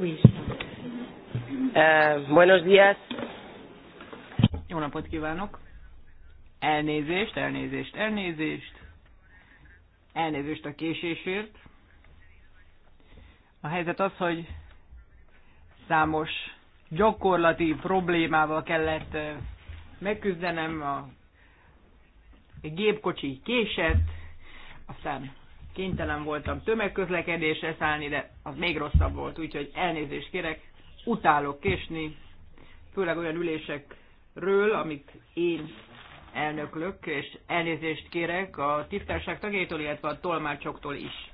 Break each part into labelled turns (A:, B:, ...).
A: Eh, buenos días. Jó napot kívánok. Elnézést, elnézést, elnézést. Elnézést a késésért. A helyzet az, hogy számos gyakorlati problémával kellett eh, megküzdenem. A gépkocsi késett, aztán kénytelen voltam tömegközlekedésre szállni, de az még rosszabb volt, úgyhogy elnézést kérek, utálok késni, főleg olyan ülésekről, amit én elnöklök, és elnézést kérek a tisztárság tagjaitól, illetve a tolmácsoktól is.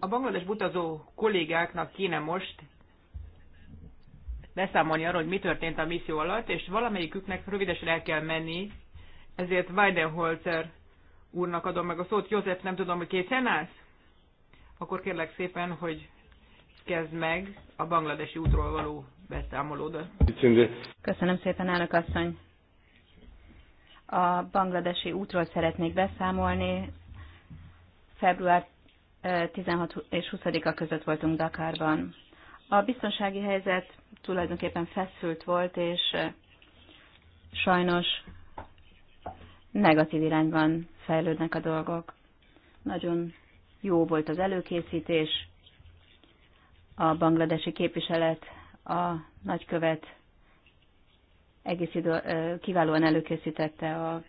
A: A Bangladesh utazó kollégáknak kéne most beszámolni arról, hogy mi történt a misszió alatt, és valamelyiküknek rövidesen el kell menni, ezért Weidenholzer úrnak adom meg a szót. József, nem tudom, hogy készen állsz? Akkor kérlek szépen, hogy kezd meg a bangladesi útról való beszámolódat.
B: Köszönöm szépen, elnök asszony. A bangladesi útról szeretnék beszámolni. Február 16 eh, és 20-a között voltunk Dakarban. A biztonsági helyzet tulajdonképpen feszült volt, és eh, sajnos negatív irányban fejlődnek a dolgok. Nagyon jó volt az előkészítés, a bangladesi képviselet, a nagykövet egész idő, eh, kiválóan előkészítette a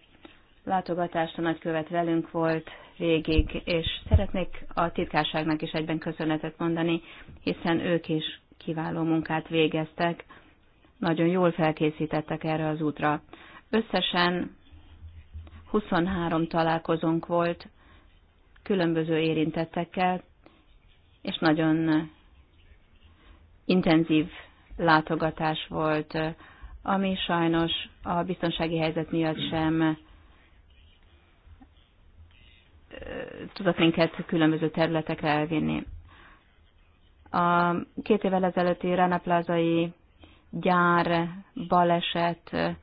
B: látogatást, a nagykövet velünk volt, végig, és szeretnék a titkárságnak is egyben köszönetet mondani, hiszen ők is kiváló munkát végeztek, nagyon jól felkészítettek erre az útra. Összesen 23 találkozónk volt különböző érintettekkel, és nagyon intenzív látogatás volt, ami sajnos a biztonsági helyzet miatt sem tudott minket különböző területekre elvinni. A két évvel ezelőtti Renaplázai gyár baleset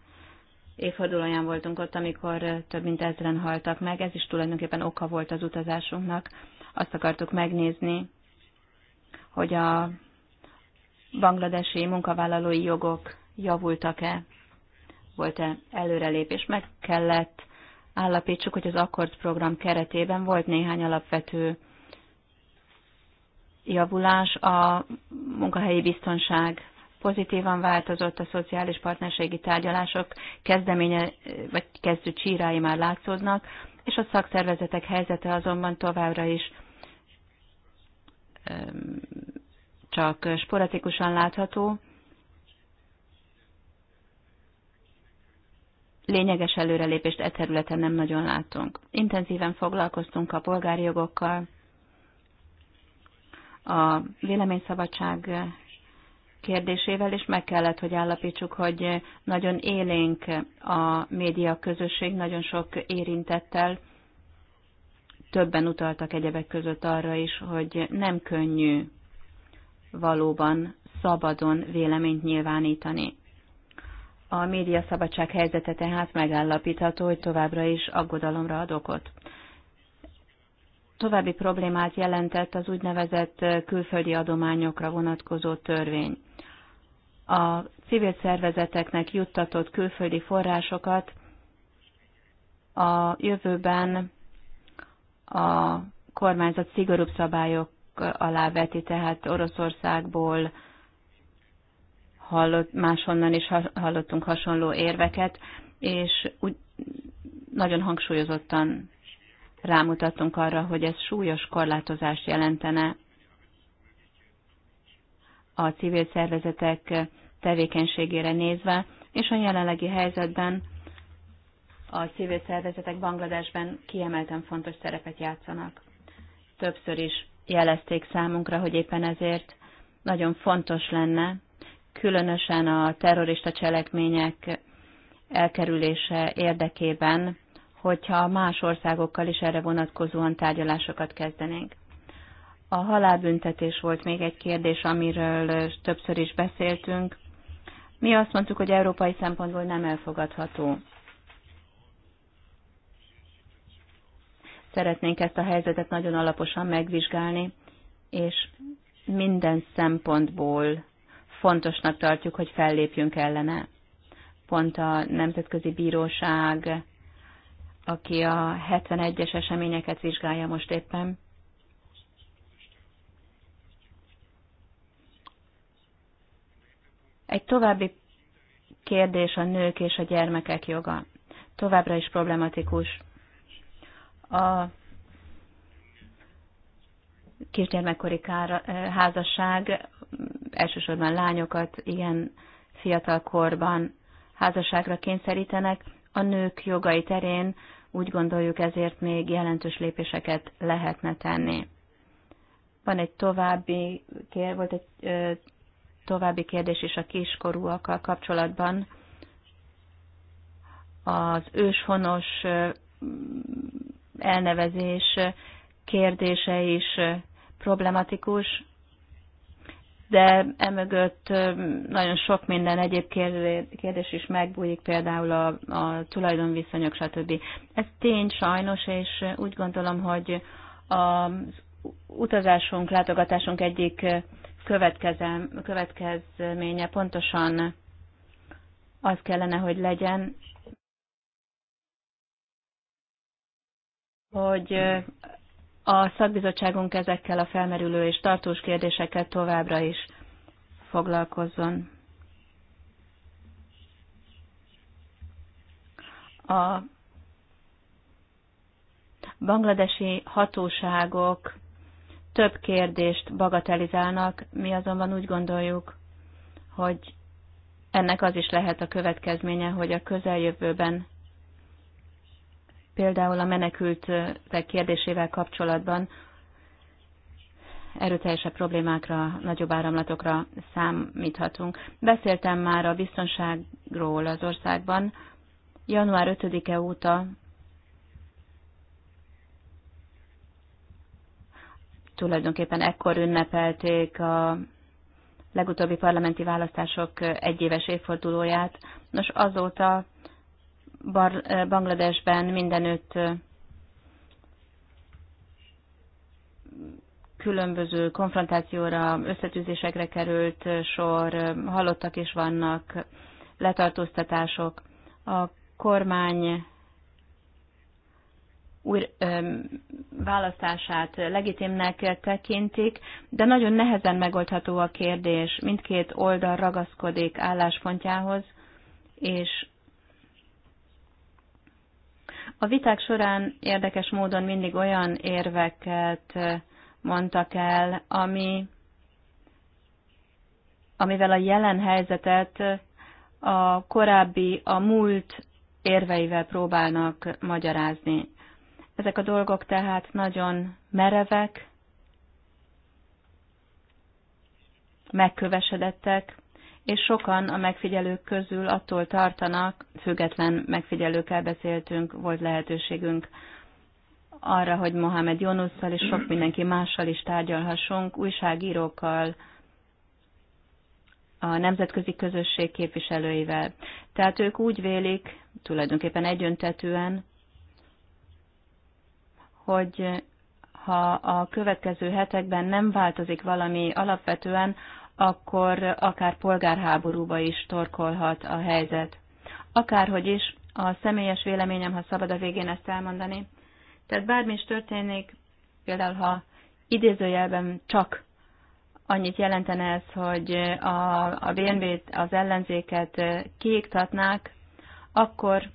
B: évfordulóján voltunk ott, amikor több mint ezeren haltak meg. Ez is tulajdonképpen oka volt az utazásunknak. Azt akartuk megnézni, hogy a bangladesi munkavállalói jogok javultak-e, volt-e előrelépés, meg kellett állapítsuk, hogy az akkord program keretében volt néhány alapvető javulás, a munkahelyi biztonság pozitívan változott, a szociális partnerségi tárgyalások kezdeménye, vagy kezdő csírái már látszódnak, és a szakszervezetek helyzete azonban továbbra is csak sporatikusan látható, lényeges előrelépést e területen nem nagyon látunk. Intenzíven foglalkoztunk a polgári jogokkal, a véleményszabadság kérdésével, és meg kellett, hogy állapítsuk, hogy nagyon élénk a média közösség, nagyon sok érintettel, többen utaltak egyebek között arra is, hogy nem könnyű valóban szabadon véleményt nyilvánítani. A média szabadság helyzete tehát megállapítható, hogy továbbra is aggodalomra ad okot. További problémát jelentett az úgynevezett külföldi adományokra vonatkozó törvény. A civil szervezeteknek juttatott külföldi forrásokat a jövőben a kormányzat szigorúbb szabályok alá veti, tehát Oroszországból, hallott, máshonnan is hallottunk hasonló érveket, és úgy nagyon hangsúlyozottan rámutattunk arra, hogy ez súlyos korlátozást jelentene a civil szervezetek tevékenységére nézve, és a jelenlegi helyzetben a civil szervezetek Bangladesben kiemelten fontos szerepet játszanak. Többször is jelezték számunkra, hogy éppen ezért nagyon fontos lenne, különösen a terrorista cselekmények elkerülése érdekében, hogyha más országokkal is erre vonatkozóan tárgyalásokat kezdenénk. A halálbüntetés volt még egy kérdés, amiről többször is beszéltünk. Mi azt mondtuk, hogy európai szempontból nem elfogadható. Szeretnénk ezt a helyzetet nagyon alaposan megvizsgálni, és minden szempontból fontosnak tartjuk, hogy fellépjünk ellene. Pont a Nemzetközi Bíróság, aki a 71-es eseményeket vizsgálja most éppen, Egy további kérdés a nők és a gyermekek joga. Továbbra is problematikus. A kisgyermekkori eh, házasság elsősorban lányokat ilyen fiatal korban házasságra kényszerítenek, a nők jogai terén úgy gondoljuk ezért még jelentős lépéseket lehetne tenni. Van egy további, kér, volt egy ö, további kérdés is a kiskorúakkal kapcsolatban. Az őshonos elnevezés kérdése is problematikus de emögött nagyon sok minden egyéb kérdés is megbújik, például a, a tulajdonviszonyok, stb. Ez tény sajnos, és úgy gondolom, hogy az utazásunk, látogatásunk egyik következménye pontosan az kellene, hogy legyen, hogy a szakbizottságunk ezekkel a felmerülő és tartós kérdésekkel továbbra is foglalkozzon. A bangladesi hatóságok több kérdést bagatelizálnak, mi azonban úgy gondoljuk, hogy ennek az is lehet a következménye, hogy a közeljövőben például a menekültek kérdésével kapcsolatban erőteljesebb problémákra, nagyobb áramlatokra számíthatunk. Beszéltem már a biztonságról az országban. Január 5-e óta tulajdonképpen ekkor ünnepelték a legutóbbi parlamenti választások egyéves évfordulóját. Nos, azóta Bar- eh, Bangladesben mindenütt eh, különböző konfrontációra, összetűzésekre került eh, sor, halottak is vannak, letartóztatások. A kormány új választását legitimnek tekintik, de nagyon nehezen megoldható a kérdés. Mindkét oldal ragaszkodik álláspontjához, és a viták során érdekes módon mindig olyan érveket mondtak el, ami, amivel a jelen helyzetet a korábbi, a múlt érveivel próbálnak magyarázni. Ezek a dolgok tehát nagyon merevek, megkövesedettek, és sokan a megfigyelők közül attól tartanak, független megfigyelőkkel beszéltünk, volt lehetőségünk arra, hogy Mohamed Jonusszal és sok mindenki mással is tárgyalhassunk, újságírókkal, a nemzetközi közösség képviselőivel. Tehát ők úgy vélik, tulajdonképpen egyöntetően, hogy ha a következő hetekben nem változik valami alapvetően, akkor akár polgárháborúba is torkolhat a helyzet. Akárhogy is, a személyes véleményem, ha szabad a végén ezt elmondani. Tehát bármi is történik, például ha idézőjelben csak annyit jelentene ez, hogy a, a BNB-t, az ellenzéket eh, kiiktatnák, akkor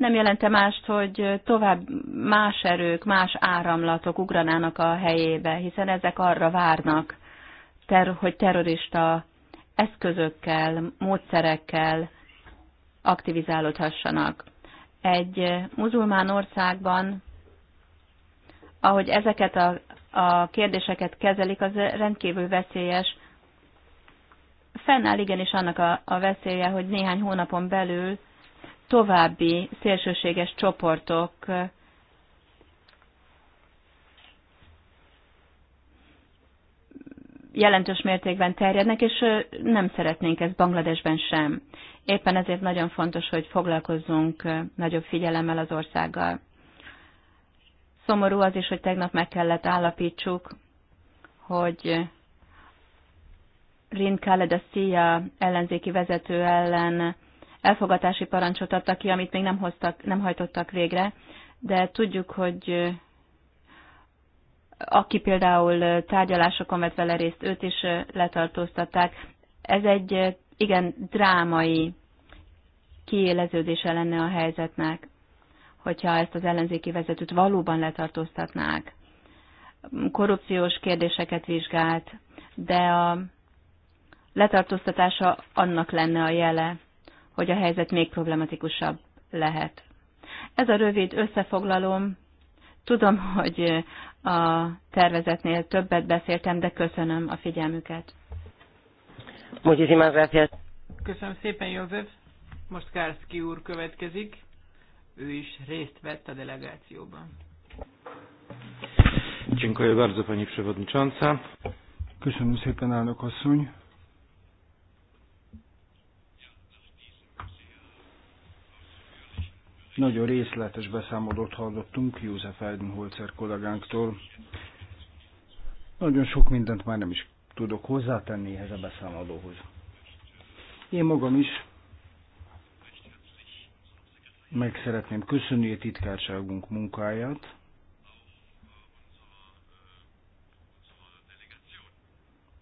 B: nem jelente mást, hogy tovább más erők, más áramlatok ugranának a helyébe, hiszen ezek arra várnak, ter- hogy terrorista eszközökkel, módszerekkel aktivizálódhassanak. Egy muzulmán országban, ahogy ezeket a, a kérdéseket kezelik, az rendkívül veszélyes. Fennáll igenis annak a, a veszélye, hogy néhány hónapon belül további szélsőséges csoportok jelentős mértékben terjednek, és nem szeretnénk ezt Bangladesben sem. Éppen ezért nagyon fontos, hogy foglalkozzunk nagyobb figyelemmel az országgal. Szomorú az is, hogy tegnap meg kellett állapítsuk, hogy Rin Khaled a ellenzéki vezető ellen elfogatási parancsot adtak ki, amit még nem, hoztak, nem hajtottak végre, de tudjuk, hogy aki például tárgyalásokon vett vele részt, őt is letartóztatták. Ez egy igen drámai kiéleződése lenne a helyzetnek, hogyha ezt az ellenzéki vezetőt valóban letartóztatnák. Korrupciós kérdéseket vizsgált, de a letartóztatása annak lenne a jele, hogy a helyzet még problematikusabb lehet. Ez a rövid összefoglalom. Tudom, hogy a tervezetnél többet beszéltem, de köszönöm a figyelmüket. Muchísimas gracias.
A: Köszönöm szépen, József. Most Kárszki úr következik. Ő is részt vett a delegációban.
C: Dziękuję bardzo, pani przewodnicząca.
D: Köszönöm szépen, elnök asszony. Nagyon részletes beszámolót hallottunk József Eidenholzer kollégánktól. Nagyon sok mindent már nem is tudok hozzátenni ehhez a beszámolóhoz. Én magam is meg szeretném köszönni a titkárságunk munkáját,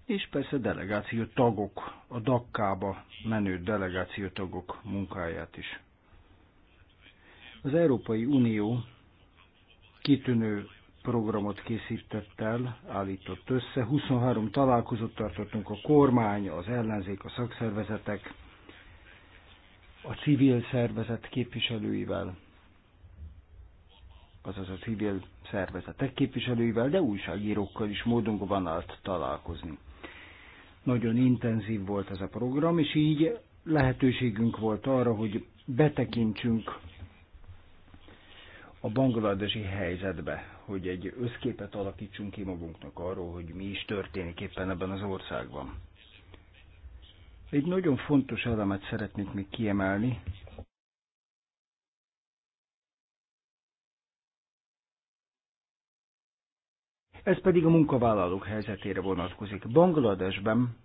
D: és persze delegáció tagok, a Dakkába menő delegáció tagok munkáját is. Az Európai Unió kitűnő programot készített el, állított össze. 23 találkozót tartottunk a kormány, az ellenzék, a szakszervezetek, a civil szervezet képviselőivel, azaz a civil szervezetek képviselőivel, de újságírókkal is módunk van állt találkozni. Nagyon intenzív volt ez a program, és így lehetőségünk volt arra, hogy betekintsünk a bangladesi helyzetbe, hogy egy összképet alakítsunk ki magunknak arról, hogy mi is történik éppen ebben az országban. Egy nagyon fontos elemet szeretnék még kiemelni. Ez pedig a munkavállalók helyzetére vonatkozik. Bangladesben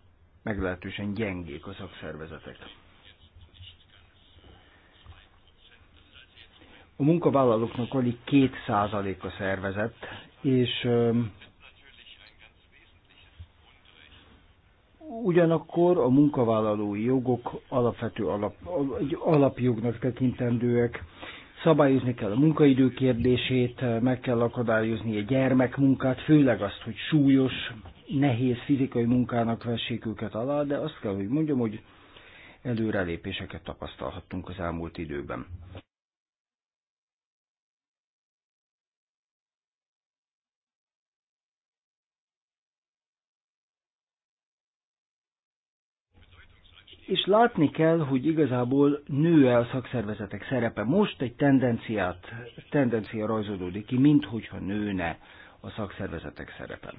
D: meglehetősen gyengék a szakszervezetek. A munkavállalóknak alig két százaléka szervezett, és ugyanakkor a munkavállalói jogok alapvető alap, alapjognak tekintendőek. Szabályozni kell a munkaidő kérdését, meg kell akadályozni a gyermekmunkát, főleg azt, hogy súlyos, nehéz fizikai munkának vessék őket alá, de azt kell, hogy mondjam, hogy előrelépéseket tapasztalhattunk az elmúlt időben. és látni kell, hogy igazából nő-e a szakszervezetek szerepe. Most egy tendenciát, tendencia rajzolódik ki, minthogyha nőne a szakszervezetek szerepe.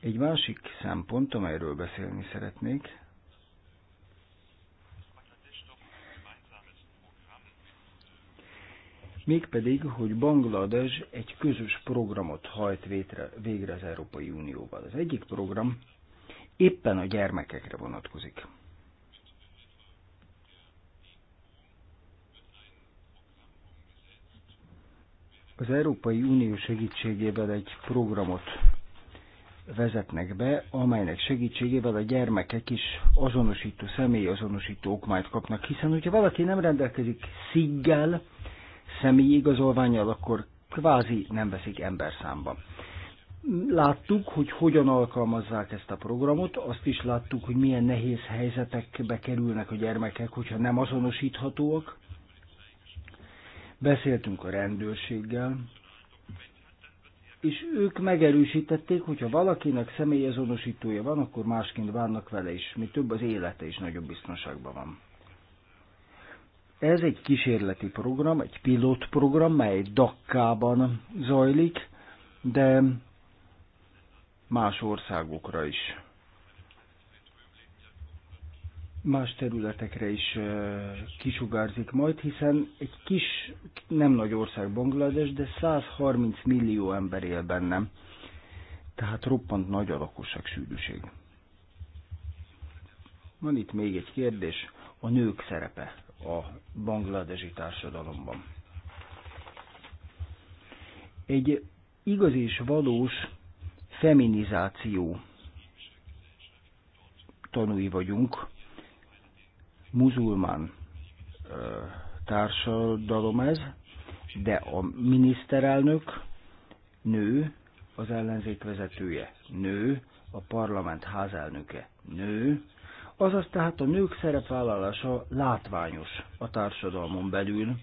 D: Egy másik szempont, amelyről beszélni szeretnék, mégpedig, hogy Banglades egy közös programot hajt vétre, végre az Európai Unióval. Az egyik program éppen a gyermekekre vonatkozik. az Európai Unió segítségével egy programot vezetnek be, amelynek segítségével a gyermekek is azonosító, személyazonosító okmányt kapnak, hiszen hogyha valaki nem rendelkezik sziggel, személyi igazolványjal, akkor kvázi nem veszik ember számba. Láttuk, hogy hogyan alkalmazzák ezt a programot, azt is láttuk, hogy milyen nehéz helyzetekbe kerülnek a gyermekek, hogyha nem azonosíthatóak, beszéltünk a rendőrséggel, és ők megerősítették, hogy ha valakinek személyazonosítója van, akkor másként bánnak vele is. Mi több az élete is nagyobb biztonságban van. Ez egy kísérleti program, egy pilot program, mely Dakkában zajlik, de más országokra is más területekre is kisugárzik majd, hiszen egy kis, nem nagy ország Banglades, de 130 millió ember él bennem. Tehát roppant nagy a lakosság sűrűség. Van itt még egy kérdés, a nők szerepe a bangladesi társadalomban. Egy igaz és valós feminizáció tanúi vagyunk, muzulmán társadalom ez, de a miniszterelnök nő, az ellenzék vezetője nő, a parlament házelnöke nő, azaz tehát a nők szerepvállalása látványos a társadalmon belül.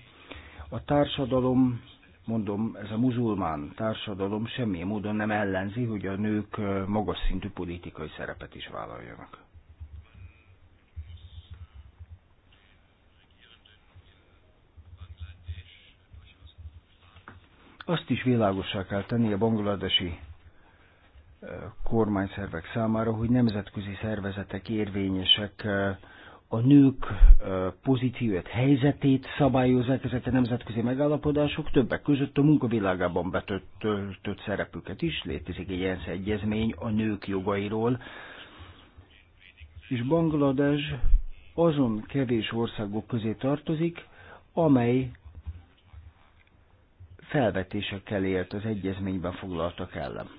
D: A társadalom, mondom, ez a muzulmán társadalom semmilyen módon nem ellenzi, hogy a nők magas szintű politikai szerepet is vállaljanak. Azt is világosá kell tenni a bangladesi eh, kormányszervek számára, hogy nemzetközi szervezetek érvényesek eh, a nők eh, pozícióját, helyzetét szabályozzák ezek a nemzetközi megállapodások, többek között a munkavilágában betöltött szerepüket is. Létezik egy ENSZ egyezmény a nők jogairól, és Banglades azon kevés országok közé tartozik, amely felvetésekkel élt az egyezményben foglaltak ellen.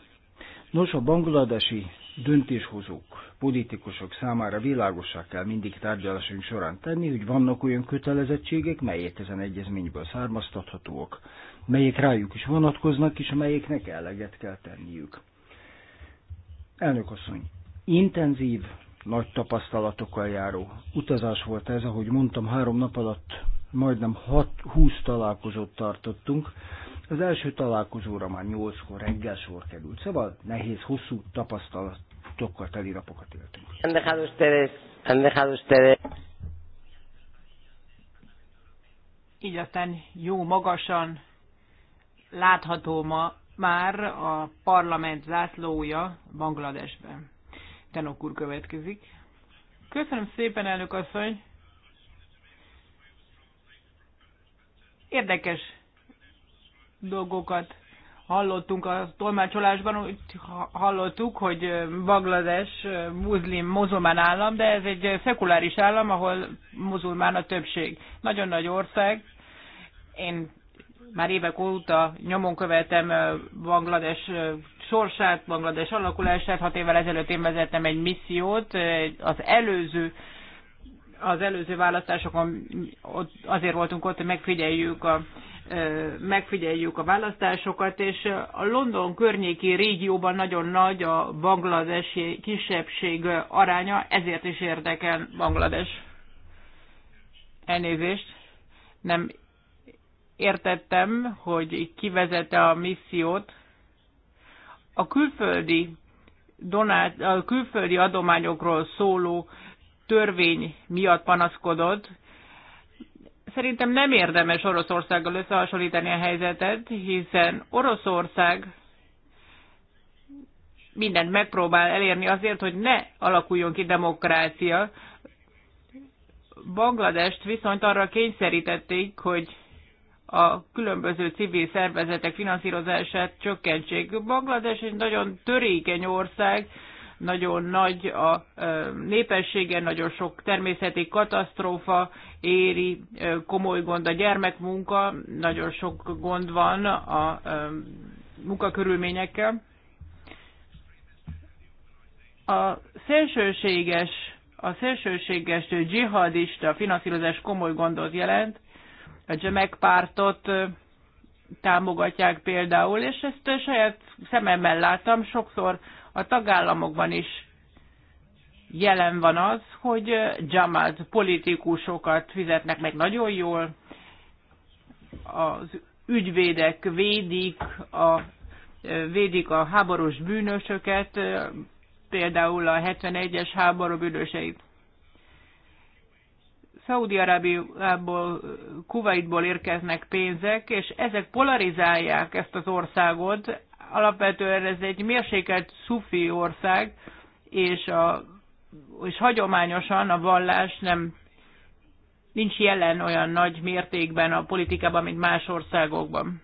D: Nos, a bangladesi döntéshozók, politikusok számára világosá kell mindig tárgyalásunk során tenni, hogy vannak olyan kötelezettségek, melyek ezen egyezményből származtathatóak, melyek rájuk is vonatkoznak, és melyeknek eleget kell tenniük. Elnök asszony, intenzív, nagy tapasztalatokkal járó utazás volt ez, ahogy mondtam, három nap alatt majdnem 6-20 találkozót tartottunk, az első találkozóra már 8-kor reggel sor került, szóval nehéz, hosszú tapasztalatokkal teli napokat éltünk. Han ustedes, han ustedes.
A: Így aztán jó magasan látható ma már a parlament zászlója Bangladesben. Tenok úr következik. Köszönöm szépen, elnök asszony! Érdekes dolgokat hallottunk a tolmácsolásban, úgy hallottuk, hogy Bangladesh muzlim, muzulmán állam, de ez egy szekuláris állam, ahol muzulmán a többség. Nagyon nagy ország. Én már évek óta nyomon követem Banglades sorsát, Banglades alakulását. Hat évvel ezelőtt én vezettem egy missziót. Az előző az előző választásokon ott azért voltunk ott, hogy megfigyeljük a megfigyeljük a választásokat, és a London környéki régióban nagyon nagy a bangladesi kisebbség aránya, ezért is érdekel Banglades. Elnézést, nem értettem, hogy kivezette a missziót. A külföldi, donát, a külföldi adományokról szóló törvény miatt panaszkodott, Szerintem nem érdemes Oroszországgal összehasonlítani a helyzetet, hiszen Oroszország mindent megpróbál elérni azért, hogy ne alakuljon ki demokrácia. Bangladest viszont arra kényszerítették, hogy a különböző civil szervezetek finanszírozását csökkentsék. Banglades egy nagyon törékeny ország, nagyon nagy a népessége, nagyon sok természeti katasztrófa éri, komoly gond a gyermekmunka, nagyon sok gond van a munkakörülményekkel. A szélsőséges, a szélsőséges dzsihadista finanszírozás komoly gondot jelent, a Jamek pártot támogatják például, és ezt saját szememmel láttam, sokszor a tagállamokban is jelen van az, hogy jamaz politikusokat fizetnek meg nagyon jól, az ügyvédek védik a, védik a háborús bűnösöket, például a 71-es háború bűnöseit. szaudi arabiából Kuwaitból érkeznek pénzek, és ezek polarizálják ezt az országot, alapvetően ez egy mérsékelt szufi ország, és, a, és hagyományosan a vallás nem nincs jelen olyan nagy mértékben a politikában, mint más országokban.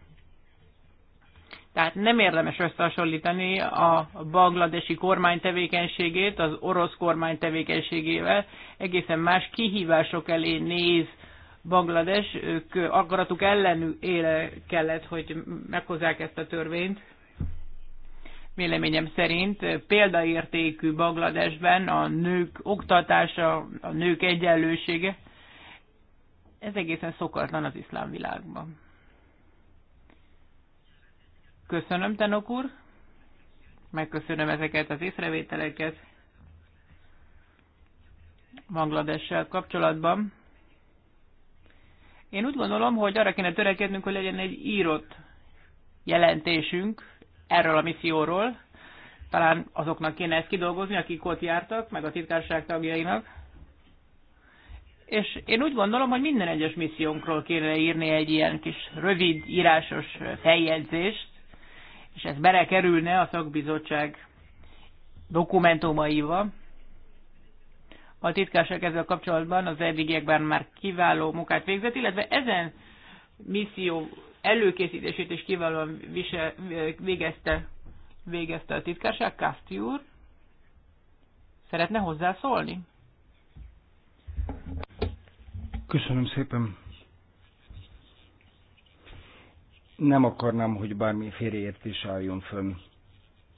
A: Tehát nem érdemes összehasonlítani a bangladesi kormány tevékenységét az orosz kormány tevékenységével. Egészen más kihívások elé néz Banglades, ők akaratuk ellenére kellett, hogy meghozzák ezt a törvényt. Véleményem szerint példaértékű Bangladesben a nők oktatása, a nők egyenlősége, ez egészen szokatlan az iszlám világban. Köszönöm, Tenok úr. Megköszönöm ezeket az észrevételeket Bangladessel kapcsolatban. Én úgy gondolom, hogy arra kéne törekednünk, hogy legyen egy írott jelentésünk erről a misszióról. Talán azoknak kéne ezt kidolgozni, akik ott jártak, meg a titkárság tagjainak. És én úgy gondolom, hogy minden egyes missziónkról kéne írni egy ilyen kis rövid írásos feljegyzést, és ez belekerülne a szakbizottság dokumentumaiba. A titkárság ezzel kapcsolatban az eddigiekben már kiváló munkát végzett, illetve ezen misszió előkészítését is kiválóan vise, végezte, végezte a titkárság. Kaszti úr, szeretne hozzászólni?
D: Köszönöm szépen. Nem akarnám, hogy bármi félreértés álljon fönn.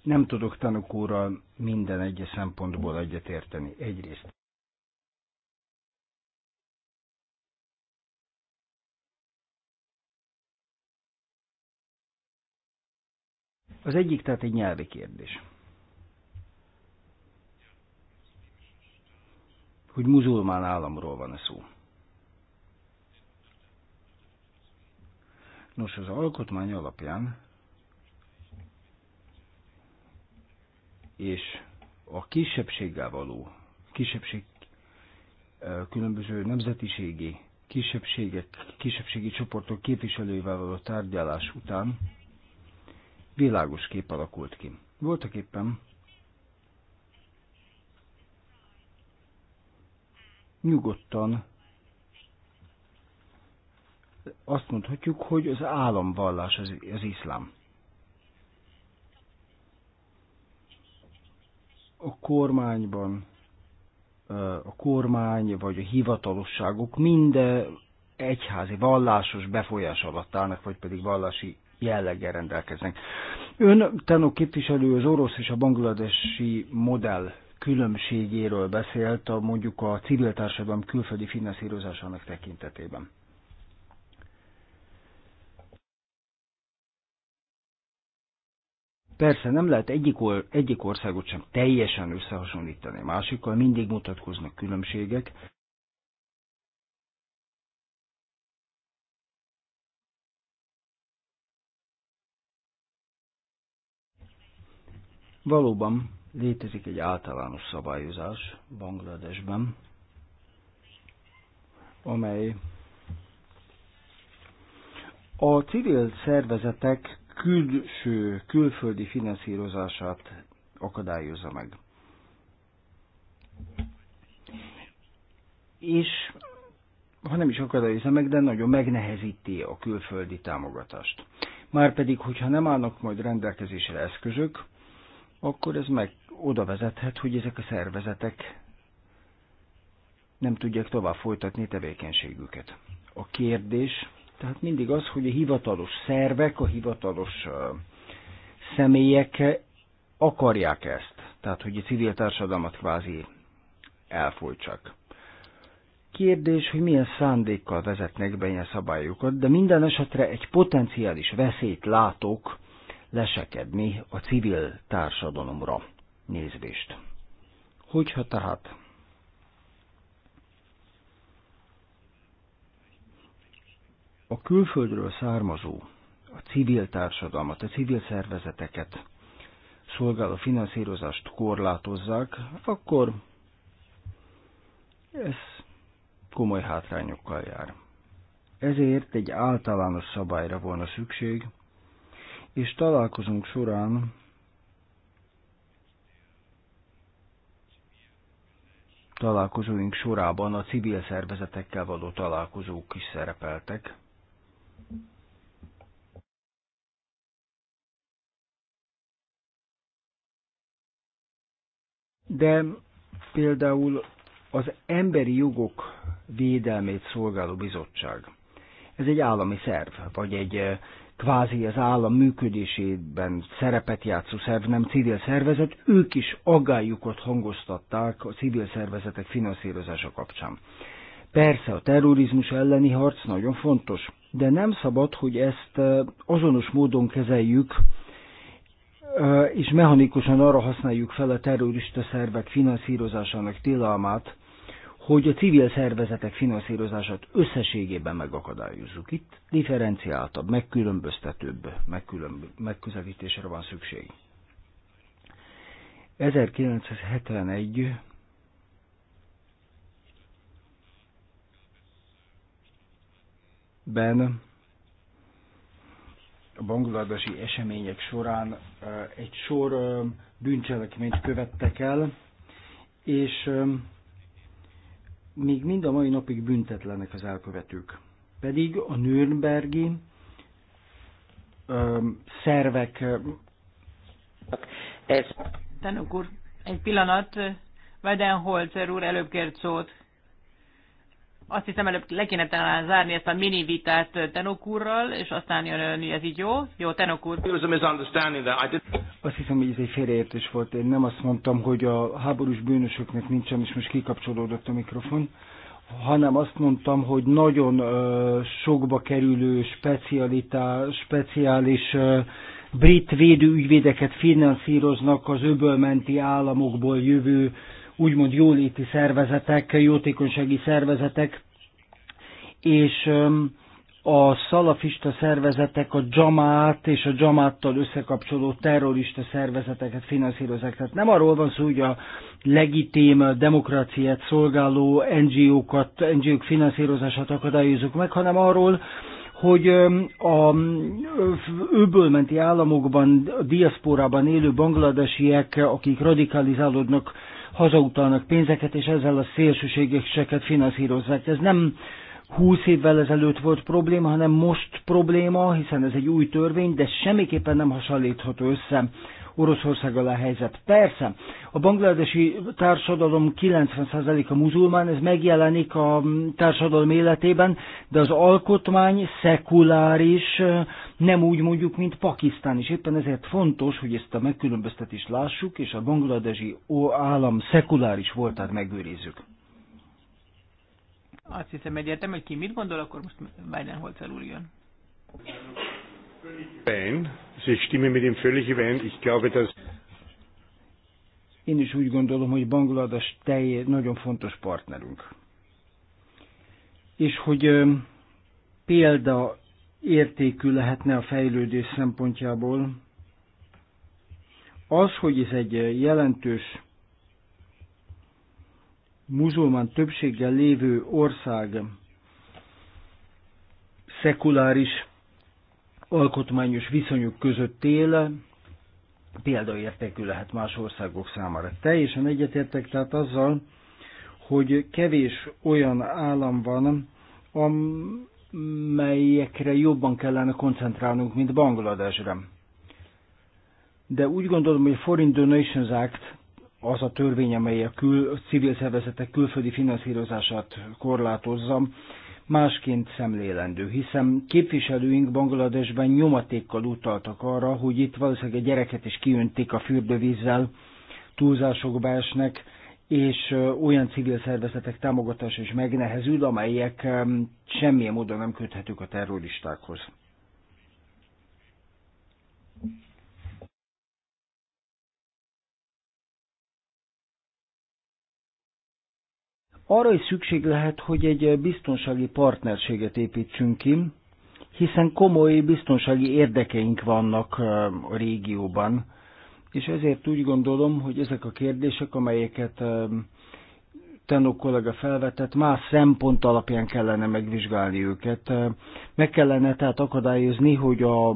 D: Nem tudok tanukóra minden egyes szempontból egyetérteni. Egyrészt Az egyik tehát egy nyelvi kérdés. Hogy muzulmán államról van-e szó. Nos, az alkotmány alapján és a kisebbséggel való, kisebbség különböző nemzetiségi kisebbségek, kisebbségi csoportok képviselőivel való tárgyalás után világos kép alakult ki. Voltak éppen nyugodtan azt mondhatjuk, hogy az államvallás az, az iszlám. A kormányban, a kormány vagy a hivatalosságok minden egyházi vallásos befolyás alatt állnak, vagy pedig vallási jelleggel rendelkeznek. Ön, Tenó képviselő, az orosz és a bangladesi modell különbségéről beszélt a, mondjuk a civil társadalom külföldi finanszírozásának tekintetében. Persze nem lehet egyik, or, egyik országot sem teljesen összehasonlítani másikkal, mindig mutatkoznak különbségek, Valóban létezik egy általános szabályozás Bangladesben, amely a civil szervezetek külső, külföldi finanszírozását akadályozza meg. És ha nem is akadályozza meg, de nagyon megnehezíti a külföldi támogatást. Márpedig, hogyha nem állnak majd rendelkezésre eszközök, akkor ez meg oda vezethet, hogy ezek a szervezetek nem tudják tovább folytatni tevékenységüket. A kérdés tehát mindig az, hogy a hivatalos szervek, a hivatalos személyek akarják ezt, tehát hogy a civil társadalmat kvázi elfolytsak. Kérdés, hogy milyen szándékkal vezetnek be ilyen szabályokat, de minden esetre egy potenciális veszélyt látok lesekedni a civil társadalomra nézvést. Hogyha tehát a külföldről származó, a civil társadalmat, a civil szervezeteket szolgáló finanszírozást korlátozzák, akkor ez komoly hátrányokkal jár. Ezért egy általános szabályra volna szükség, és találkozunk során találkozóink sorában a civil szervezetekkel való találkozók is szerepeltek. De például az emberi jogok védelmét szolgáló bizottság. Ez egy állami szerv, vagy egy kvázi az állam működésében szerepet játszó szerv, nem civil szervezet, ők is aggályukat hangoztatták a civil szervezetek finanszírozása kapcsán. Persze a terrorizmus elleni harc nagyon fontos, de nem szabad, hogy ezt azonos módon kezeljük, és mechanikusan arra használjuk fel a terrorista szervek finanszírozásának tilalmát, hogy a civil szervezetek finanszírozását összességében megakadályozzuk. Itt differenciáltabb, megkülönböztetőbb megkülönb megközelítésre van szükség. 1971 ben a bangladesi események során eh, egy sor eh, bűncselekményt követtek el, és eh, még mind a mai napig büntetlenek az elkövetők. Pedig a Nürnbergi ö, szervek...
A: Ez. Tanuk úr, egy pillanat, Weidenholzer úr előbb kért szót. Azt hiszem, előbb le kéne talán zárni ezt a mini vitát tenokurral és aztán jön önni, ez így jó? Jó, tenokur.
D: Azt hiszem, hogy ez egy félreértés volt. Én nem azt mondtam, hogy a háborús bűnösöknek nincsen, és most kikapcsolódott a mikrofon hanem azt mondtam, hogy nagyon uh, sokba kerülő specialitás, speciális uh, brit védőügyvédeket finanszíroznak az öbölmenti államokból jövő úgymond jóléti szervezetek, jótékonysági szervezetek, és a szalafista szervezetek a dzsamát és a dzsamáttal összekapcsoló terrorista szervezeteket finanszírozzák. Tehát nem arról van szó, hogy a legitim demokráciát szolgáló NGO-kat, NGO-k finanszírozását akadályozunk meg, hanem arról, hogy a öbölmenti államokban, a diaszporában élő bangladesiek, akik radikalizálódnak, hazautalnak pénzeket, és ezzel a szélsőségeseket finanszírozzák. Ez nem 20 évvel ezelőtt volt probléma, hanem most probléma, hiszen ez egy új törvény, de semmiképpen nem hasonlítható össze Oroszországgal a helyzet. Persze, a bangladesi társadalom 90%-a muzulmán, ez megjelenik a társadalom életében, de az alkotmány szekuláris, nem úgy mondjuk, mint Pakisztán, is. éppen ezért fontos, hogy ezt a megkülönböztetést lássuk, és a bangladesi állam szekuláris voltát megőrizzük.
A: Azt hiszem egyértem, hogy ki mit gondol, akkor most Weidenholzer úr jön.
D: mit én is úgy gondolom, hogy Banglades teljes, nagyon fontos partnerünk. És hogy példa értékű lehetne a fejlődés szempontjából az, hogy ez egy jelentős muzulmán többséggel lévő ország szekuláris alkotmányos viszonyok között él, példaértékű lehet más országok számára. Teljesen egyetértek tehát azzal, hogy kevés olyan állam van, amelyekre jobban kellene koncentrálnunk, mint Bangladesre. De úgy gondolom, hogy a Foreign Donations Act az a törvény, amely a, kül, a civil szervezetek külföldi finanszírozását korlátozza, másként szemlélendő, hiszen képviselőink Bangladesben nyomatékkal utaltak arra, hogy itt valószínűleg a gyereket is kiöntik a fürdővízzel, túlzásokba esnek, és olyan civil szervezetek támogatása is megnehezül, amelyek semmilyen módon nem köthetők a terroristákhoz. Arra is szükség lehet, hogy egy biztonsági partnerséget építsünk ki, hiszen komoly biztonsági érdekeink vannak a régióban, és ezért úgy gondolom, hogy ezek a kérdések, amelyeket Tenó kollega felvetett, más szempont alapján kellene megvizsgálni őket. Meg kellene tehát akadályozni, hogy a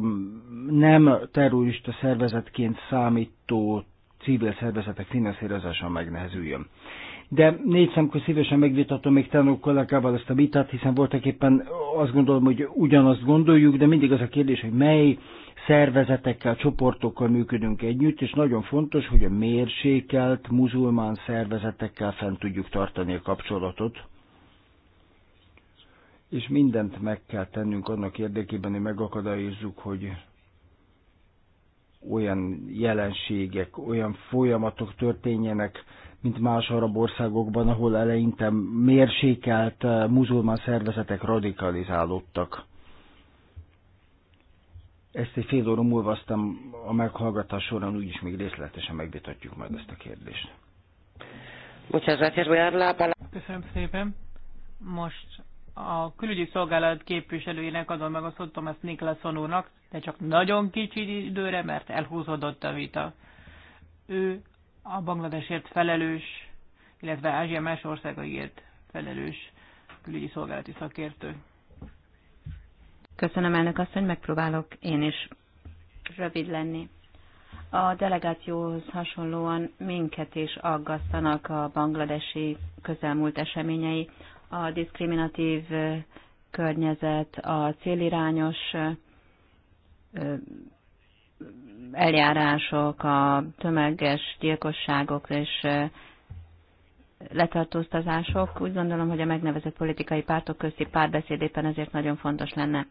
D: nem terrorista szervezetként számító civil szervezetek finanszírozása megnehezüljön de négy szemkor szívesen megvitatom még tanuló kollégával ezt a vitát, hiszen voltak éppen azt gondolom, hogy ugyanazt gondoljuk, de mindig az a kérdés, hogy mely szervezetekkel, csoportokkal működünk együtt, és nagyon fontos, hogy a mérsékelt muzulmán szervezetekkel fent tudjuk tartani a kapcsolatot és mindent meg kell tennünk annak érdekében, hogy megakadályozzuk, hogy olyan jelenségek, olyan folyamatok történjenek, mint más arab országokban, ahol eleinte mérsékelt eh, muzulmán szervezetek radikalizálódtak. Ezt egy fél óra múlva aztán a meghallgatás során úgyis még részletesen megvitatjuk majd ezt a kérdést.
A: Köszönöm szépen. Most a külügyi szolgálat képviselőjének adom meg a szót Thomas Nicholson úrnak, de csak nagyon kicsi időre, mert elhúzódott a vita. Ő a Bangladesért felelős, illetve Ázsia más országaiért felelős külügyi szolgálati
B: szakértő. Köszönöm elnök hogy megpróbálok én is rövid lenni. A delegációhoz hasonlóan minket is aggasztanak a bangladesi közelmúlt eseményei, a diszkriminatív környezet, a célirányos eljárások, a tömeges gyilkosságok és letartóztatások. Úgy gondolom, hogy a megnevezett politikai pártok közti párbeszéd éppen ezért nagyon fontos lenne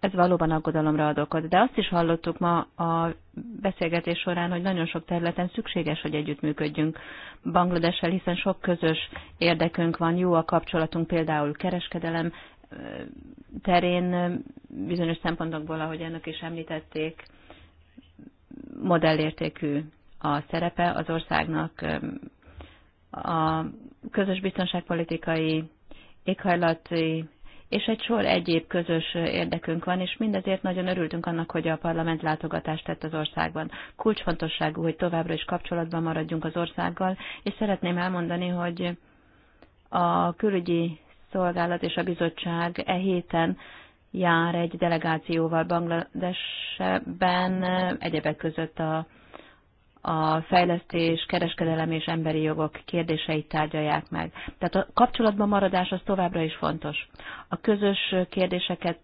B: ez valóban aggodalomra ad okot. De azt is hallottuk ma a beszélgetés során, hogy nagyon sok területen szükséges, hogy együttműködjünk Bangladessel, hiszen sok közös érdekünk van, jó a kapcsolatunk, például kereskedelem terén bizonyos szempontokból, ahogy ennek is említették, modellértékű a szerepe az országnak a közös biztonságpolitikai, éghajlati és egy sor egyéb közös érdekünk van, és mindezért nagyon örültünk annak, hogy a parlament látogatást tett az országban. Kulcsfontosságú, hogy továbbra is kapcsolatban maradjunk az országgal, és szeretném elmondani, hogy a külügyi szolgálat és a bizottság e héten jár egy delegációval Bangladesben, egyebek között a a fejlesztés, kereskedelem és emberi jogok kérdéseit tárgyalják meg. Tehát a kapcsolatban maradás az továbbra is fontos. A közös kérdéseket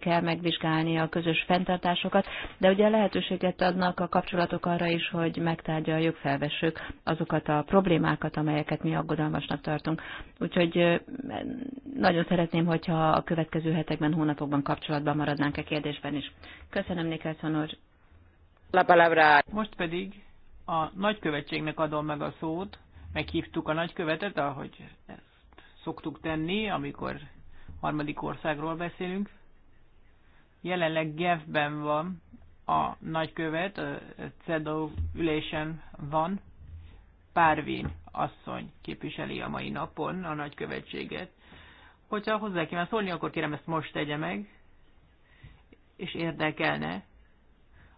B: kell megvizsgálni a közös fenntartásokat, de ugye lehetőséget adnak a kapcsolatok arra is, hogy megtárgyaljuk, felvessük azokat a problémákat, amelyeket mi aggodalmasnak tartunk. Úgyhogy nagyon szeretném, hogyha a következő hetekben, hónapokban kapcsolatban maradnánk a e kérdésben is. Köszönöm, Nikelson úr.
A: La palabra. Most pedig a nagykövetségnek adom meg a szót. Meghívtuk a nagykövetet, ahogy ezt szoktuk tenni, amikor harmadik országról beszélünk. Jelenleg Gevben van a nagykövet, a CEDO ülésen van. Párvin asszony képviseli a mai napon a nagykövetséget. Hogyha hozzá kíván szólni, akkor kérem ezt most tegye meg, és érdekelne,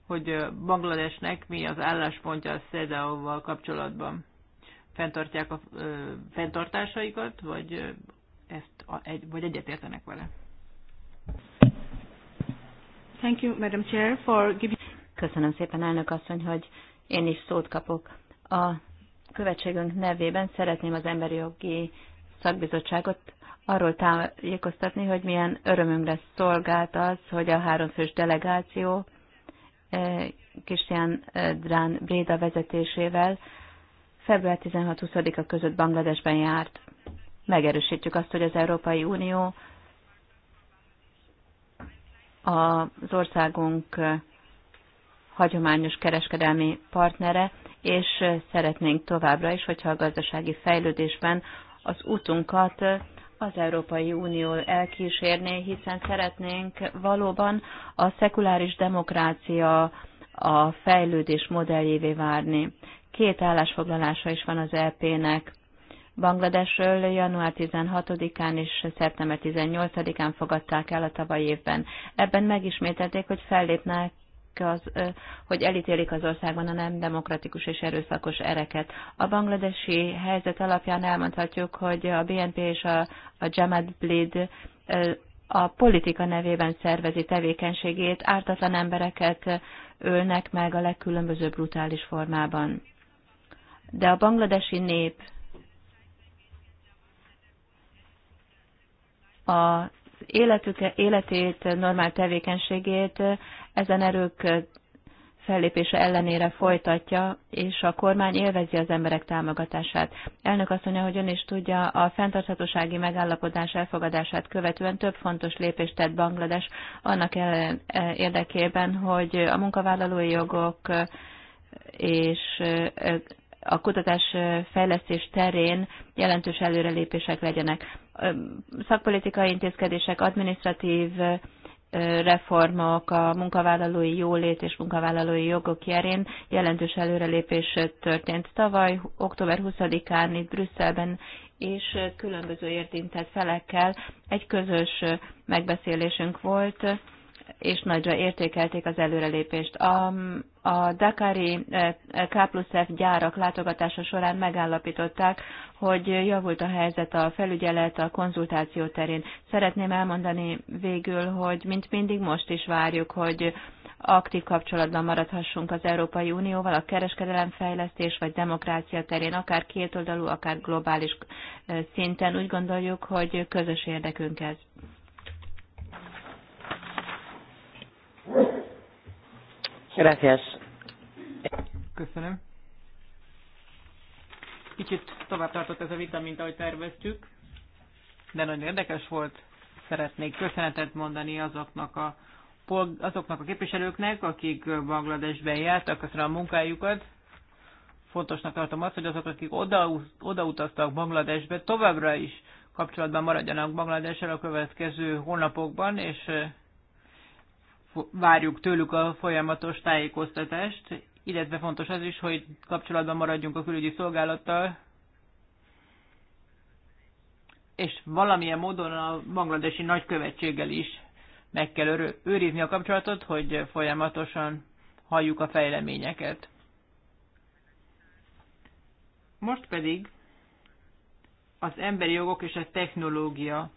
A: hogy Bangladesnek mi az álláspontja a CEDAO-val kapcsolatban. Fentartják a ö, fenntartásaikat, vagy, ö, ezt a, egy, vagy egyetértenek vele?
B: Thank you, Madam Chair, for giving... Köszönöm szépen, elnök asszony, hogy én is szót kapok. A követségünk nevében szeretném az Emberi Jogi Szakbizottságot arról tájékoztatni, hogy milyen örömünkre szolgált az, hogy a háromfős delegáció Krisztián e, e, Drán Bréda vezetésével február 16-20-a között Bangladesben járt. Megerősítjük azt, hogy az Európai Unió az országunk hagyományos kereskedelmi partnere, és szeretnénk továbbra is, hogyha a gazdasági fejlődésben az útunkat az Európai Unió elkísérné, hiszen szeretnénk valóban a szekuláris demokrácia a fejlődés modelljévé várni. Két állásfoglalása is van az EP-nek. Bangladesről január 16-án és szeptember 18-án fogadták el a tavaly évben. Ebben megismételték, hogy fellépnek az, hogy elítélik az országban a nem demokratikus és erőszakos ereket. A bangladesi helyzet alapján elmondhatjuk, hogy a BNP és a, a Jamad Blid a politika nevében szervezi tevékenységét, ártatlan embereket ölnek meg a legkülönbözőbb brutális formában. De a bangladesi nép az életük, életét, normál tevékenységét ezen erők fellépése ellenére folytatja, és a kormány élvezi az emberek támogatását. Elnök mondja, hogy ön is tudja, a fenntarthatósági megállapodás elfogadását követően több fontos lépést tett Banglades annak e, érdekében, hogy a munkavállalói jogok és a kutatás fejlesztés terén jelentős előrelépések legyenek. Szakpolitikai intézkedések, administratív reformok a munkavállalói jólét és munkavállalói jogok jelén jelentős előrelépés történt tavaly, október 20-án itt Brüsszelben és különböző érintett felekkel egy közös megbeszélésünk volt és nagyra értékelték az előrelépést. A, a Dakari eh, K plusz F gyárak látogatása során megállapították, hogy javult a helyzet a felügyelet, a konzultáció terén. Szeretném elmondani végül, hogy mint mindig most is várjuk, hogy aktív kapcsolatban maradhassunk az Európai Unióval a kereskedelemfejlesztés vagy demokrácia terén, akár kétoldalú, akár globális eh, szinten. Úgy gondoljuk, hogy közös érdekünk ez. Gracias. Köszönöm.
A: Kicsit tovább tartott ez a vita, mint ahogy terveztük, de nagyon érdekes volt. Szeretnék köszönetet mondani azoknak a, azoknak a képviselőknek, akik Bangladesben jártak, köszönöm a munkájukat. Fontosnak tartom azt, hogy azok, akik oda, odautaztak Bangladesbe, továbbra is kapcsolatban maradjanak Bangladessel a következő hónapokban, és várjuk tőlük a folyamatos tájékoztatást, illetve fontos az is, hogy kapcsolatban maradjunk a külügyi szolgálattal, és valamilyen módon a bangladesi nagykövetséggel is meg kell őrizni a kapcsolatot, hogy folyamatosan halljuk a fejleményeket. Most pedig az emberi jogok és a technológia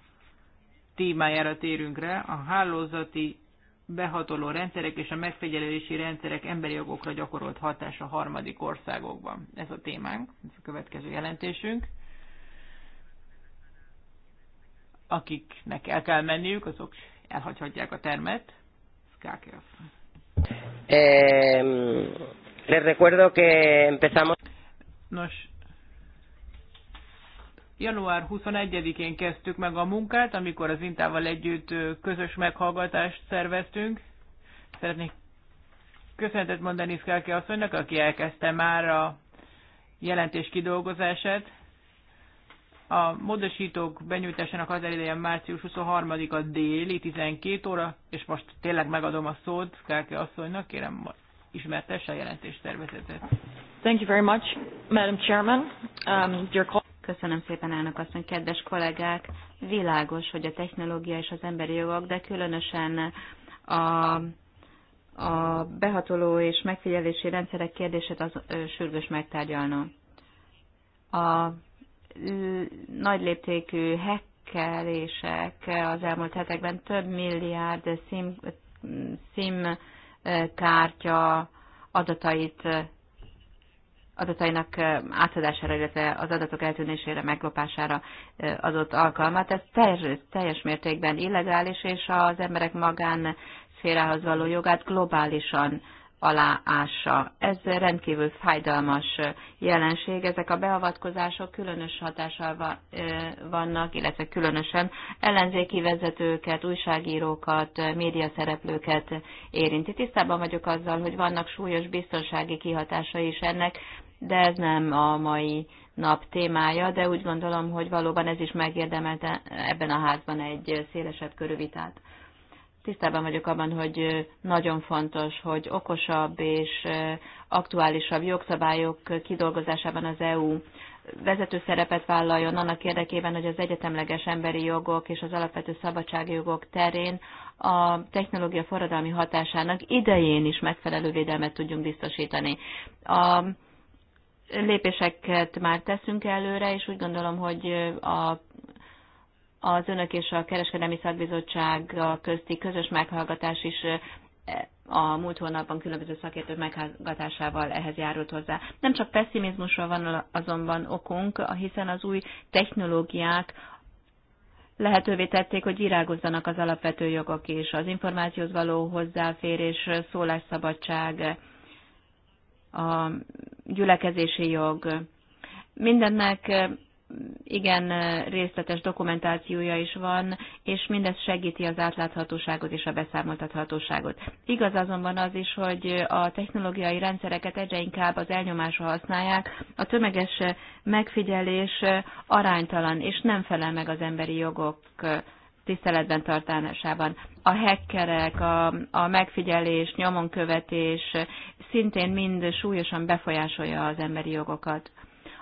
A: témájára térünk rá, a hálózati behatoló rendszerek és a megfigyelési rendszerek emberi jogokra gyakorolt hatása harmadik országokban. Ez a témánk, ez a következő jelentésünk. Akiknek el kell menniük, azok elhagyhatják a termet. Skákev. Eh, les recuerdo que empezamos... Nos, Január 21-én kezdtük meg a munkát, amikor az Intával együtt közös meghallgatást szerveztünk. Szeretnék köszönetet mondani Szkálke asszonynak, aki elkezdte már a jelentés kidolgozását. A módosítók benyújtásának határideje március 23-a déli 12 óra, és most tényleg megadom a szót Szkálke
B: asszonynak, kérem ismertesse a jelentés tervezetet. Thank you very much, Madam Chairman. Um, dear Köszönöm szépen, elnök asszony, kedves kollégák! Világos, hogy a technológia és az emberi jogok, de különösen a, a behatoló és megfigyelési rendszerek kérdését az ö, sürgős megtárgyalna. A nagyléptékű hekkelések az elmúlt hetekben több milliárd SIM, SIM kártya adatait adatainak átadására, illetve az adatok eltűnésére, meglopására adott alkalmat. Ez teljes, teljes mértékben illegális, és az emberek magán szférához való jogát globálisan aláássa. Ez rendkívül fájdalmas jelenség. Ezek a beavatkozások különös hatással vannak, illetve különösen ellenzéki vezetőket, újságírókat, médiaszereplőket érinti. Tisztában vagyok azzal, hogy vannak súlyos biztonsági kihatásai is ennek, de ez nem a mai nap témája, de úgy gondolom, hogy valóban ez is megérdemelte ebben a házban egy szélesebb körű vitát. Tisztában vagyok abban, hogy nagyon fontos, hogy okosabb és aktuálisabb jogszabályok kidolgozásában az EU vezető szerepet vállaljon annak érdekében, hogy az egyetemleges emberi jogok és az alapvető szabadságjogok terén a technológia forradalmi hatásának idején is megfelelő védelmet tudjunk biztosítani. A lépéseket már teszünk előre, és úgy gondolom, hogy a, az önök és a Kereskedelmi Szakbizottság közti közös meghallgatás is e, a múlt hónapban különböző szakértők meghallgatásával ehhez járult hozzá. Nem csak pessimizmusra van azonban okunk, hiszen az új technológiák lehetővé tették, hogy virágozzanak az alapvető jogok és az információhoz való hozzáférés, szólásszabadság, a gyülekezési jog. Mindennek eh, igen eh, részletes dokumentációja is van, és mindez segíti az átláthatóságot és a beszámoltathatóságot. Igaz azonban az is, hogy a technológiai rendszereket egyre inkább az elnyomásra használják, a tömeges eh, megfigyelés aránytalan és nem felel meg az emberi jogok tiszteletben tartásában. A hackerek, a, a megfigyelés, nyomonkövetés szintén mind súlyosan befolyásolja az emberi jogokat.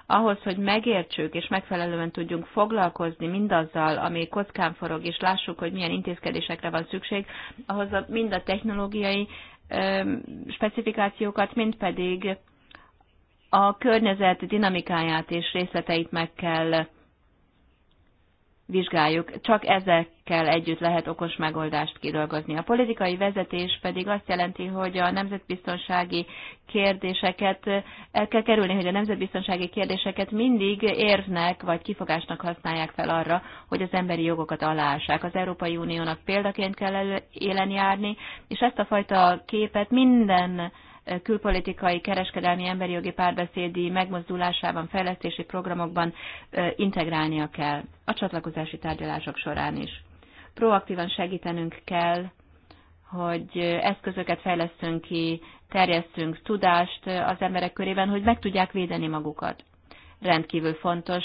B: Ahhoz, hogy megértsük és megfelelően tudjunk foglalkozni mindazzal, ami kockán forog, és lássuk, hogy milyen intézkedésekre van szükség, ahhoz a, mind a technológiai ö, specifikációkat, mind pedig a környezet dinamikáját és részleteit meg kell vizsgáljuk. Csak ezekkel együtt lehet okos megoldást kidolgozni. A politikai vezetés pedig azt jelenti, hogy a nemzetbiztonsági kérdéseket el kell kerülni, hogy a nemzetbiztonsági kérdéseket mindig érvnek vagy kifogásnak használják fel arra, hogy az emberi jogokat aláássák. Az Európai Uniónak példaként kell élen járni, és ezt a fajta képet minden külpolitikai, kereskedelmi, emberi jogi párbeszédi megmozdulásában, fejlesztési programokban integrálnia kell, a csatlakozási tárgyalások során is. Proaktívan segítenünk kell, hogy eszközöket fejlesztünk ki, terjesztünk tudást az emberek körében, hogy meg tudják védeni magukat. Rendkívül fontos,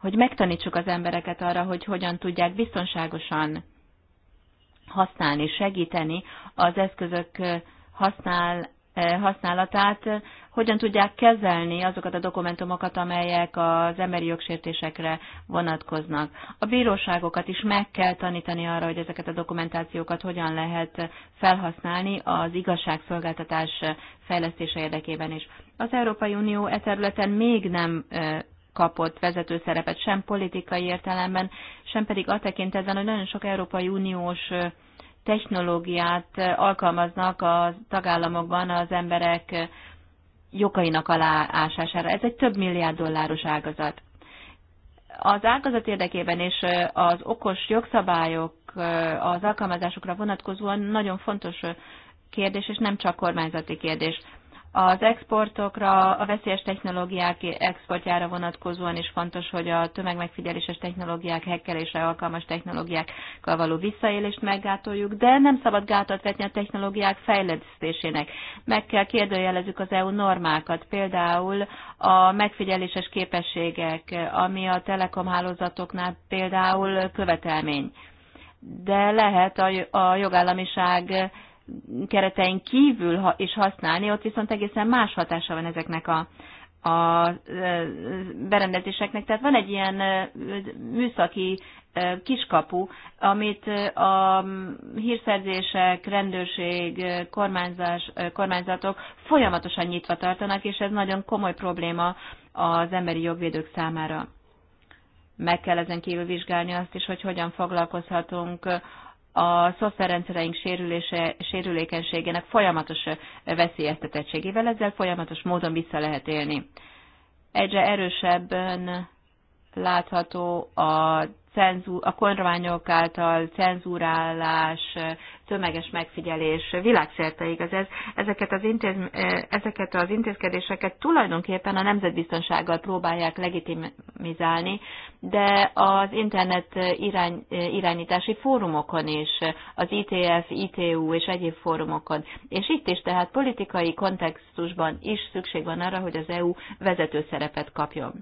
B: hogy megtanítsuk az embereket arra, hogy hogyan tudják biztonságosan használni, segíteni az eszközök használ, használatát, hogyan tudják kezelni azokat a dokumentumokat, amelyek az emberi jogsértésekre vonatkoznak. A bíróságokat is meg kell tanítani arra, hogy ezeket a dokumentációkat hogyan lehet felhasználni az igazságszolgáltatás fejlesztése érdekében is. Az Európai Unió e területen még nem kapott vezető szerepet, sem politikai értelemben, sem pedig a tekintetben, hogy nagyon sok Európai Uniós technológiát alkalmaznak a tagállamokban az emberek jogainak aláásására. Ez egy több milliárd dolláros ágazat. Az ágazat érdekében és az okos jogszabályok az alkalmazásokra vonatkozóan nagyon fontos kérdés, és nem csak kormányzati kérdés az exportokra, a veszélyes technológiák exportjára vonatkozóan is fontos, hogy a tömegmegfigyeléses technológiák, hekkelésre alkalmas technológiákkal való visszaélést meggátoljuk, de nem szabad gátat vetni a technológiák fejlesztésének. Meg kell kérdőjelezzük az EU normákat, például a megfigyeléses képességek, ami a telekomhálózatoknál például követelmény. De lehet a, a jogállamiság keretein kívül ha, is használni, ott viszont egészen más hatása van ezeknek a, a e, berendezéseknek. Tehát van egy ilyen e, műszaki e, kiskapu, amit a hírszerzések, rendőrség, kormányzás, kormányzatok folyamatosan nyitva tartanak, és ez nagyon komoly probléma az emberi jogvédők számára. Meg kell ezen kívül vizsgálni azt is, hogy hogyan foglalkozhatunk a szoftverrendszereink sérülése, sérülékenységének folyamatos veszélyeztetettségével, ezzel folyamatos módon vissza lehet élni. Egyre erősebben látható a, cenzú, a kormányok által cenzúrálás, tömeges megfigyelés világszerte igaz ez. Ezeket az, intéz, eh, ezeket az intézkedéseket tulajdonképpen a nemzetbiztonsággal próbálják legitimizálni, de az internet eh, irány, eh, irányítási fórumokon is, az ITF, ITU és egyéb fórumokon. És itt is tehát politikai kontextusban is szükség van arra, hogy az EU vezető szerepet kapjon.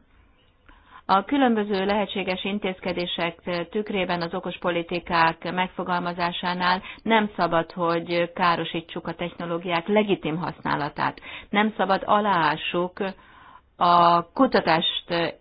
B: A különböző lehetséges intézkedések tükrében az okos politikák megfogalmazásánál nem szabad, hogy károsítsuk a technológiák legitim használatát. Nem szabad aláássuk a kutatást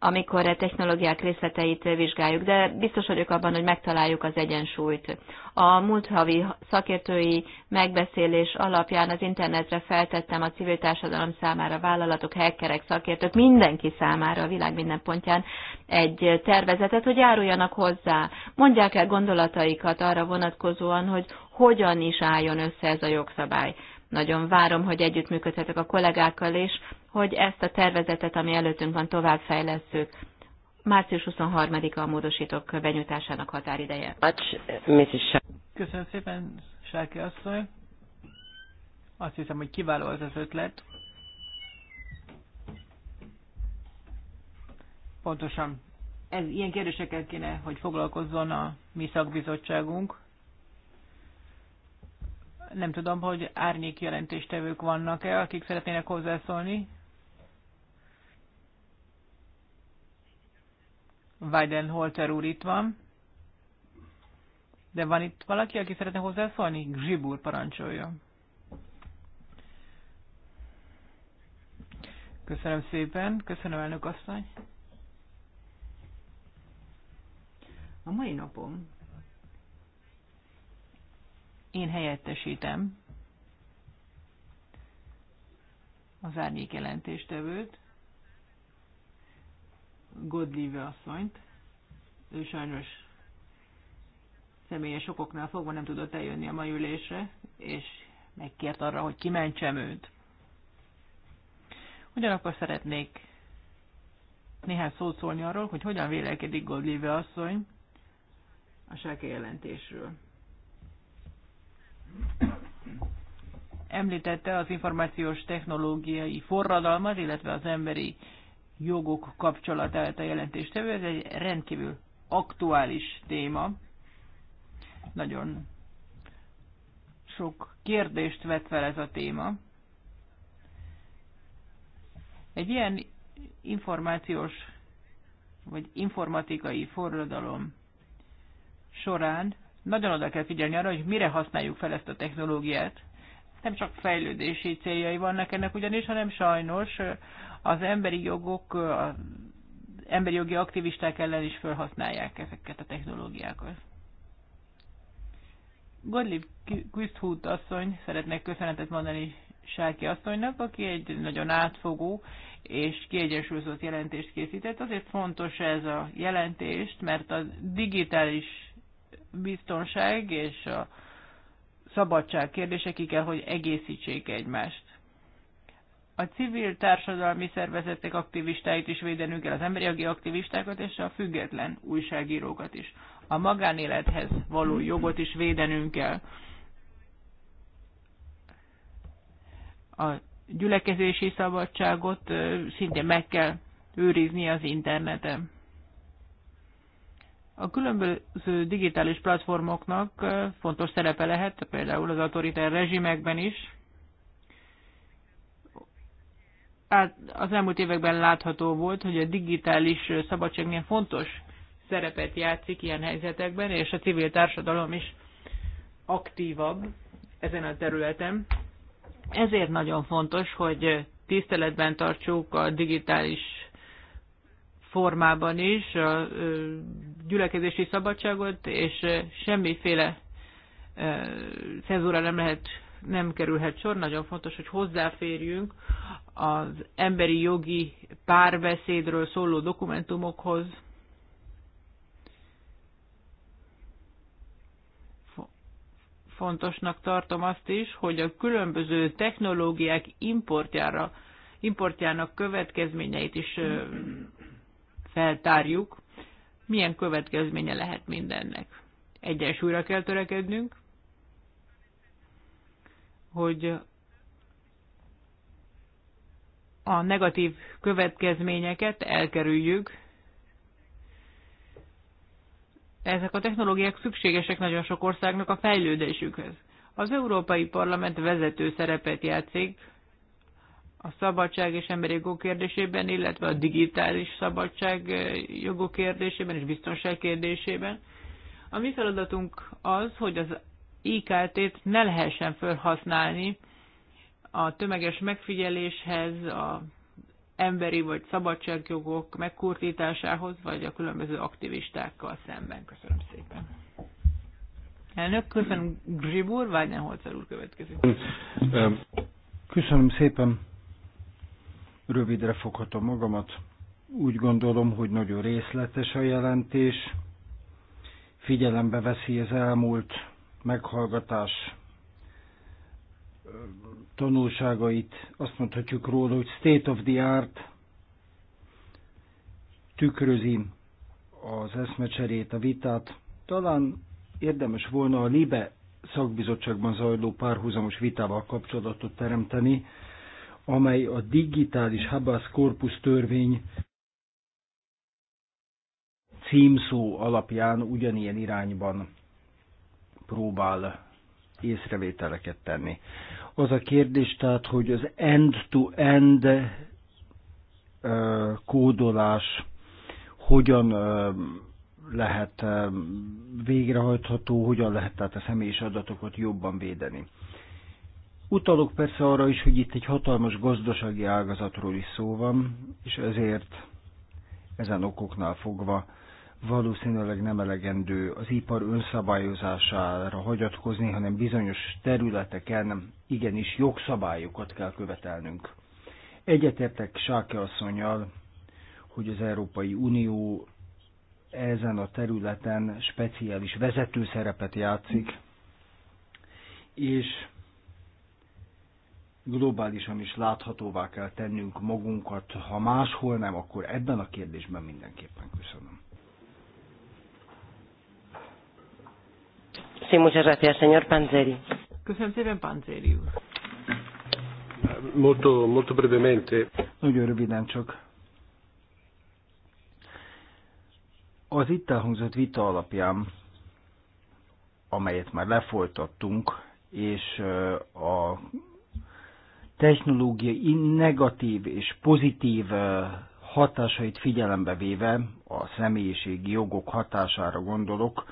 B: amikor a technológiák részleteit vizsgáljuk, de biztos vagyok abban, hogy megtaláljuk az egyensúlyt. A múlt havi szakértői megbeszélés alapján az internetre feltettem a civil társadalom számára vállalatok, hackerek, szakértők, mindenki számára a világ minden pontján egy tervezetet, hogy áruljanak hozzá, mondják el gondolataikat arra vonatkozóan, hogy hogyan is álljon össze ez a jogszabály. Nagyon várom, hogy együttműködhetek a kollégákkal, is, hogy ezt a tervezetet, ami előttünk van, továbbfejlesszük. Március 23-a a módosítók benyújtásának határideje. Uh, Köszönöm szépen, Sárki asszony. Azt hiszem, hogy kiváló az az ötlet.
A: Pontosan. Ez, ilyen kérdésekkel kéne, hogy foglalkozzon a mi szakbizottságunk. Nem tudom, hogy árnyék jelentéstevők vannak-e, akik szeretnének hozzászólni. Weidenholzer úr itt van. De van itt valaki, aki szeretne hozzászólni? Zsibúr parancsolja. Köszönöm szépen, köszönöm elnök asszony. A mai napom én helyettesítem az árnyék jelentéstevőt, Godlive asszonyt. Ő sajnos személyes okoknál fogva nem tudott eljönni a mai ülésre, és megkért arra, hogy kimentsem őt. Ugyanakkor szeretnék néhány szót szólni arról, hogy hogyan vélekedik Godlive asszony a sáke jelentésről. Említette az információs technológiai forradalmat, illetve az emberi jogok kapcsolatát a jelentéstevő. Ez egy rendkívül aktuális téma. Nagyon sok kérdést vet fel ez a téma. Egy ilyen információs vagy informatikai forradalom során nagyon oda kell figyelni arra, hogy mire használjuk fel ezt a technológiát. Nem csak fejlődési céljai vannak ennek ugyanis, hanem sajnos az emberi jogok, az emberi jogi aktivisták ellen is felhasználják ezeket a technológiákat. Godlieb Quisthut asszony szeretnék köszönetet mondani Sáki asszonynak, aki egy nagyon átfogó és kiegyensúlyozott jelentést készített. Azért fontos ez a jelentést, mert a digitális biztonság és a szabadság kérdése ki kell, hogy egészítsék egymást a civil társadalmi szervezetek aktivistáit is védenünk kell, az emberi jogi aktivistákat és a független újságírókat is. A magánélethez való jogot is védenünk kell. A gyülekezési szabadságot szintén meg kell őrizni az interneten. A különböző digitális platformoknak fontos szerepe lehet, például az autoritár rezsimekben is, át, az elmúlt években látható volt, hogy a digitális szabadság milyen fontos szerepet játszik ilyen helyzetekben, és a civil társadalom is aktívabb ezen a területen. Ezért nagyon fontos, hogy tiszteletben tartsuk a digitális formában is a gyülekezési szabadságot, és semmiféle cenzúra nem lehet nem kerülhet sor. Nagyon fontos, hogy hozzáférjünk az emberi jogi párbeszédről szóló dokumentumokhoz. Fontosnak tartom azt is, hogy a különböző technológiák importjára, importjának következményeit is feltárjuk, milyen következménye lehet mindennek. Egyensúlyra kell törekednünk, hogy a negatív következményeket elkerüljük. Ezek a technológiák szükségesek nagyon sok országnak a fejlődésükhöz. Az Európai Parlament vezető szerepet játszik a szabadság és emberi jogok kérdésében, illetve a digitális szabadság eh, jogok kérdésében és biztonság kérdésében. A mi feladatunk az, hogy az IKT-t ne lehessen felhasználni a tömeges megfigyeléshez, a emberi vagy szabadságjogok megkurtításához, vagy a különböző aktivistákkal szemben. Köszönöm szépen. Elnök, köszönöm Gribur, Weidenholzer úr következik.
D: Köszönöm szépen. Rövidre foghatom magamat. Úgy gondolom, hogy nagyon részletes a jelentés. Figyelembe veszi az elmúlt meghallgatás tanulságait azt mondhatjuk róla, hogy state of the art tükrözi az eszmecserét, a vitát. Talán érdemes volna a LIBE szakbizottságban zajló párhuzamos vitával kapcsolatot teremteni, amely a digitális habas corpus törvény címszó alapján ugyanilyen irányban próbál észrevételeket tenni. Az a kérdés tehát, hogy az end-to-end -end, kódolás hogyan lehet végrehajtható, hogyan lehet tehát a személyis adatokat jobban védeni. Utalok persze arra is, hogy itt egy hatalmas gazdasági ágazatról is szó van, és ezért ezen okoknál fogva valószínűleg nem elegendő az ipar önszabályozására hagyatkozni, hanem bizonyos területeken igenis jogszabályokat kell követelnünk. Egyetértek Sáke asszonyjal, hogy az Európai Unió ezen a területen speciális vezető szerepet játszik, és globálisan is láthatóvá kell tennünk magunkat, ha máshol nem, akkor ebben a kérdésben mindenképpen köszönöm. Sí, muchas gracias, señor Panzeri.
A: Köszönöm szépen, Panzeri úr.
D: Molto, molto
A: brevemente.
D: Nagyon röviden csak. Az itt elhangzott vita alapján, amelyet már lefolytattunk, és a technológiai negatív és pozitív hatásait figyelembe véve, a személyiségi jogok hatására gondolok,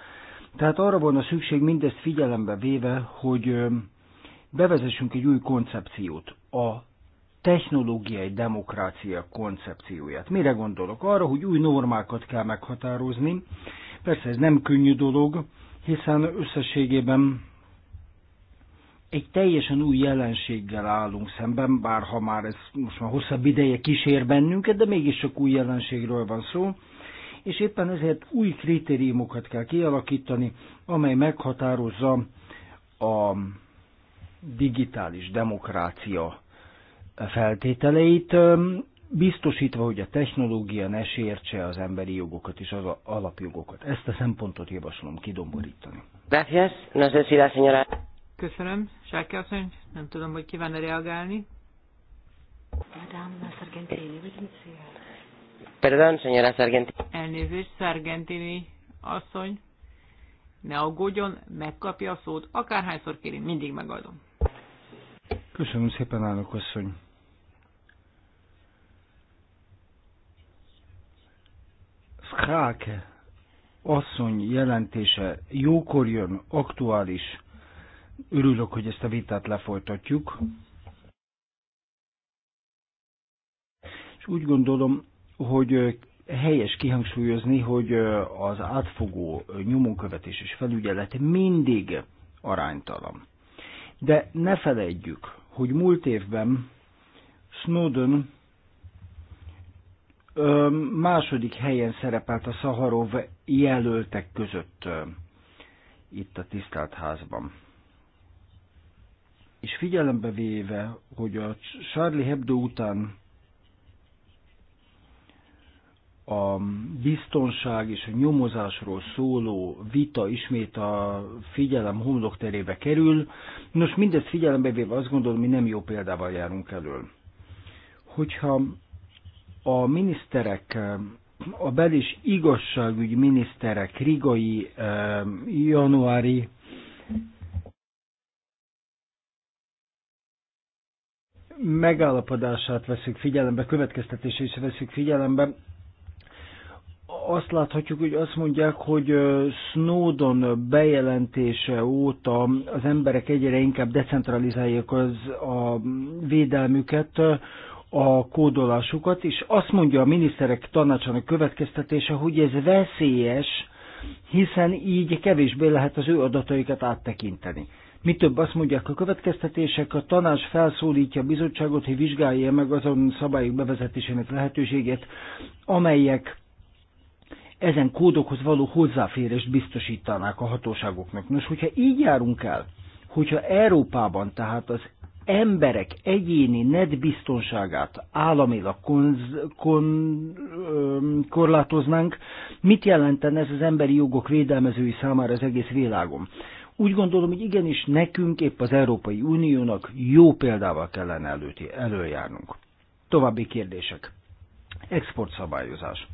D: tehát arra volna szükség mindezt figyelembe véve, hogy bevezessünk egy új koncepciót, a technológiai demokrácia koncepcióját. Mire gondolok? Arra, hogy új normákat kell meghatározni. Persze ez nem könnyű dolog, hiszen összességében egy teljesen új jelenséggel állunk szemben, bár ha már ez most már hosszabb ideje kísér bennünket, de mégis csak új jelenségről van szó és éppen ezért új kritériumokat kell kialakítani, amely meghatározza a digitális demokrácia feltételeit, biztosítva, hogy a technológia ne sértse az emberi jogokat és az alapjogokat. Ezt a szempontot javaslom kidomborítani.
A: Köszönöm. Sárki asszony, nem tudom, hogy kívánna reagálni. Madame Sargentini, we didn't Perdón, señora Sargentini. Elnézést, Sargentini asszony. Ne aggódjon, megkapja a szót, akárhányszor kéri, mindig megadom.
D: Köszönöm szépen, állok asszony. Skráke asszony jelentése jókor jön, aktuális. Örülök, hogy ezt a vitát lefolytatjuk. És úgy gondolom, hogy helyes kihangsúlyozni, hogy az átfogó nyomonkövetés és felügyelet mindig aránytalan. De ne felejtjük, hogy múlt évben Snowden második helyen szerepelt a Szaharov jelöltek között itt a tisztelt házban. És figyelembe véve, hogy a Charlie Hebdo után a biztonság és a nyomozásról szóló vita ismét a figyelem homlokterébe kerül. Nos, mindezt figyelembe véve azt gondolom, mi nem jó példával járunk elől. Hogyha a miniszterek, a bel- és igazságügyi miniszterek rigai eh, januári megállapodását veszük figyelembe, következtetését veszük figyelembe, azt láthatjuk, hogy azt mondják, hogy Snowden bejelentése óta az emberek egyre inkább decentralizálják az a védelmüket, a kódolásukat, és azt mondja a miniszterek tanácsának következtetése, hogy ez veszélyes, hiszen így kevésbé lehet az ő adataikat áttekinteni. Mi több azt mondják a következtetések, a tanács felszólítja a bizottságot, hogy vizsgálja meg azon szabályok bevezetésének lehetőségét, amelyek ezen kódokhoz való hozzáférést biztosítanák a hatóságoknak. Nos, hogyha így járunk el, hogyha Európában tehát az emberek egyéni netbiztonságát államilag konz, kon, ö, korlátoznánk, mit jelenten ez az emberi jogok védelmezői számára az egész világon? Úgy gondolom, hogy igenis nekünk, épp az Európai Uniónak jó példával kellene előti, előjárnunk. További kérdések. Exportszabályozás.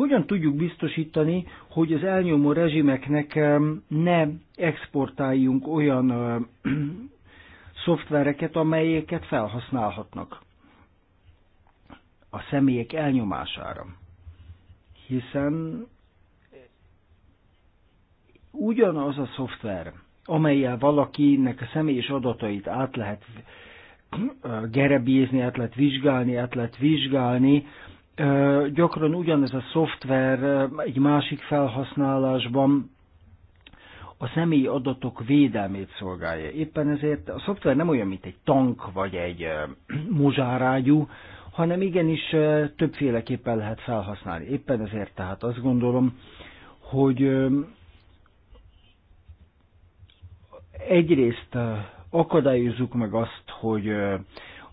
D: Hogyan tudjuk biztosítani, hogy az elnyomó rezsimeknek ne exportáljunk olyan szoftvereket, amelyeket felhasználhatnak a személyek elnyomására? Hiszen ugyanaz a szoftver, amelyel valakinek a személyes adatait át lehet gerebézni, át lehet vizsgálni, át lehet vizsgálni, gyakran ugyanez a szoftver egy másik felhasználásban a személyi adatok védelmét szolgálja. Éppen ezért a szoftver nem olyan, mint egy tank vagy egy muzsárágyú, hanem igenis többféleképpen lehet felhasználni. Éppen ezért tehát azt gondolom, hogy egyrészt akadályozzuk meg azt, hogy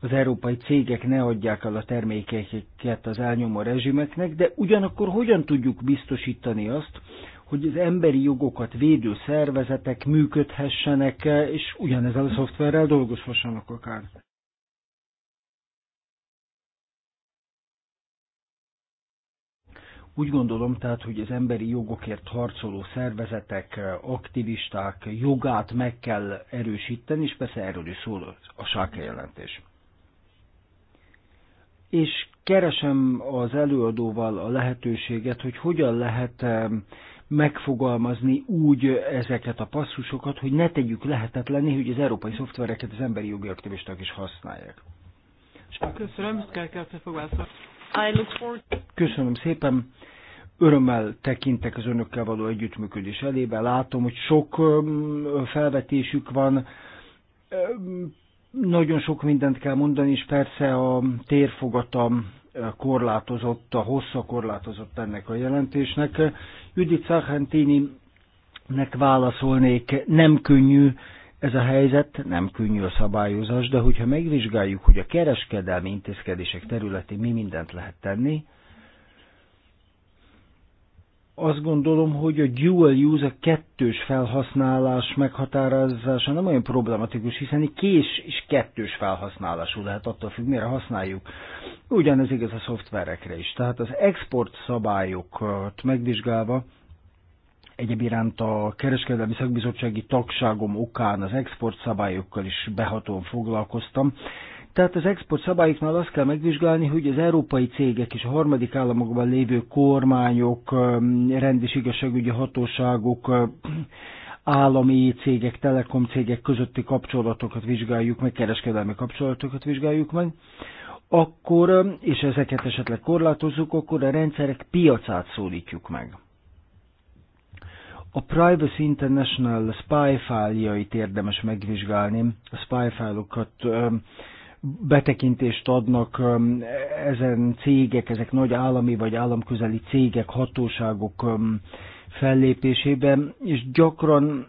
D: az európai cégek ne adják el a termékeiket az elnyomó rezsimeknek, de ugyanakkor hogyan tudjuk biztosítani azt, hogy az emberi jogokat védő szervezetek működhessenek, és ugyanezzel a szoftverrel dolgozhassanak akár. Úgy gondolom tehát, hogy az emberi jogokért harcoló szervezetek, aktivisták jogát meg kell erősíteni, és persze erről is szól a sáka jelentés és keresem az előadóval a lehetőséget, hogy hogyan lehet eh, megfogalmazni úgy ezeket a passzusokat, hogy ne tegyük lehetetlenni, hogy az európai szoftvereket az emberi jogi aktivisták is használják. Köszönöm, Köszönöm szépen. Örömmel tekintek az önökkel való együttműködés elébe. Látom, hogy sok felvetésük van nagyon sok mindent kell mondani, és persze a térfogata korlátozott, a hossza korlátozott ennek a jelentésnek. Judith Sargentini nek válaszolnék, nem könnyű ez a helyzet, nem könnyű a szabályozás, de hogyha megvizsgáljuk, hogy a kereskedelmi intézkedések területén mi mindent lehet tenni, azt gondolom, hogy a dual use, a kettős felhasználás meghatározása nem olyan problematikus, hiszen kés és kettős felhasználású lehet attól függ, mire használjuk. Ugyanez igaz a szoftverekre is. Tehát az export szabályokat megvizsgálva, egyéb iránt a kereskedelmi szakbizottsági tagságom okán az export szabályokkal is behatóan foglalkoztam, tehát az export szabályoknál azt kell megvizsgálni, hogy az európai cégek és a harmadik államokban lévő kormányok, rend és igazságügyi hatóságok, állami cégek, telekom cégek közötti kapcsolatokat vizsgáljuk meg, kereskedelmi kapcsolatokat vizsgáljuk meg, akkor, és ezeket esetleg korlátozzuk, akkor a rendszerek piacát szólítjuk meg. A Privacy International spy fájljait érdemes megvizsgálni, a spy fájlokat betekintést adnak um, ezen cégek, ezek nagy állami vagy államközeli cégek, hatóságok um, fellépésében, és gyakran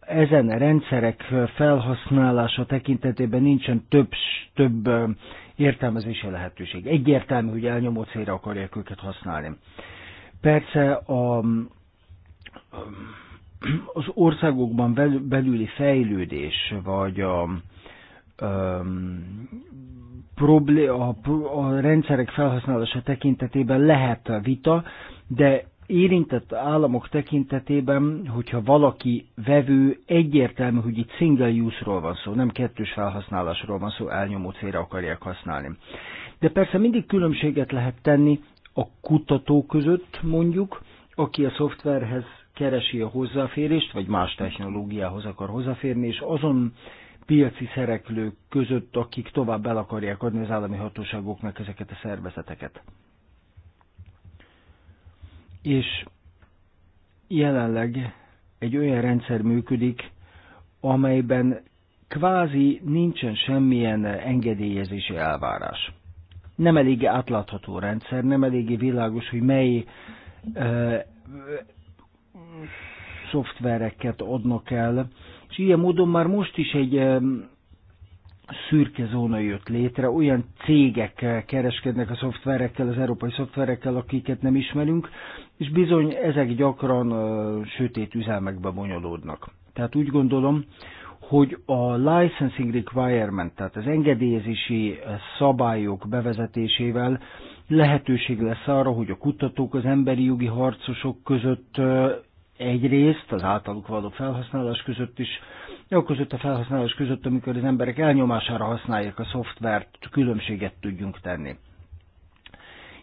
D: ezen a rendszerek felhasználása tekintetében nincsen több, több um, értelmezési lehetőség. Egyértelmű, hogy elnyomó célra akarják őket használni. Persze a, az országokban belüli fejlődés, vagy a, a, a rendszerek felhasználása tekintetében lehet vita, de érintett államok tekintetében, hogyha valaki vevő, egyértelmű, hogy itt single use-ról van szó, nem kettős felhasználásról van szó, elnyomó célra akarják használni. De persze mindig különbséget lehet tenni a kutató között mondjuk, aki a szoftverhez keresi a hozzáférést, vagy más technológiához akar hozzáférni, és azon piaci szereplők között, akik tovább el akarják adni az állami hatóságoknak ezeket a szervezeteket. És jelenleg egy olyan rendszer működik, amelyben kvázi nincsen semmilyen engedélyezési elvárás. Nem eléggé átlátható rendszer, nem eléggé világos, hogy mely uh, szoftvereket adnak el, és ilyen módon már most is egy szürke zóna jött létre, olyan cégek eh, kereskednek a szoftverekkel, az európai szoftverekkel, akiket nem ismerünk, és bizony ezek gyakran eh, sötét üzelmekbe bonyolódnak. Tehát úgy gondolom, hogy a licensing requirement, tehát az engedélyezési eh, szabályok bevezetésével lehetőség lesz arra, hogy a kutatók, az emberi jogi harcosok között egyrészt az általuk való felhasználás között is, jó között a felhasználás között, amikor az emberek elnyomására használják a szoftvert, különbséget tudjunk tenni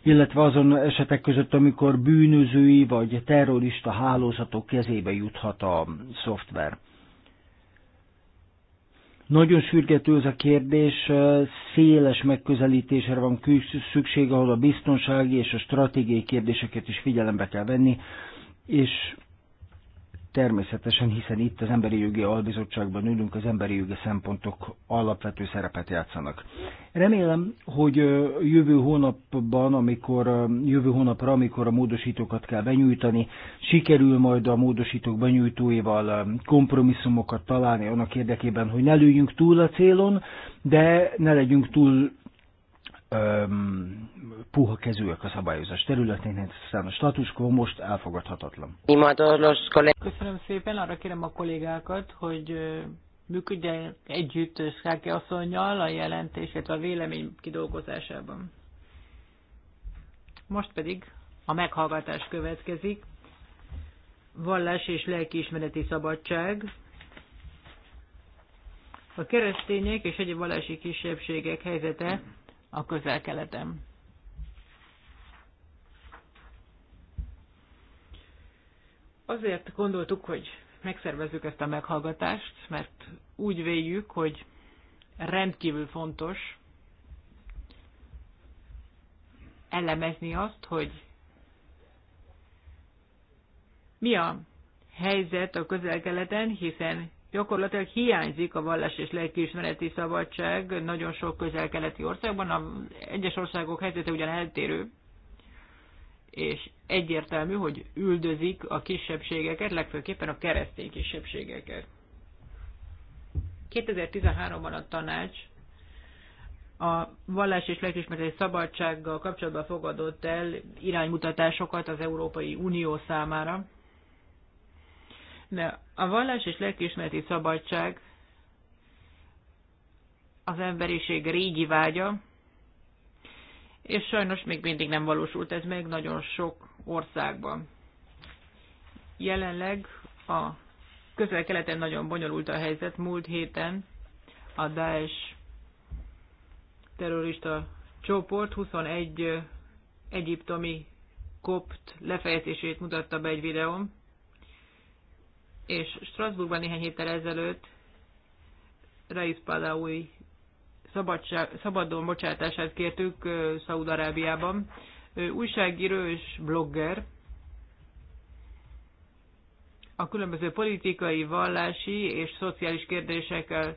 D: illetve azon esetek között, amikor bűnözői vagy terrorista hálózatok kezébe juthat a szoftver. Nagyon sürgető ez a kérdés, széles megközelítésre van szükség, ahol a biztonsági és a stratégiai kérdéseket is figyelembe kell venni, és Természetesen, hiszen itt az Emberi Jogi Albizottságban ülünk, az emberi jogi szempontok alapvető szerepet játszanak. Remélem, hogy jövő hónapban, amikor jövő hónapra, amikor a módosítókat kell benyújtani, sikerül majd a módosítók benyújtóival kompromisszumokat találni annak érdekében, hogy ne lőjünk túl a célon, de ne legyünk túl öm, puha kezűek a szabályozás területén, hiszen hát a status quo most elfogadhatatlan.
A: Köszönöm szépen, arra kérem a kollégákat, hogy működjenek együtt Sáki asszonynal a jelentés, illetve a vélemény kidolgozásában. Most pedig a meghallgatás következik. Vallás és lelkiismereti szabadság. A keresztények és egyéb vallási kisebbségek helyzete a közel-keleten. Azért gondoltuk, hogy megszervezzük ezt a meghallgatást, mert úgy véljük, hogy rendkívül fontos elemezni azt, hogy mi a helyzet a közel hiszen gyakorlatilag hiányzik a vallás és lelkiismereti szabadság nagyon sok közel-keleti országban. A egyes országok helyzete ugyan eltérő, és egyértelmű, hogy üldözik a kisebbségeket, legfőképpen a keresztény kisebbségeket. 2013-ban a tanács a vallás és lelkiismereti szabadsággal kapcsolatban fogadott el iránymutatásokat az Európai Unió számára de a vallás és lelkiismereti szabadság az emberiség régi vágya, és sajnos még mindig nem valósult ez meg nagyon sok országban. Jelenleg a közel-keleten nagyon bonyolult a helyzet. Múlt héten a Daesh terrorista csoport 21 egyiptomi kopt lefejezését mutatta be egy videón és Strasbourgban néhány héttel ezelőtt Raif Padaui szabadon bocsátását kértük Szaúd-Arábiában. Újságíró és blogger, a különböző politikai, vallási és szociális kérdésekkel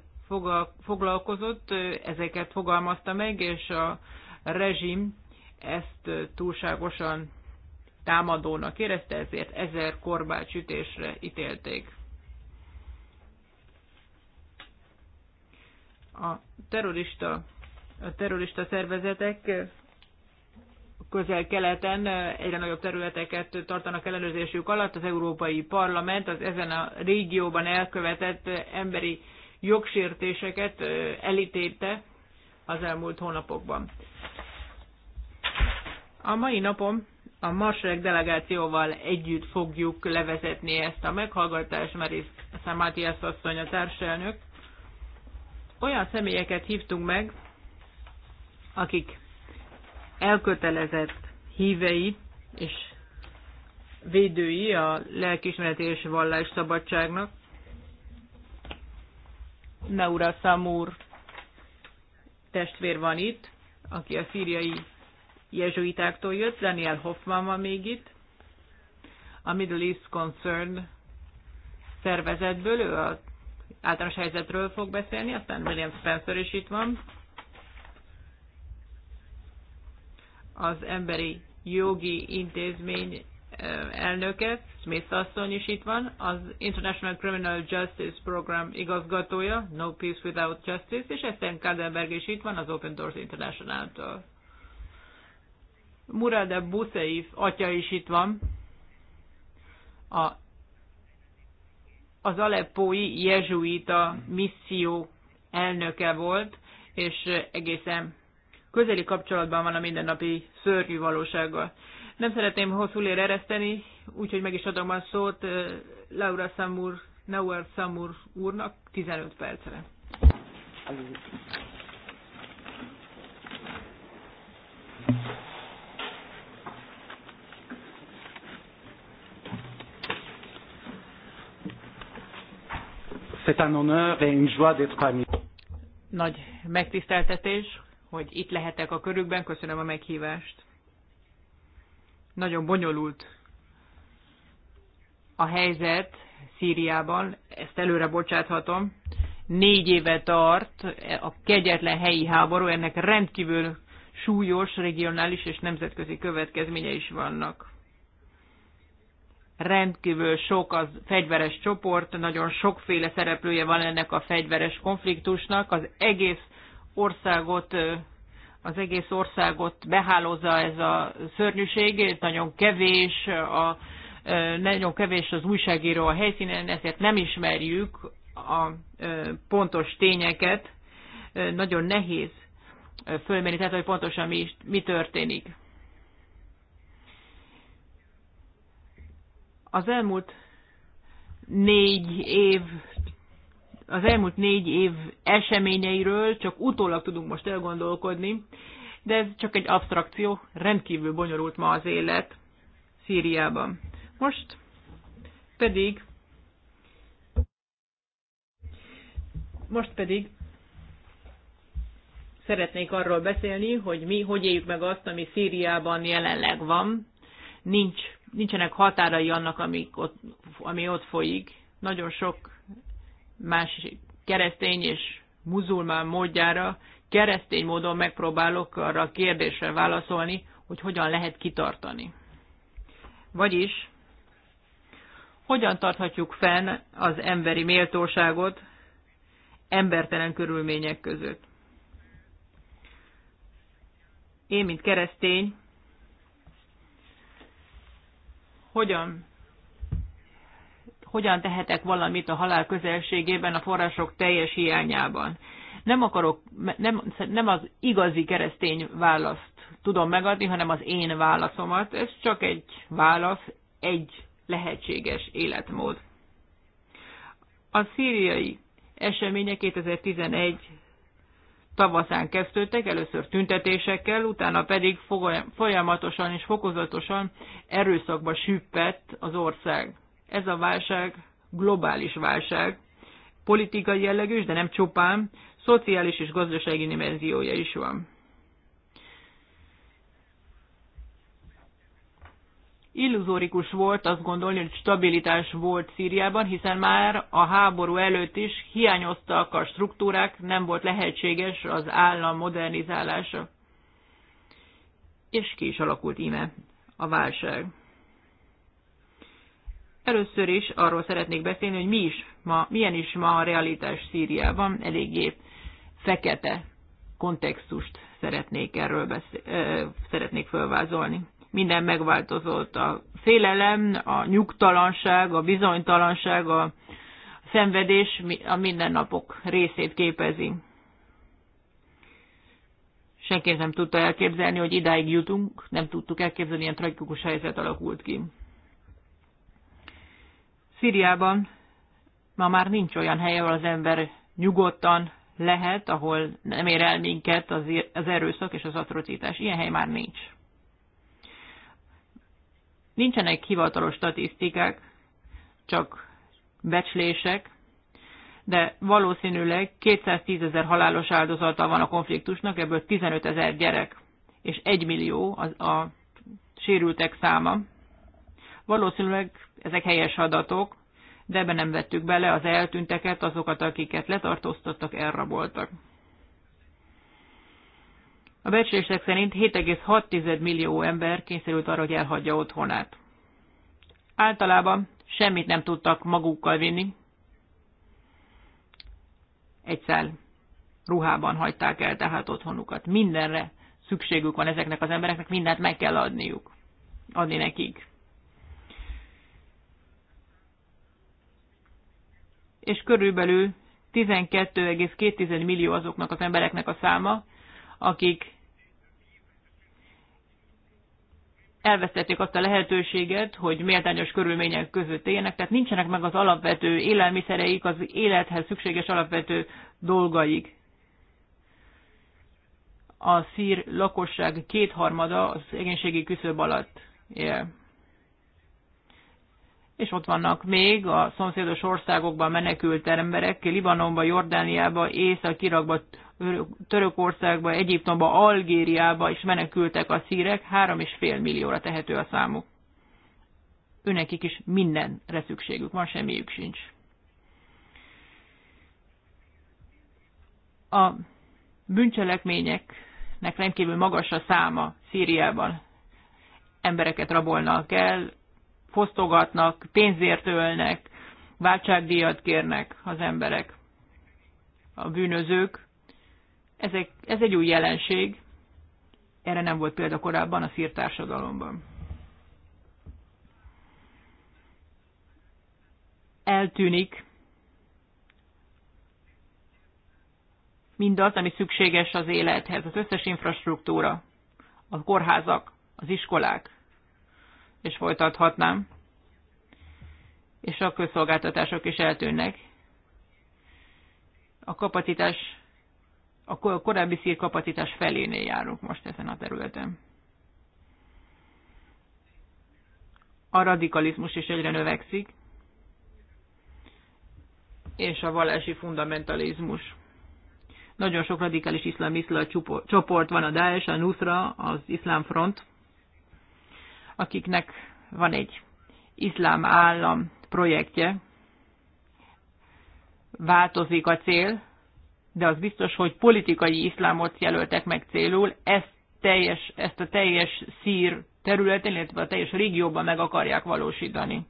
A: foglalkozott, ezeket fogalmazta meg, és a rezsim ezt túlságosan támadónak érezte, ezért ezer korbács ütésre ítélték. A terrorista, a terrorista szervezetek közel-keleten egyre nagyobb területeket tartanak ellenőrzésük alatt. Az Európai Parlament az ezen a régióban elkövetett emberi jogsértéseket elítélte az elmúlt hónapokban. A mai napom a Marsreg delegációval együtt fogjuk levezetni ezt a meghallgatást, mert Szamátiász asszony a társelnök. Olyan személyeket hívtunk meg, akik elkötelezett hívei és védői a lelkismereti és vallás szabadságnak. Neura Samur testvér van itt, aki a szíriai jezsuitáktól jött, Daniel Hoffman van még itt, a Middle East Concern szervezetből, ő a általános helyzetről fog beszélni, aztán William Spencer is itt van. Az Emberi Jogi Intézmény elnöke, Smith asszony is itt van, az International Criminal Justice Program igazgatója, No Peace Without Justice, és Eszten Kadenberg is itt van az Open Doors international tól Murade Buseif atya is itt van, a, az aleppói jezsuita misszió elnöke volt, és egészen közeli kapcsolatban van a mindennapi szörnyű valósággal. Nem szeretném hosszú ereszteni, úgyhogy meg is adom a szót Laura Samur, Nauer Samur úrnak 15 percre.
C: c'est un honneur et une joie d'être parmi
A: Nagy megtiszteltetés, hogy itt lehetek a körükben, köszönöm a meghívást. Nagyon bonyolult a helyzet Szíriában, ezt előre bocsáthatom. Négy éve tart a kegyetlen helyi háború, ennek rendkívül súlyos regionális és nemzetközi következménye is vannak rendkívül sok az fegyveres csoport, nagyon sokféle szereplője van ennek a fegyveres konfliktusnak, az egész országot az egész országot behálozza ez a szörnyűség, nagyon kevés, a, nagyon kevés az újságíró a helyszínen, ezért nem ismerjük a pontos tényeket, nagyon nehéz fölmérni, tehát hogy pontosan mi, mi történik. Az elmúlt négy év az elmúlt négy év eseményeiről csak utólag tudunk most elgondolkodni, de ez csak egy abstrakció, rendkívül bonyolult ma az élet Szíriában. Most pedig most pedig szeretnék arról beszélni, hogy mi hogy éljük meg azt, ami Szíriában jelenleg van. Nincs nincsenek határai annak, amik ott, ami ott folyik. Nagyon sok más keresztény és muzulmán módjára keresztény módon megpróbálok arra a kérdésre válaszolni, hogy hogyan lehet kitartani. Vagyis, hogyan tarthatjuk fenn az emberi méltóságot embertelen körülmények között? Én, mint keresztény, hogyan hogyan tehetek valamit a halál közelségében, a források teljes hiányában. Nem akarok, nem, nem az igazi keresztény választ tudom megadni, hanem az én válaszomat. Ez csak egy válasz, egy lehetséges életmód. A szíriai események 2011 tavaszán kezdődtek, először tüntetésekkel, utána pedig folyamatosan és fokozatosan erőszakba süppett az ország. Ez a válság globális válság, politikai jellegű, de nem csupán, szociális és gazdasági dimenziója is van. illuzórikus volt azt gondolni, hogy stabilitás volt Szíriában, hiszen már a háború előtt is hiányoztak a struktúrák, nem volt lehetséges az állam modernizálása. És ki is alakult íme a válság. Először is arról szeretnék beszélni, hogy mi is ma, milyen is ma a realitás Szíriában, eléggé fekete kontextust szeretnék erről beszél, ö, szeretnék felvázolni minden megváltozott. A félelem, a nyugtalanság, a bizonytalanság, a szenvedés a mindennapok részét képezi. Senki nem tudta elképzelni, hogy idáig jutunk, nem tudtuk elképzelni, ilyen tragikus helyzet alakult ki. Szíriában ma már nincs olyan hely, ahol az ember nyugodtan lehet, ahol nem ér el minket az erőszak és az atrocitás. Ilyen hely már nincs. Nincsenek hivatalos statisztikák, csak becslések, de valószínűleg 210 ezer halálos áldozata van a konfliktusnak, ebből 15 ezer gyerek, és 1 millió a, a sérültek száma. Valószínűleg ezek helyes adatok, de ebbe nem vettük bele az eltűnteket, azokat, akiket letartóztattak, elraboltak. A becslések szerint 7,6 millió ember kényszerült arra, hogy elhagyja otthonát. Általában semmit nem tudtak magukkal vinni. Egy szál ruhában hagyták el tehát otthonukat. Mindenre szükségük van ezeknek az embereknek, mindent meg kell adniuk. Adni nekik. És körülbelül 12,2 millió azoknak az embereknek a száma, akik elvesztették azt a lehetőséget, hogy méltányos körülmények között éljenek, tehát nincsenek meg az alapvető élelmiszereik, az élethez szükséges alapvető dolgaik. A szír lakosság kétharmada az egészségi küszöb alatt él és ott vannak még a szomszédos országokban menekült emberek, Libanonba, Jordániába, Észak-Irakba, Törökországba, Egyiptomba, Algériába is menekültek a szírek, fél millióra tehető a számuk. Őnekik is mindenre szükségük van, semmiük sincs. A bűncselekményeknek rendkívül magas a száma Szíriában. Embereket rabolnak el, fosztogatnak, pénzért ölnek, váltságdíjat kérnek az emberek, a bűnözők. Ezek, ez egy új jelenség, erre nem volt példa korábban a szírtársadalomban. Eltűnik mindaz, ami szükséges az élethez, az összes infrastruktúra, a kórházak, az iskolák, és folytathatnám, és a közszolgáltatások is eltűnnek. A kapacitás, a korábbi szír kapacitás felénél járunk most ezen a területen. A radikalizmus is egyre növekszik, és a vallási fundamentalizmus. Nagyon sok radikális iszlamista csoport van a Daesh, a Nusra, az iszlám front, akiknek van egy iszlám állam projektje. Változik a cél, de az biztos, hogy politikai iszlámot jelöltek meg célul, ezt, teljes, ezt a teljes szír területen, illetve a teljes régióban meg akarják valósítani.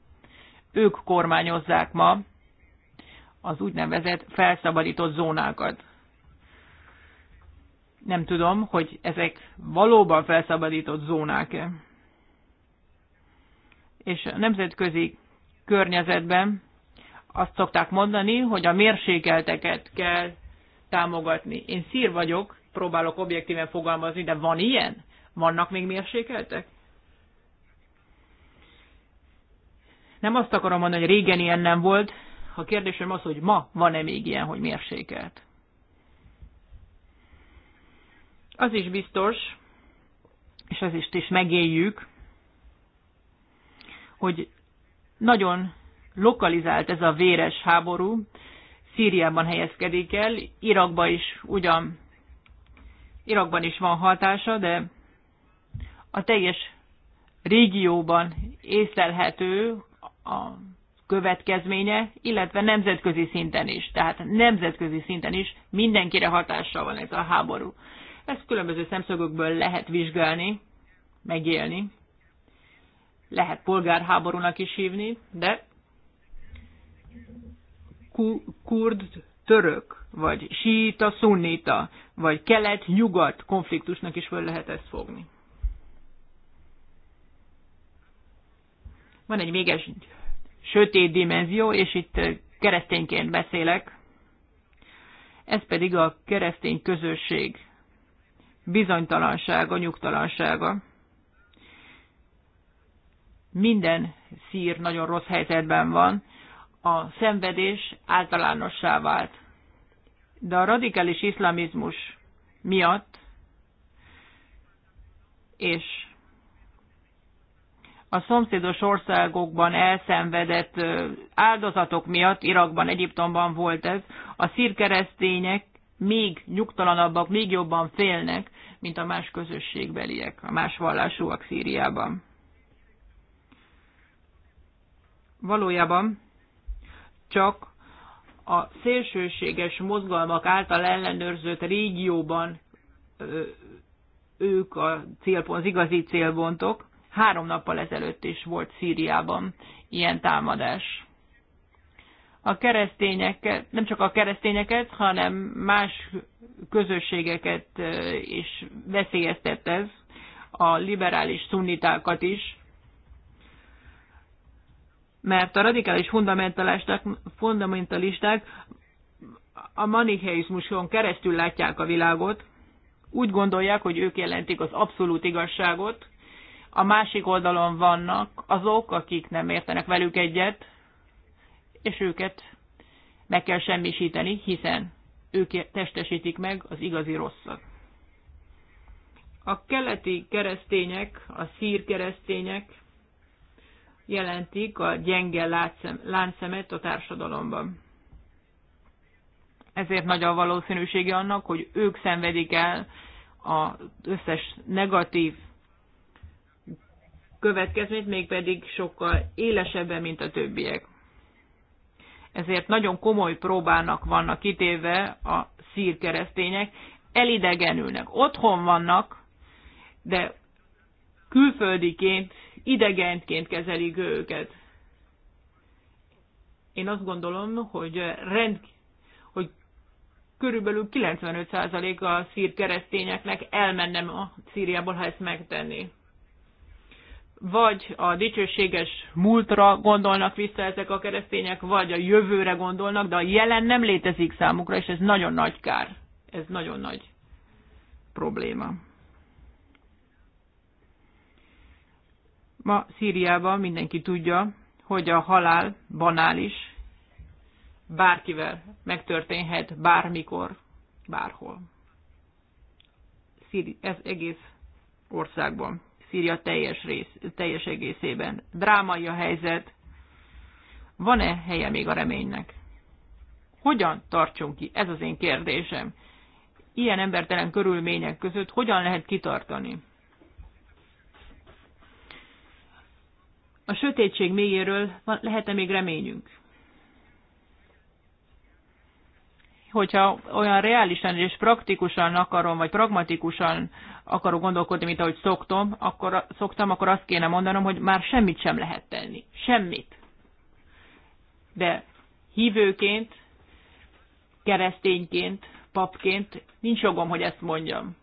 A: Ők kormányozzák ma az úgynevezett felszabadított zónákat. Nem tudom, hogy ezek valóban felszabadított zónák-e és a nemzetközi környezetben azt szokták mondani, hogy a mérsékelteket kell támogatni. Én szír vagyok, próbálok objektíven fogalmazni, de van ilyen? Vannak még mérsékeltek? Nem azt akarom mondani, hogy régen ilyen nem volt. A kérdésem az, hogy ma van-e még ilyen, hogy mérsékelt. Az is biztos, és ez is, is megéljük, hogy nagyon lokalizált ez a véres háború, Szíriában helyezkedik el, Irakban is ugyan, Irakban is van hatása, de a teljes régióban észlelhető a következménye, illetve nemzetközi szinten is. Tehát nemzetközi szinten is mindenkire hatással van ez a háború. Ezt különböző szemszögökből lehet vizsgálni, megélni lehet polgárháborúnak is hívni, de kurd, török, vagy síta, szunnita, vagy kelet-nyugat konfliktusnak is föl lehet ezt fogni. Van egy véges sötét dimenzió, és itt keresztényként beszélek, ez pedig a keresztény közösség bizonytalansága, nyugtalansága minden szír nagyon rossz helyzetben van, a szenvedés általánossá vált. De a radikális iszlamizmus miatt és a szomszédos országokban elszenvedett áldozatok miatt, Irakban, Egyiptomban volt ez, a szírkeresztények még nyugtalanabbak, még jobban félnek, mint a más közösségbeliek, a más vallásúak Szíriában. valójában csak a szélsőséges mozgalmak által ellenőrzött régióban ők a célpont, az igazi célpontok. Három nappal ezelőtt is volt Szíriában ilyen támadás. A keresztényeket, nem csak a keresztényeket, hanem más közösségeket is veszélyeztet ez, a liberális szunnitákat is, mert a radikális fundamentalisták, fundamentalisták a manicheizmuson keresztül látják a világot, úgy gondolják, hogy ők jelentik az abszolút igazságot, a másik oldalon vannak azok, akik nem értenek velük egyet, és őket meg kell semmisíteni, hiszen ők testesítik meg az igazi rosszat. A keleti keresztények, a szír keresztények jelentik a gyenge láncszemet a társadalomban. Ezért nagy a valószínűsége annak, hogy ők szenvedik el az összes negatív következményt, mégpedig sokkal élesebben, mint a többiek. Ezért nagyon komoly próbának vannak kitéve a szírkeresztények, elidegenülnek. Otthon vannak, de külföldiként idegenként kezelik őket. Én azt gondolom, hogy rend, hogy körülbelül 95%-a a szír keresztényeknek elmennem a Szíriából, ha ezt megtenni. Vagy a dicsőséges múltra gondolnak vissza ezek a keresztények, vagy a jövőre gondolnak, de a jelen nem létezik számukra, és ez nagyon nagy kár. Ez nagyon nagy probléma. Ma Szíriában mindenki tudja, hogy a halál banális, bárkivel megtörténhet, bármikor, bárhol. Szíri, ez egész országban, Szíria teljes, rész, teljes egészében. Drámai a helyzet. Van-e helye még a reménynek? Hogyan tartsunk ki? Ez az én kérdésem. Ilyen embertelen körülmények között hogyan lehet kitartani? a sötétség mélyéről lehet-e még reményünk? Hogyha olyan reálisan és praktikusan akarom, vagy pragmatikusan akarok gondolkodni, mint ahogy szoktam, akkor, szoktam, akkor azt kéne mondanom, hogy már semmit sem lehet tenni. Semmit. De hívőként, keresztényként, papként nincs jogom, hogy ezt mondjam.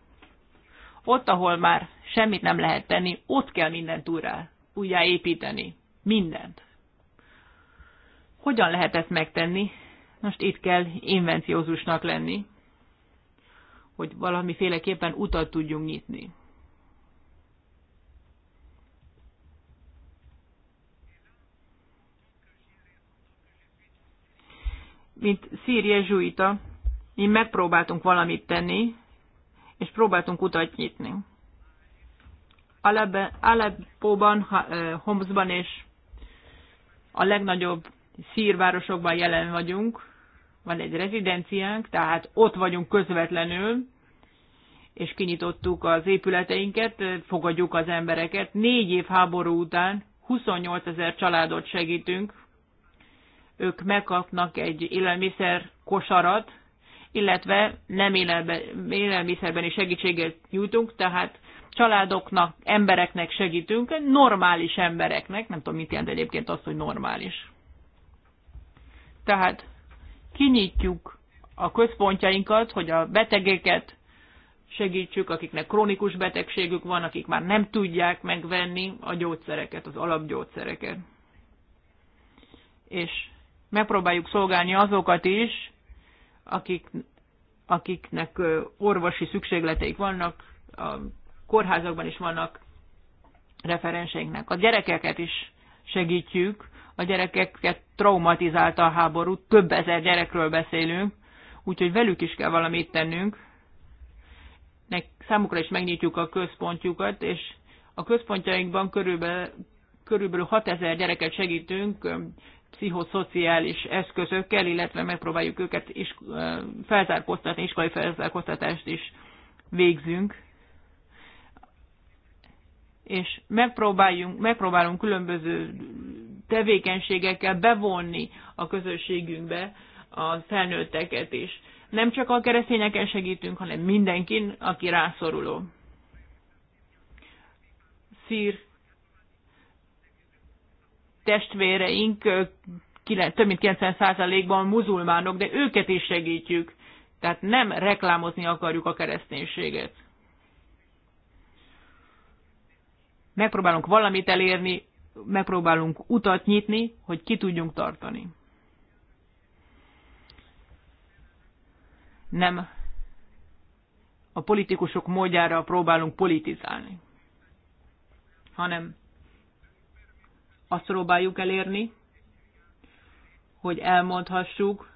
A: Ott, ahol már semmit nem lehet tenni, ott kell mindent újra újjáépíteni. Mindent. Hogyan lehet ezt megtenni? Most itt kell invenciózusnak lenni, hogy valamiféleképpen utat tudjunk nyitni. Mint Szíria Zsuita, mi megpróbáltunk valamit tenni, és próbáltunk utat nyitni. Aleppóban, Homszban és a legnagyobb szírvárosokban jelen vagyunk. Van egy rezidenciánk, tehát ott vagyunk közvetlenül, és kinyitottuk az épületeinket, fogadjuk az embereket. Négy év háború után 28 ezer családot segítünk. Ők megkapnak egy élelmiszer kosarat, illetve nem élelbe, élelmiszerben is segítséget nyújtunk, tehát családoknak, embereknek segítünk, normális embereknek, nem tudom, mit jelent egyébként az, hogy normális. Tehát kinyitjuk a központjainkat, hogy a betegeket segítsük, akiknek krónikus betegségük van, akik már nem tudják megvenni a gyógyszereket, az alapgyógyszereket. És megpróbáljuk szolgálni azokat is, akik, akiknek orvosi szükségleteik vannak, a kórházakban is vannak referenseinknek. A gyerekeket is segítjük, a gyerekeket traumatizálta a háború, több ezer gyerekről beszélünk, úgyhogy velük is kell valamit tennünk. Nek, számukra is megnyitjuk a központjukat, és a központjainkban körülbelül, körülbelül 6000 gyereket segítünk pszichoszociális eszközökkel, illetve megpróbáljuk őket is felzárkóztatni, iskolai felzárkóztatást is végzünk és megpróbáljunk, megpróbálunk különböző tevékenységekkel bevonni a közösségünkbe a felnőtteket is. Nem csak a keresztényeken segítünk, hanem mindenkin, aki rászoruló. Szír testvéreink több mint 90%-ban muzulmánok, de őket is segítjük. Tehát nem reklámozni akarjuk a kereszténységet. megpróbálunk valamit elérni, megpróbálunk utat nyitni, hogy ki tudjunk tartani. Nem a politikusok módjára próbálunk politizálni, hanem azt próbáljuk elérni, hogy elmondhassuk,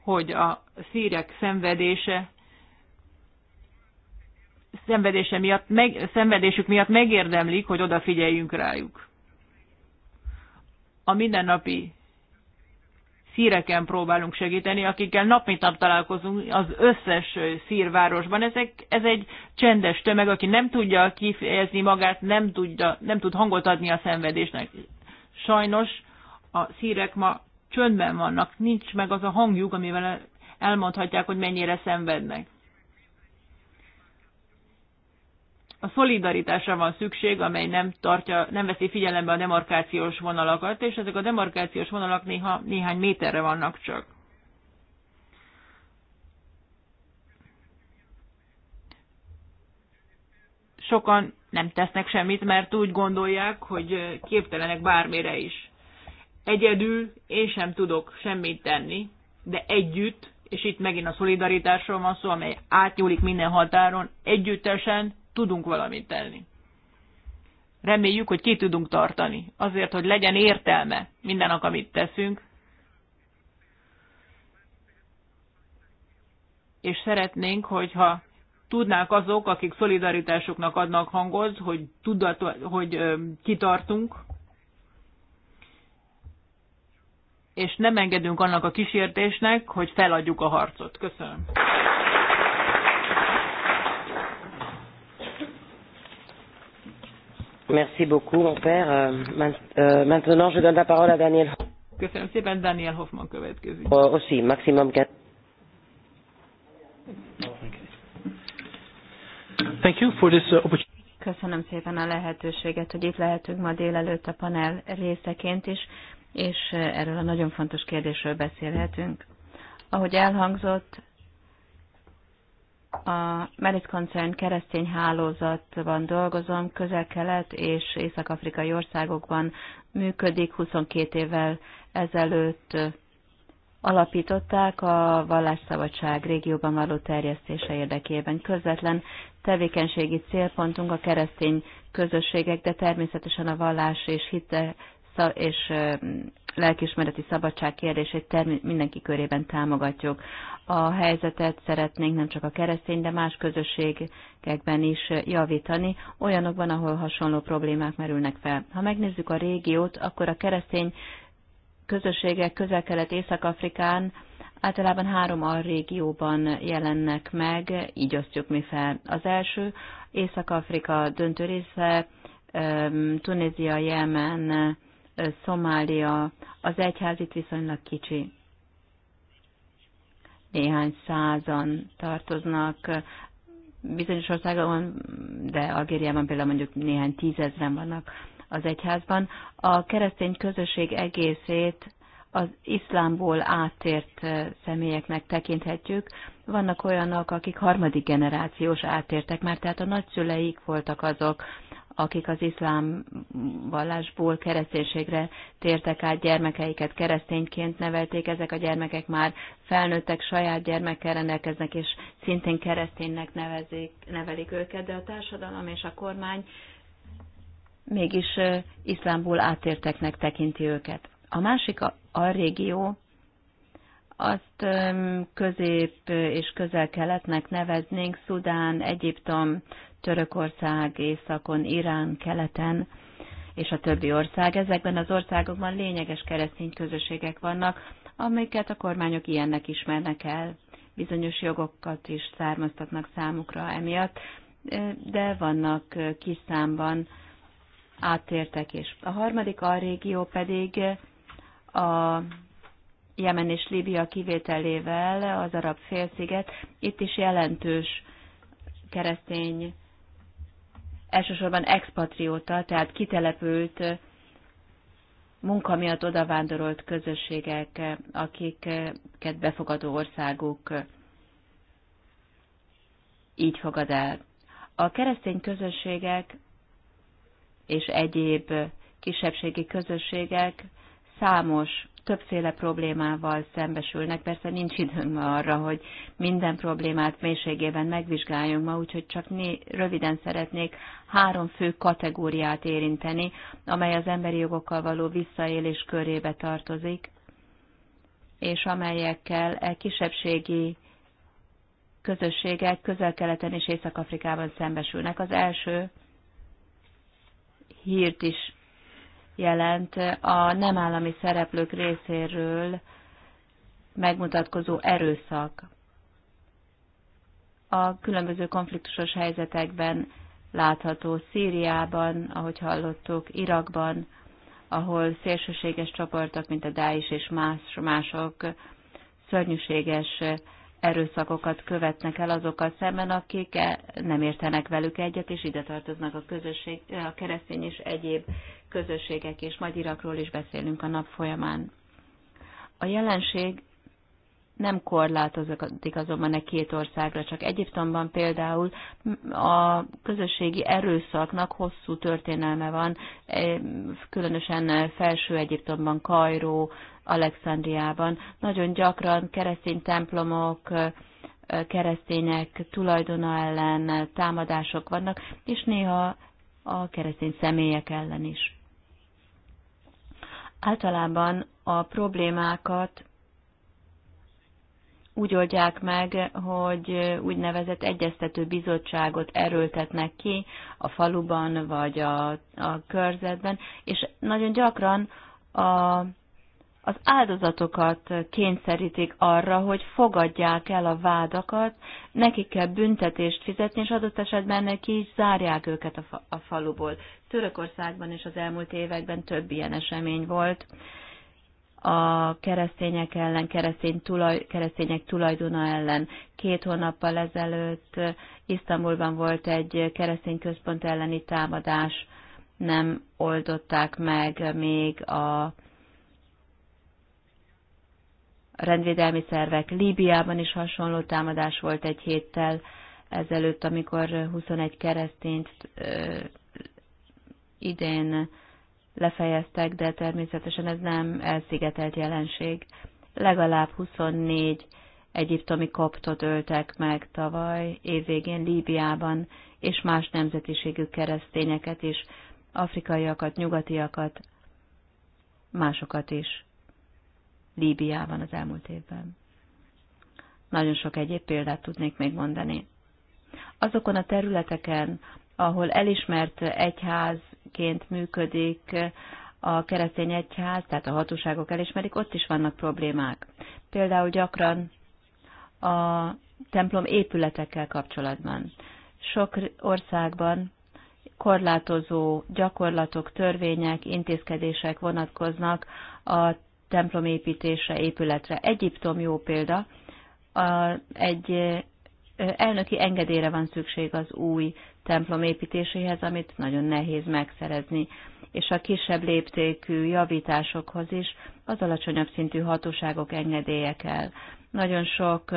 A: hogy a szírek szenvedése szenvedése miatt, meg, szenvedésük miatt megérdemlik, hogy odafigyeljünk rájuk. A mindennapi szíreken próbálunk segíteni, akikkel nap mint nap találkozunk az összes szírvárosban. Ezek, ez egy csendes tömeg, aki nem tudja kifejezni magát, nem, tudja, nem tud hangot adni a szenvedésnek. Sajnos a szírek ma csöndben vannak, nincs meg az a hangjuk, amivel elmondhatják, hogy mennyire szenvednek. a szolidaritásra van szükség, amely nem, tartja, nem veszi figyelembe a demarkációs vonalakat, és ezek a demarkációs vonalak néha néhány méterre vannak csak. Sokan nem tesznek semmit, mert úgy gondolják, hogy képtelenek bármire is. Egyedül én sem tudok semmit tenni, de együtt, és itt megint a szolidaritásról van szó, amely átnyúlik minden határon, együttesen tudunk valamit tenni. Reméljük, hogy ki tudunk tartani, azért, hogy legyen értelme mindennek, amit teszünk, és szeretnénk, hogyha tudnák azok, akik szolidaritásuknak adnak hangot, hogy, tudat, hogy ö, kitartunk, és nem engedünk annak a kísértésnek, hogy feladjuk a harcot. Köszönöm. Merci beaucoup, mon père. Euh, euh, maintenant, je donne la parole à Daniel. Köszönöm szépen, Daniel Hoffman következik. Aussi, maximum
C: 4. Thank you for this uh, opportunity.
B: Köszönöm szépen a lehetőséget, hogy itt lehetünk ma délelőtt a panel részeként is, és uh, erről a nagyon fontos kérdésről beszélhetünk. Ahogy elhangzott, a Merit Concern keresztény hálózatban dolgozom, közel-kelet és észak-afrikai országokban működik. 22 évvel ezelőtt alapították a vallásszabadság régióban való terjesztése érdekében. Közvetlen tevékenységi célpontunk a keresztény közösségek, de természetesen a vallás és hite és lelkismereti szabadság kérdését mindenki körében támogatjuk a helyzetet szeretnénk nem csak a keresztény, de más közösségekben is javítani, olyanokban, ahol hasonló problémák merülnek fel. Ha megnézzük a régiót, akkor a keresztény közösségek közel-kelet Észak-Afrikán általában három régióban jelennek meg, így osztjuk mi fel. Az első, Észak-Afrika döntő része, Tunézia, Jemen, Szomália, az egyház itt viszonylag kicsi néhány százan tartoznak bizonyos országokban, de Algériában például mondjuk néhány tízezren vannak az egyházban. A keresztény közösség egészét az iszlámból átért eh, személyeknek tekinthetjük. Vannak olyanok, akik harmadik generációs átértek már, tehát a nagyszüleik voltak azok, akik az iszlám vallásból kereszténységre tértek át, gyermekeiket keresztényként nevelték, ezek a gyermekek már felnőttek, saját gyermekkel rendelkeznek, és szintén kereszténynek nevezik, nevelik őket, de a társadalom és a kormány mégis iszlámból átérteknek tekinti őket. A másik a, a régió, azt közép és közel-keletnek neveznénk, Szudán, Egyiptom, Törökország északon, Irán keleten, és a többi ország. Ezekben az országokban lényeges keresztény közösségek vannak, amiket a kormányok ilyennek ismernek el. Bizonyos jogokat is származtatnak számukra emiatt, de vannak kis számban áttértek is. A harmadik a régió pedig a Jemen és Líbia kivételével az arab félsziget, itt is jelentős keresztény elsősorban expatrióta, tehát kitelepült munka miatt odavándorolt közösségek, akiket befogadó országuk így fogad el. A keresztény közösségek és egyéb kisebbségi közösségek számos többféle problémával szembesülnek. Persze nincs időnk ma arra, hogy minden problémát mélységében megvizsgáljunk ma, úgyhogy csak né, röviden szeretnék három fő kategóriát érinteni, amely az emberi jogokkal való visszaélés körébe tartozik, és amelyekkel e kisebbségi közösségek közel-keleten és Észak-Afrikában szembesülnek. Az első hírt is jelent a nem állami szereplők részéről megmutatkozó erőszak a különböző konfliktusos helyzetekben látható Szíriában, ahogy hallottuk, Irakban, ahol szélsőséges csoportok, mint a Dáis és más, mások szörnyűséges erőszakokat követnek el azokkal szemben, akik e- nem értenek velük egyet, és ide tartoznak a, közösség, a keresztény és egyéb közösségek, és majd Irakról is beszélünk a nap folyamán. A jelenség nem korlátozódik azonban a két országra, csak Egyiptomban például a közösségi erőszaknak hosszú történelme van, e- különösen felső Egyiptomban, Kajró, Alexandriában. Nagyon gyakran keresztény templomok, keresztények tulajdona ellen támadások vannak, és néha a keresztény személyek ellen is. Általában a problémákat úgy oldják meg, hogy úgynevezett egyeztető bizottságot erőltetnek ki a faluban vagy a, a körzetben, és nagyon gyakran a az áldozatokat kényszerítik arra, hogy fogadják el a vádakat, nekik kell büntetést fizetni, és adott esetben neki is zárják őket a, a faluból. Törökországban is az elmúlt években több ilyen esemény volt. A keresztények ellen, keresztény tulaj, keresztények tulajdona ellen. Két hónappal ezelőtt Isztambulban volt egy keresztény központ elleni támadás, nem oldották meg még a rendvédelmi szervek. Líbiában is hasonló támadás volt egy héttel ezelőtt, amikor 21 keresztényt ö, idén lefejeztek, de természetesen ez nem elszigetelt jelenség. Legalább 24 egyiptomi koptot öltek meg tavaly évvégén Líbiában, és más nemzetiségű keresztényeket is, afrikaiakat, nyugatiakat, másokat is. Líbiában az elmúlt évben. Nagyon sok egyéb példát tudnék még mondani. Azokon a területeken, ahol elismert egyházként működik a keresztény egyház, tehát a hatóságok elismerik, ott is vannak problémák. Például gyakran a templom épületekkel kapcsolatban. Sok országban korlátozó gyakorlatok, törvények, intézkedések vonatkoznak a templom építése, épületre. Egyiptom jó példa, a, egy elnöki engedélyre van szükség az új templom építéséhez, amit nagyon nehéz megszerezni, és a kisebb léptékű javításokhoz is az alacsonyabb szintű hatóságok engedélye kell. Nagyon sok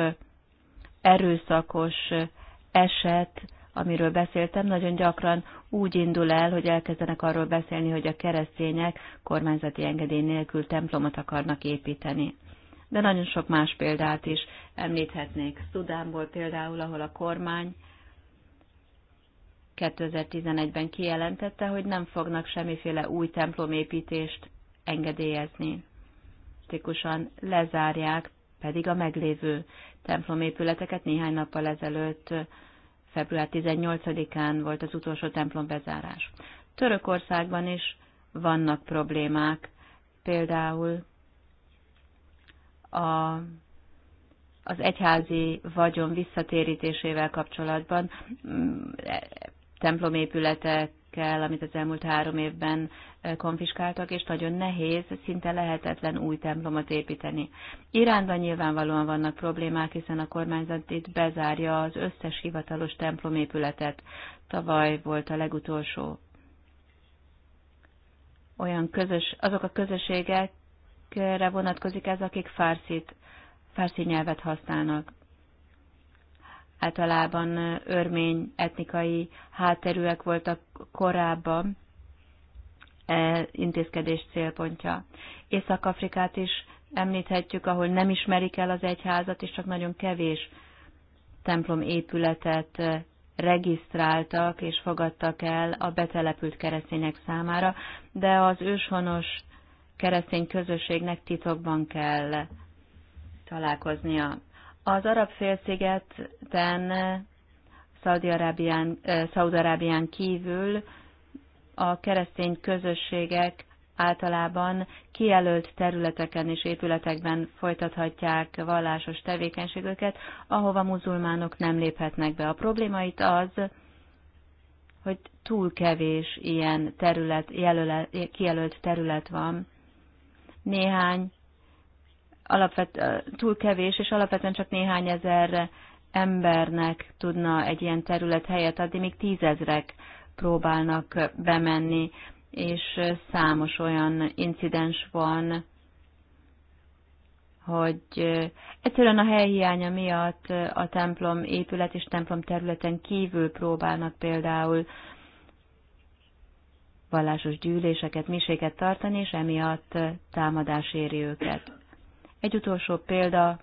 B: erőszakos eset amiről beszéltem, nagyon gyakran úgy indul el, hogy elkezdenek arról beszélni, hogy a keresztények kormányzati engedély nélkül templomot akarnak építeni. De nagyon sok más példát is említhetnék. Szudánból például, ahol a kormány 2011-ben kijelentette, hogy nem fognak semmiféle új templomépítést engedélyezni. Tikusan lezárják pedig a meglévő templomépületeket néhány nappal ezelőtt Február 18-án volt az utolsó templom bezárás. Törökországban is vannak problémák, például a, az egyházi vagyon visszatérítésével kapcsolatban mm, e, templomépületek el, amit az elmúlt három évben eh, konfiskáltak, és nagyon nehéz, szinte lehetetlen új templomot építeni. Iránban nyilvánvalóan vannak problémák, hiszen a kormányzat itt bezárja az összes hivatalos templomépületet. Tavaly volt a legutolsó olyan közös, azok a közösségekre vonatkozik ez, akik fárszit, fárszi nyelvet használnak általában örmény etnikai hátterűek voltak korábban e intézkedés célpontja. Észak-Afrikát is említhetjük, ahol nem ismerik el az egyházat, és csak nagyon kevés templom épületet regisztráltak és fogadtak el a betelepült keresztények számára, de az őshonos keresztény közösségnek titokban kell találkoznia az arab félszigeten, Szaudi-Arábián, eh, kívül a keresztény közösségek általában kijelölt területeken és épületekben folytathatják vallásos tevékenységüket, ahova muzulmánok nem léphetnek be. A probléma itt az, hogy túl kevés ilyen terület, jelöle, kijelölt terület van. Néhány alapvet, túl kevés, és alapvetően csak néhány ezer embernek tudna egy ilyen terület helyet adni, még tízezrek próbálnak bemenni, és számos olyan incidens van, hogy egyszerűen a helyhiánya miatt a templom épület és templom területen kívül próbálnak például vallásos gyűléseket, miséket tartani, és emiatt támadás éri őket. Egy utolsó példa,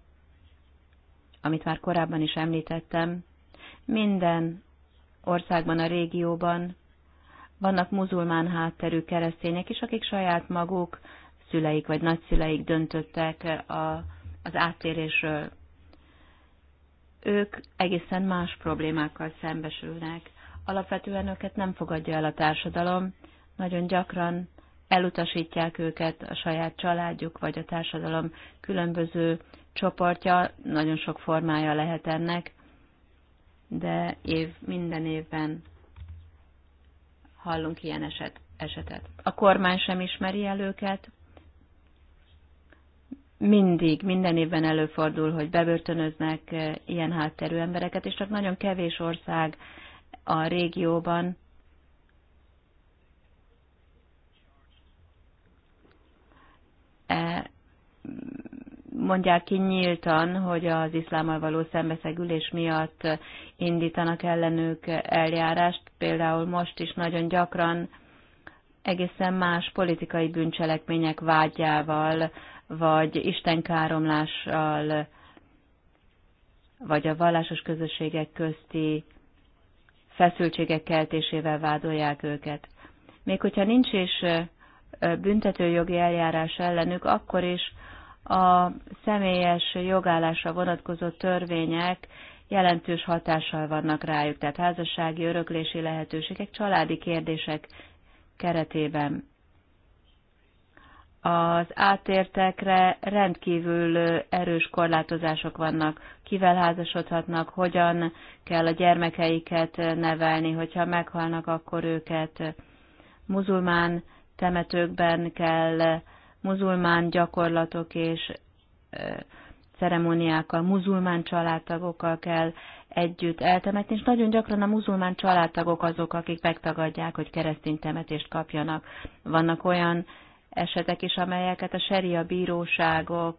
B: amit már korábban is említettem, minden országban, a régióban vannak muzulmán hátterű keresztények is, akik saját maguk, szüleik vagy nagyszüleik döntöttek a, az áttérésről. Ők egészen más problémákkal szembesülnek. Alapvetően őket nem fogadja el a társadalom, nagyon gyakran elutasítják őket a saját családjuk, vagy a társadalom különböző csoportja, nagyon sok formája lehet ennek, de év, minden évben hallunk ilyen eset, esetet. A kormány sem ismeri el őket, mindig, minden évben előfordul, hogy bebörtönöznek eh, ilyen hátterű embereket, és csak nagyon kevés ország a régióban E, mondják ki nyíltan, hogy az iszlámmal való szembeszegülés miatt indítanak ellenük eljárást. Például most is nagyon gyakran egészen más politikai bűncselekmények vágyával, vagy istenkáromlással, vagy a vallásos közösségek közti feszültségek keltésével vádolják őket. Még hogyha nincs is büntetőjogi eljárás ellenük, akkor is a személyes jogállásra vonatkozó törvények jelentős hatással vannak rájuk, tehát házassági öröklési lehetőségek, családi kérdések keretében. Az átértekre rendkívül erős korlátozások vannak, kivel házasodhatnak, hogyan kell a gyermekeiket nevelni, hogyha meghalnak, akkor őket muzulmán temetőkben kell muzulmán gyakorlatok és ceremóniákkal, muzulmán családtagokkal kell együtt eltemetni, és nagyon gyakran a muzulmán családtagok azok, akik megtagadják, hogy keresztény temetést kapjanak. Vannak olyan esetek is, amelyeket a seria bíróságok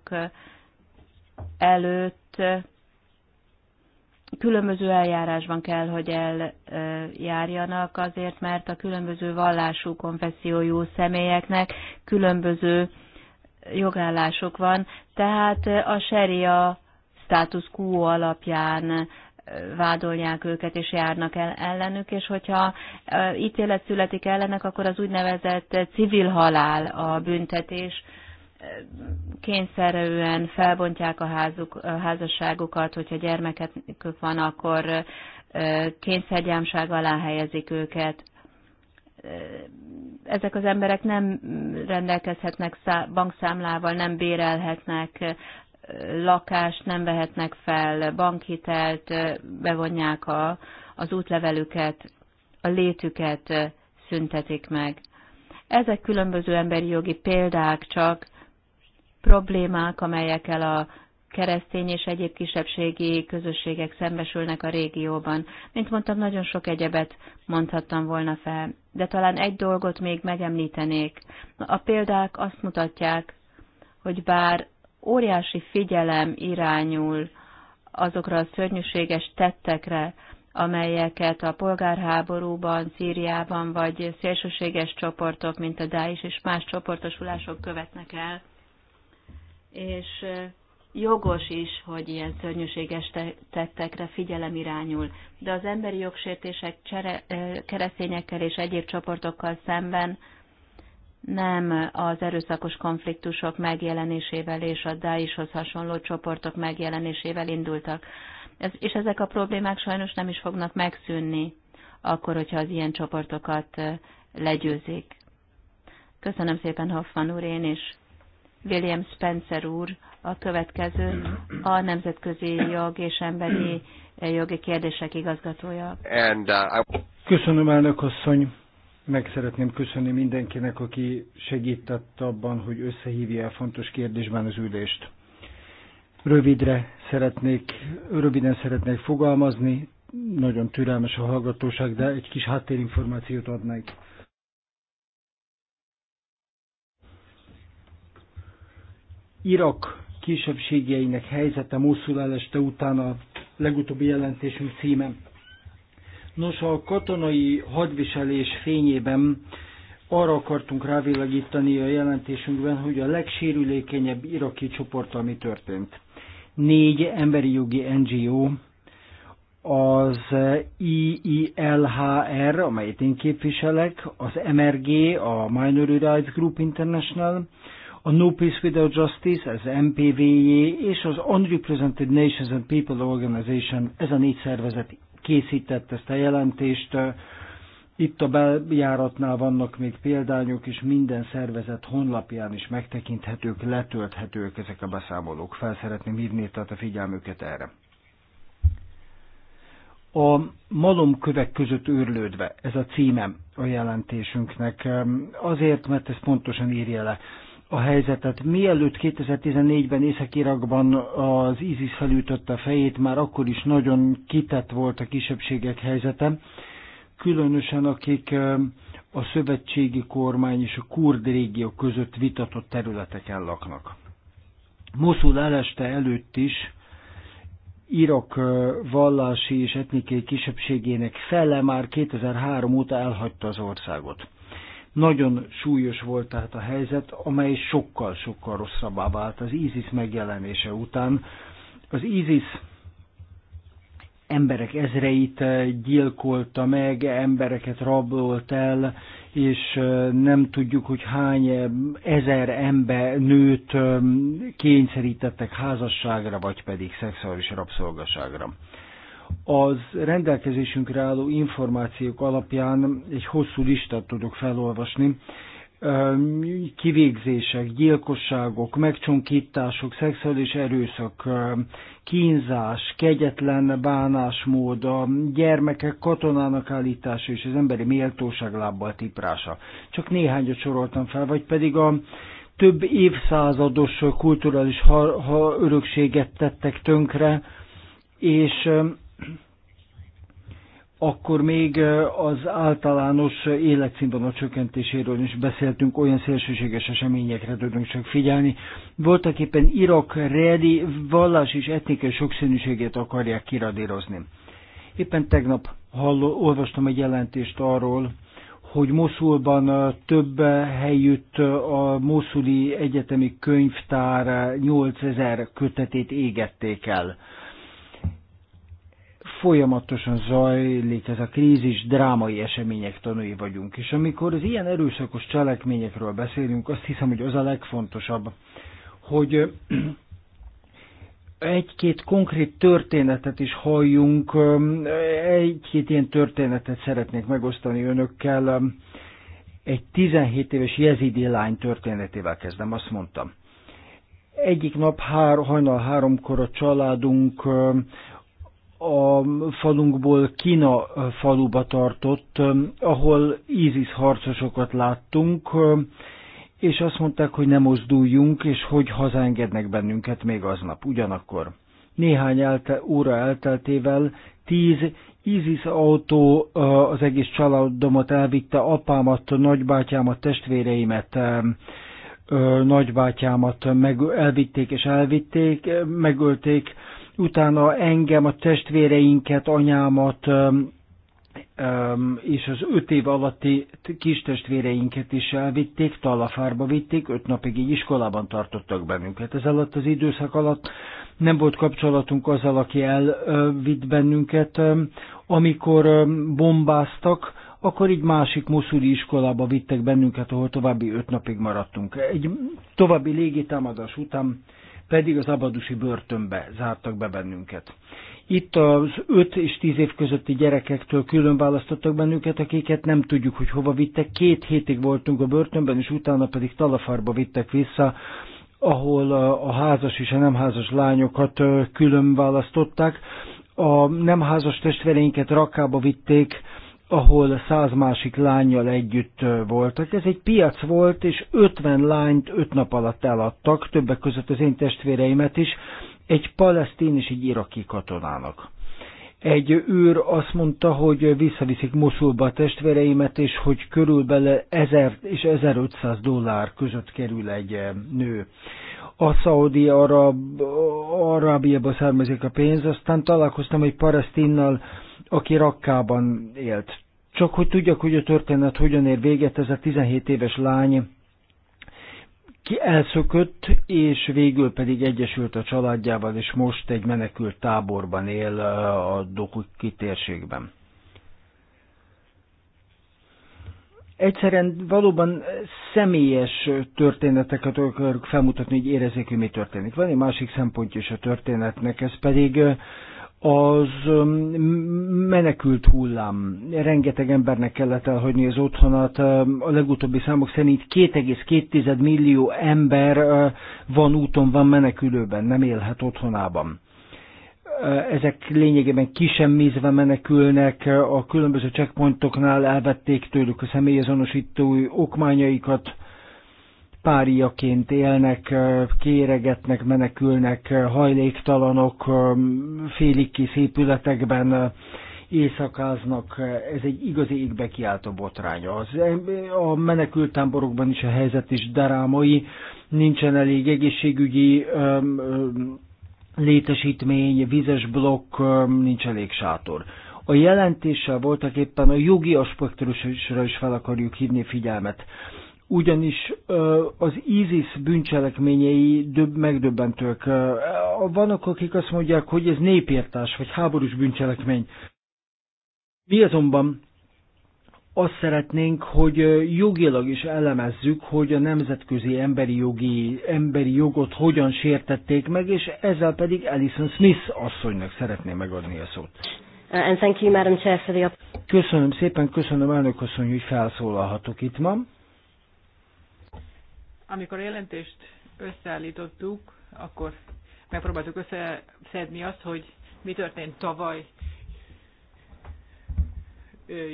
B: előtt különböző eljárásban kell, hogy eljárjanak, azért mert a különböző vallású, konfessziójú személyeknek különböző jogállások van, tehát a seria status quo alapján vádolják őket és járnak el ellenük, és hogyha ítélet születik ellenek, akkor az úgynevezett civil halál a büntetés, kényszerűen felbontják a, házuk, a házasságukat, hogyha gyermeket van, akkor kényszergyámság alá helyezik őket. Ezek az emberek nem rendelkezhetnek bankszámlával, nem bérelhetnek lakást, nem vehetnek fel bankhitelt, bevonják a, az útlevelüket, a létüket szüntetik meg. Ezek különböző emberi jogi példák csak, problémák, amelyekkel a keresztény és egyéb kisebbségi közösségek szembesülnek a régióban. Mint mondtam, nagyon sok egyebet mondhattam volna fel, de talán egy dolgot még megemlítenék. A példák azt mutatják, hogy bár óriási figyelem irányul azokra a szörnyűséges tettekre, amelyeket a polgárháborúban, Szíriában vagy szélsőséges csoportok, mint a DAIS és más csoportosulások követnek el, és jogos is, hogy ilyen szörnyűséges tettekre figyelem irányul. De az emberi jogsértések csere, keresztényekkel és egyéb csoportokkal szemben nem az erőszakos konfliktusok megjelenésével és a Daishoz hasonló csoportok megjelenésével indultak. Ez, és ezek a problémák sajnos nem is fognak megszűnni, akkor, hogyha az ilyen csoportokat legyőzik. Köszönöm szépen, Hoffman úr, én is. William Spencer úr a következő, a Nemzetközi Jog és Emberi Jogi Kérdések igazgatója.
A: And, uh, I...
D: Köszönöm, elnök asszony! Meg szeretném köszönni mindenkinek, aki segített abban, hogy összehívja a fontos kérdésben az ülést. Rövidre szeretnék, röviden szeretnék fogalmazni, nagyon türelmes a hallgatóság, de egy kis háttérinformációt adnék. Irak kisebbségeinek helyzete Mosul eleste után a legutóbbi jelentésünk címe. Nos, a katonai hadviselés fényében arra akartunk rávilágítani a jelentésünkben, hogy a legsérülékenyebb iraki csoport ami történt. Négy emberi jogi NGO, az IILHR, amelyet én képviselek, az MRG, a Minority Rights Group International, a No Peace Without Justice, az MPVE és az Unrepresented Nations and People Organization, ez a négy szervezet készített ezt a jelentést. Itt a bejáratnál vannak még példányok, és minden szervezet honlapján is megtekinthetők, letölthetők ezek a beszámolók. Fel szeretném hívni tehát a figyelmüket erre. A malomkövek között őrlődve, ez a címem a jelentésünknek, azért, mert ez pontosan írja le a helyzetet. Mielőtt 2014-ben Észak-Irakban az ISIS felütötte a fejét, már akkor is nagyon kitett volt a kisebbségek helyzete, különösen akik a szövetségi kormány és a kurd régió között vitatott területeken laknak. Moszul eleste előtt is Irak vallási és etnikai kisebbségének fele már 2003 óta elhagyta az országot. Nagyon súlyos volt tehát a helyzet, amely sokkal-sokkal rosszabbá vált az ISIS megjelenése után. Az ISIS emberek ezreit eh, gyilkolta meg, embereket rabolt el, és eh, nem tudjuk, hogy hány eh, ezer ember nőt kényszerítettek házasságra, vagy pedig szexuális rabszolgaságra az rendelkezésünkre álló információk alapján egy hosszú listát tudok felolvasni. Kivégzések, gyilkosságok, megcsonkítások, szexuális erőszak, kínzás, kegyetlen bánásmód, a gyermekek katonának állítása és az emberi méltóság lábbal tiprása. Csak néhányat soroltam fel, vagy pedig a több évszázados kulturális ha- ha örökséget tettek tönkre, és akkor még az általános életszínvonal csökkentéséről is beszéltünk, olyan szélsőséges eseményekre tudunk csak figyelni. Voltak éppen Irak reali vallás és etnikai sokszínűségét akarják kiradírozni. Éppen tegnap halló, olvastam egy jelentést arról, hogy Moszulban több helyütt a Moszuli Egyetemi Könyvtár 8000 kötetét égették el folyamatosan zajlik ez a krízis, drámai események tanúi vagyunk. És amikor az ilyen erőszakos cselekményekről beszélünk, azt hiszem, hogy az a legfontosabb, hogy egy-két konkrét történetet is halljunk, egy-két ilyen történetet szeretnék megosztani önökkel. Egy 17 éves jezidi lány történetével kezdem, azt mondtam. Egyik nap hár, hajnal háromkor a családunk a falunkból Kína faluba tartott, um, ahol ISIS harcosokat láttunk, um, és azt mondták, hogy nem mozduljunk, és hogy hazaengednek bennünket még aznap. Ugyanakkor néhány elte, óra elteltével tíz ISIS autó uh, az egész családomat elvitte, apámat, nagybátyámat, testvéreimet, um, uh, nagybátyámat meg elvitték és elvitték, uh, megölték, utána engem, a testvéreinket, anyámat, és az öt év alatti kis testvéreinket is elvitték, talafárba vitték, öt napig így iskolában tartottak bennünket. Ez alatt az időszak alatt nem volt kapcsolatunk azzal, aki elvitt bennünket. Amikor bombáztak, akkor egy másik moszuli iskolába vittek bennünket, ahol további öt napig maradtunk. Egy további légitámadás után pedig az abadusi börtönbe zártak be bennünket. Itt az 5 és 10 év közötti gyerekektől külön választottak bennünket, akiket nem tudjuk, hogy hova vittek. Két hétig voltunk a börtönben, és utána pedig talafarba vittek vissza, ahol a házas és a nem házas lányokat külön választották. A nem házas testvéreinket rakába vitték, ahol száz másik lányjal együtt voltak. Ez egy piac volt, és 50 lányt öt nap alatt eladtak, többek között az én testvéreimet is, egy palesztin és egy iraki katonának. Egy őr azt mondta, hogy visszaviszik Moszulba a testvéreimet, és hogy körülbelül 1000 és 1500 dollár között kerül egy nő. A szaudi arab, arábiába származik a pénz, aztán találkoztam egy palesztinnal, aki Rakkában élt. Csak hogy tudjak, hogy a történet hogyan ér véget, ez a 17 éves lány ki elszökött, és végül pedig egyesült a családjával, és most egy menekült táborban él a Dokuki térségben. Egyszerűen valóban személyes történeteket akarok felmutatni, hogy érezzék, hogy mi történik. Van egy másik szempontja is a történetnek, ez pedig az menekült hullám. Rengeteg embernek kellett elhagyni az otthonát. A legutóbbi számok szerint 2,2 millió ember van úton, van menekülőben, nem élhet otthonában. Ezek lényegében kisemmizve menekülnek, a különböző checkpointoknál elvették tőlük a személyazonosító okmányaikat, páriaként élnek, kéregetnek, menekülnek, hajléktalanok, félig kész épületekben éjszakáznak. Ez egy igazi égbe kiáltó botrány. a menekültáborokban is a helyzet is darámai, nincsen elég egészségügyi létesítmény, vizes blokk, nincs elég sátor. A jelentéssel voltak éppen a jogi aspektusra is fel akarjuk hívni figyelmet ugyanis az ISIS bűncselekményei döbb, megdöbbentők. Vannak, akik azt mondják, hogy ez népírtás, vagy háborús bűncselekmény. Mi azonban azt szeretnénk, hogy jogilag is elemezzük, hogy a nemzetközi emberi, jogi, emberi jogot hogyan sértették meg, és ezzel pedig Alison Smith asszonynak szeretné megadni a szót. Uh, and thank you, Madam Chair, for the... Köszönöm szépen, köszönöm elnök asszony, hogy felszólalhatok itt ma.
A: Amikor a jelentést összeállítottuk, akkor megpróbáltuk összeszedni azt, hogy mi történt tavaly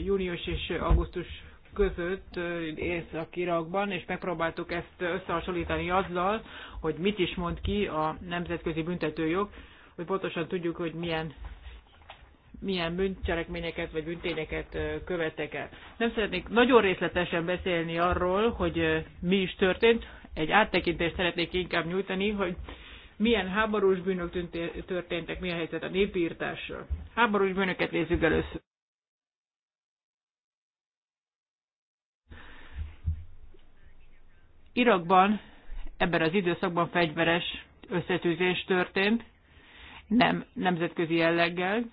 A: június és augusztus között Észak-Irakban, és megpróbáltuk ezt összehasonlítani azzal, hogy mit is mond ki a nemzetközi büntetőjog, hogy pontosan tudjuk, hogy milyen milyen bűncselekményeket vagy bűntényeket követtek el. Nem szeretnék nagyon részletesen beszélni arról, hogy mi is történt. Egy áttekintést szeretnék inkább nyújtani, hogy milyen háborús bűnök történtek, mi a helyzet a népírtással. Háborús bűnöket nézzük először. Irakban ebben az időszakban fegyveres összetűzés történt, nem nemzetközi jelleggel,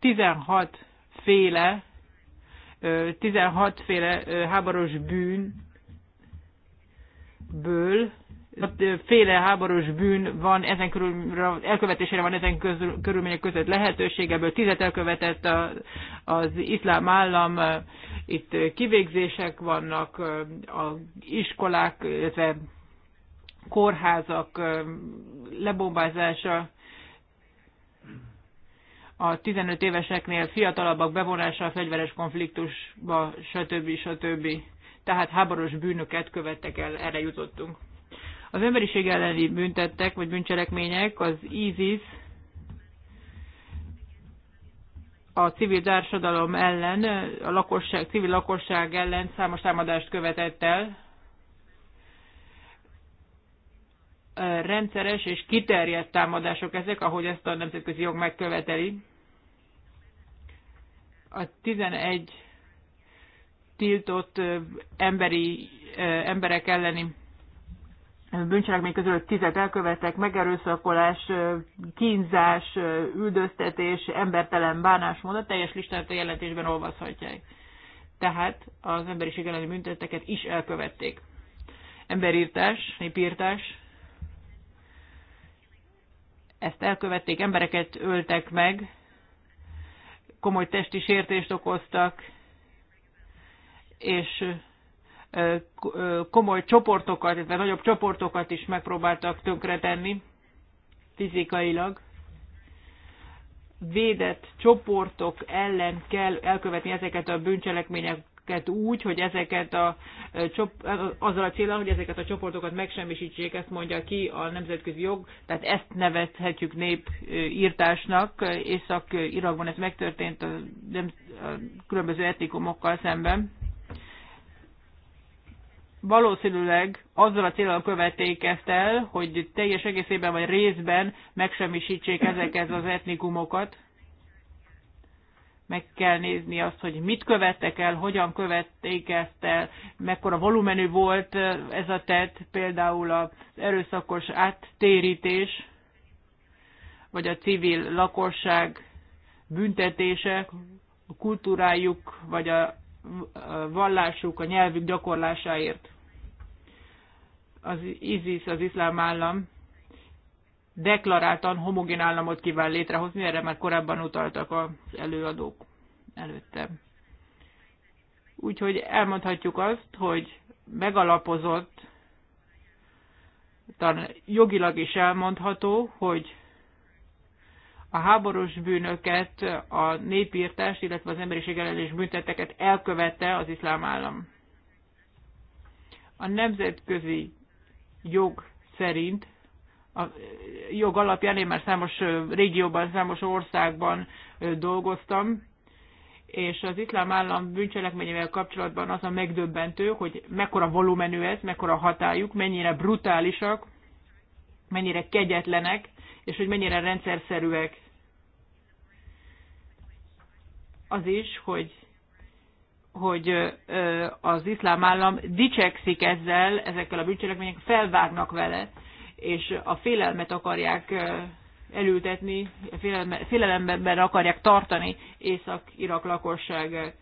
A: 16 féle 16 féle háborús bűnből féle háborús bűn van ezen körül, elkövetésére van ezen közül, körülmények között lehetőség, ebből tizet elkövetett a, az iszlám állam, itt kivégzések vannak, a iskolák, illetve kórházak lebombázása, a 15 éveseknél fiatalabbak bevonása a fegyveres konfliktusba, stb. stb. Tehát háborús bűnöket követtek el, erre jutottunk. Az emberiség elleni büntettek, vagy bűncselekmények, az ISIS a civil társadalom ellen, a lakosság, civil lakosság ellen számos támadást követett el, rendszeres és kiterjedt támadások ezek, ahogy ezt a nemzetközi jog megköveteli. A 11 tiltott emberi, emberek elleni bűncselekmény közül tizet elkövettek, megerőszakolás, kínzás, üldöztetés, embertelen bánásmód, a teljes listát a jelentésben olvashatják. Tehát az emberiség elleni bünteteket is elkövették. Emberírtás, népírtás, ezt elkövették, embereket öltek meg, komoly testi sértést okoztak, és komoly csoportokat, illetve nagyobb csoportokat is megpróbáltak tönkretenni fizikailag. Védett csoportok ellen kell elkövetni ezeket a bűncselekmények, ezeket úgy, hogy ezeket a, azzal a célral, hogy ezeket a csoportokat megsemmisítsék, ezt mondja ki a nemzetközi jog, tehát ezt nevezhetjük népírtásnak. Észak-Irakban ez megtörtént a, nem, a különböző etnikumokkal szemben. Valószínűleg azzal a célral követték ezt el, hogy teljes egészében vagy részben megsemmisítsék ezeket az etnikumokat, meg kell nézni azt, hogy mit követtek el, hogyan követték ezt el, mekkora volumenű volt ez a tett, például az erőszakos áttérítés, vagy a civil lakosság büntetése, a kultúrájuk, vagy a vallásuk, a nyelvük gyakorlásáért. Az ISIS, az iszlám állam deklaráltan homogén államot kíván létrehozni, erre már korábban utaltak az előadók előtte. Úgyhogy elmondhatjuk azt, hogy megalapozott, talán jogilag is elmondható, hogy a háborús bűnöket, a népírtást, illetve az emberiség ellenés bünteteket elkövette az iszlám állam. A nemzetközi jog szerint a jog alapján, én már számos régióban, számos országban dolgoztam, és az iszlám állam bűncselekményével kapcsolatban az a megdöbbentő, hogy mekkora volumenű ez, mekkora hatájuk, mennyire brutálisak, mennyire kegyetlenek, és hogy mennyire rendszerszerűek. Az is, hogy hogy az iszlám állam dicsekszik ezzel, ezekkel a bűncselekmények, felvágnak vele, és a félelmet akarják elültetni, félelemben akarják tartani Észak-Irak lakosságát.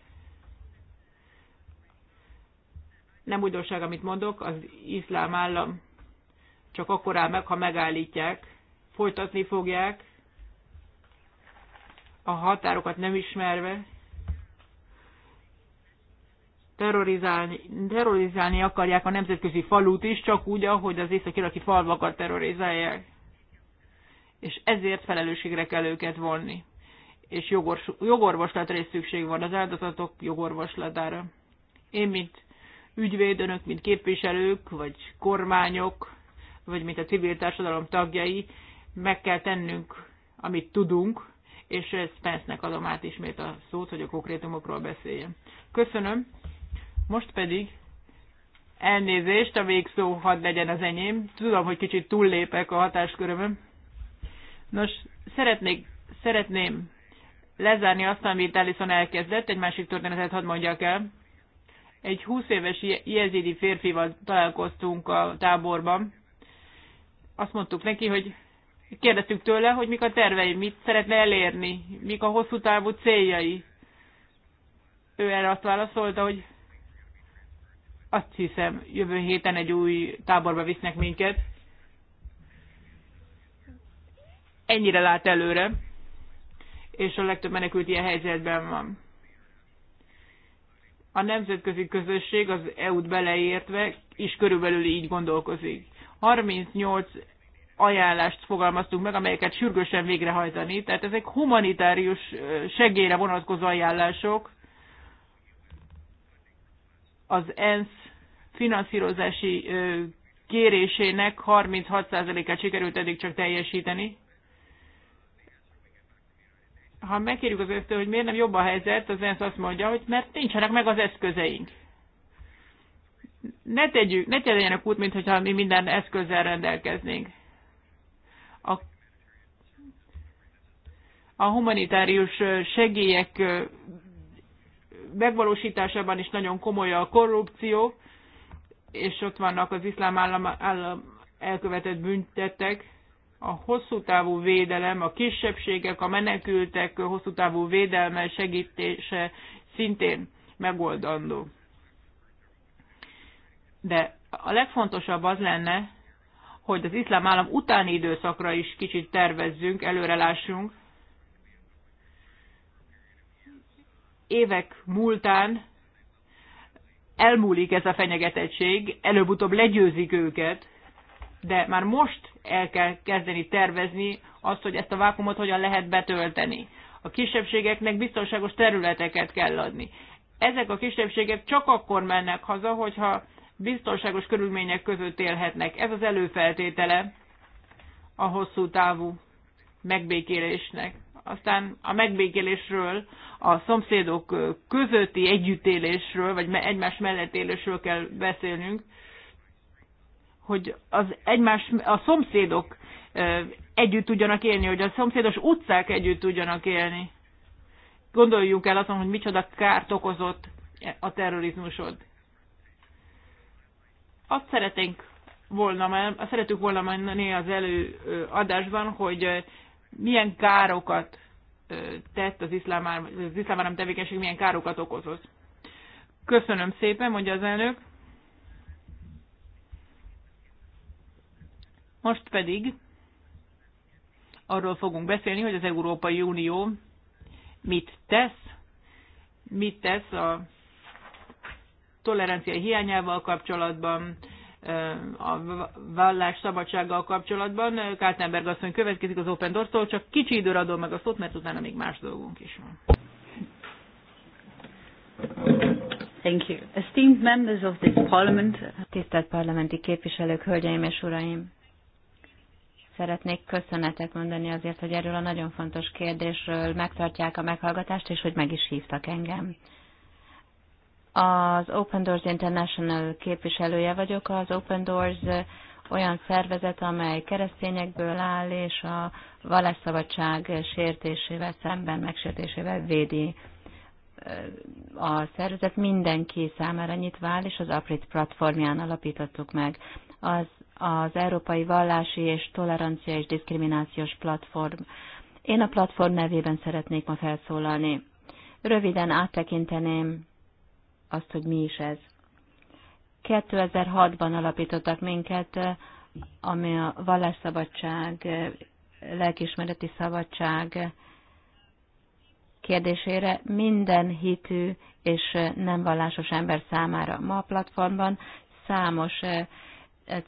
A: Nem újdonság, amit mondok, az iszlám állam csak akkor áll meg, ha megállítják, folytatni fogják, a határokat nem ismerve, terrorizálni, terrorizálni akarják a nemzetközi falut is, csak úgy, ahogy az észak-iraki falvakat terrorizálják. És ezért felelősségre kell őket vonni. És jogors, jogorvoslatra is szükség van az áldozatok jogorvoslatára. Én, mint ügyvédönök, mint képviselők, vagy kormányok, vagy mint a civil társadalom tagjai, meg kell tennünk, amit tudunk, és pence nek adom át ismét a szót, hogy a konkrétumokról beszéljen. Köszönöm. Most pedig elnézést, a végszó hadd legyen az enyém. Tudom, hogy kicsit túllépek a hatáskörömön. Nos, szeretnék, szeretném lezárni azt, amit Alison elkezdett, egy másik történetet hadd mondjak el. Egy 20 éves jezidi férfival találkoztunk a táborban. Azt mondtuk neki, hogy kérdeztük tőle, hogy mik a tervei, mit szeretne elérni, mik a hosszú távú céljai. Ő erre azt válaszolta, hogy azt hiszem, jövő héten egy új táborba visznek minket. Ennyire lát előre, és a legtöbb menekült ilyen helyzetben van. A nemzetközi közösség az EU-t beleértve is körülbelül így gondolkozik. 38 ajánlást fogalmaztunk meg, amelyeket sürgősen végrehajtani. Tehát ezek humanitárius segélyre vonatkozó ajánlások az ENSZ finanszírozási kérésének 36%-át sikerült eddig csak teljesíteni. Ha megkérjük az ENSZ-től, hogy miért nem jobb a helyzet, az ENSZ azt mondja, hogy mert nincsenek meg az eszközeink. Ne tegyük, ne tegyenek út, mintha mi minden eszközzel rendelkeznénk. A, a humanitárius segélyek megvalósításában is nagyon komoly a korrupció, és ott vannak az iszlám állam, állam elkövetett büntetek, A hosszú távú védelem, a kisebbségek, a menekültek hosszú távú védelme, segítése szintén megoldandó. De a legfontosabb az lenne, hogy az iszlám állam utáni időszakra is kicsit tervezzünk, előrelássunk, évek múltán elmúlik ez a fenyegetettség, előbb-utóbb legyőzik őket, de már most el kell kezdeni tervezni azt, hogy ezt a vákumot hogyan lehet betölteni. A kisebbségeknek biztonságos területeket kell adni. Ezek a kisebbségek csak akkor mennek haza, hogyha biztonságos körülmények között élhetnek. Ez az előfeltétele a hosszú távú megbékélésnek. Aztán a megbékélésről, a szomszédok közötti együttélésről, vagy egymás mellett élésről kell beszélnünk, hogy az egymás, a szomszédok együtt tudjanak élni, hogy a szomszédos utcák együtt tudjanak élni. Gondoljunk el azon, hogy micsoda kárt okozott a terrorizmusod. Azt szeretnénk volna, mert szeretük volna mondani az előadásban, hogy milyen károkat tett az iszlám, az iszlám állam tevékenység, milyen károkat okozott. Köszönöm szépen, mondja az elnök. Most pedig arról fogunk beszélni, hogy az Európai Unió mit tesz, mit tesz a tolerancia hiányával kapcsolatban, a vallás szabadsággal kapcsolatban. Kártenberg asszony következik az Open Door. tól csak kicsi időre adom
B: meg a szót, mert utána még más dolgunk is van. Thank you. Esteemed members of this parliament. Tisztelt parlamenti képviselők, hölgyeim és uraim! Szeretnék köszönetet mondani azért, hogy erről a nagyon fontos kérdésről megtartják a meghallgatást, és hogy meg is hívtak engem. Az Open Doors International képviselője vagyok. Az Open Doors olyan szervezet, amely keresztényekből áll, és a valásszabadság sértésével szemben, megsértésével védi a szervezet mindenki számára nyitva áll, és az Aprit platformján alapítottuk meg. Az, az Európai Vallási és Tolerancia és Diszkriminációs Platform. Én a platform nevében szeretnék ma felszólalni. Röviden áttekinteném azt, hogy mi is ez. 2006-ban alapítottak minket, ami a vallásszabadság, lelkismereti szabadság kérdésére minden hitű és nem vallásos ember számára. Ma a platformban számos eh,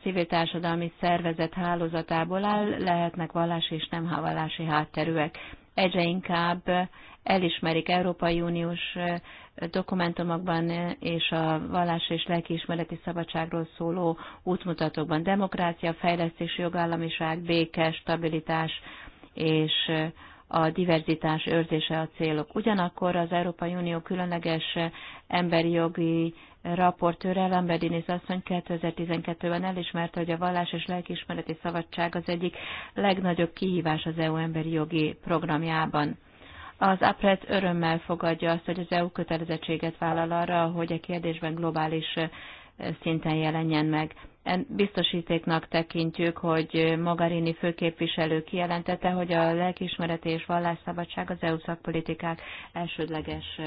B: civil társadalmi szervezet hálózatából áll, lehetnek vallási és nem vallási hátterűek. Egyre inkább elismerik Európai Uniós dokumentumokban és a vallás és lelkiismereti szabadságról szóló útmutatókban demokrácia, fejlesztés, jogállamiság, béke, stabilitás és a diverzitás őrzése a célok. Ugyanakkor az Európai Unió különleges emberi jogi raportőre Diniz asszony 2012-ben elismerte, hogy a vallás és lelkiismereti szabadság az egyik legnagyobb kihívás az EU emberi jogi programjában. Az APRED örömmel fogadja azt, hogy az EU kötelezettséget vállal arra, hogy a kérdésben globális szinten jelenjen meg. Biztosítéknak tekintjük, hogy Magarini főképviselő kijelentette, hogy a lelkismereti és vallásszabadság az EU szakpolitikák elsődleges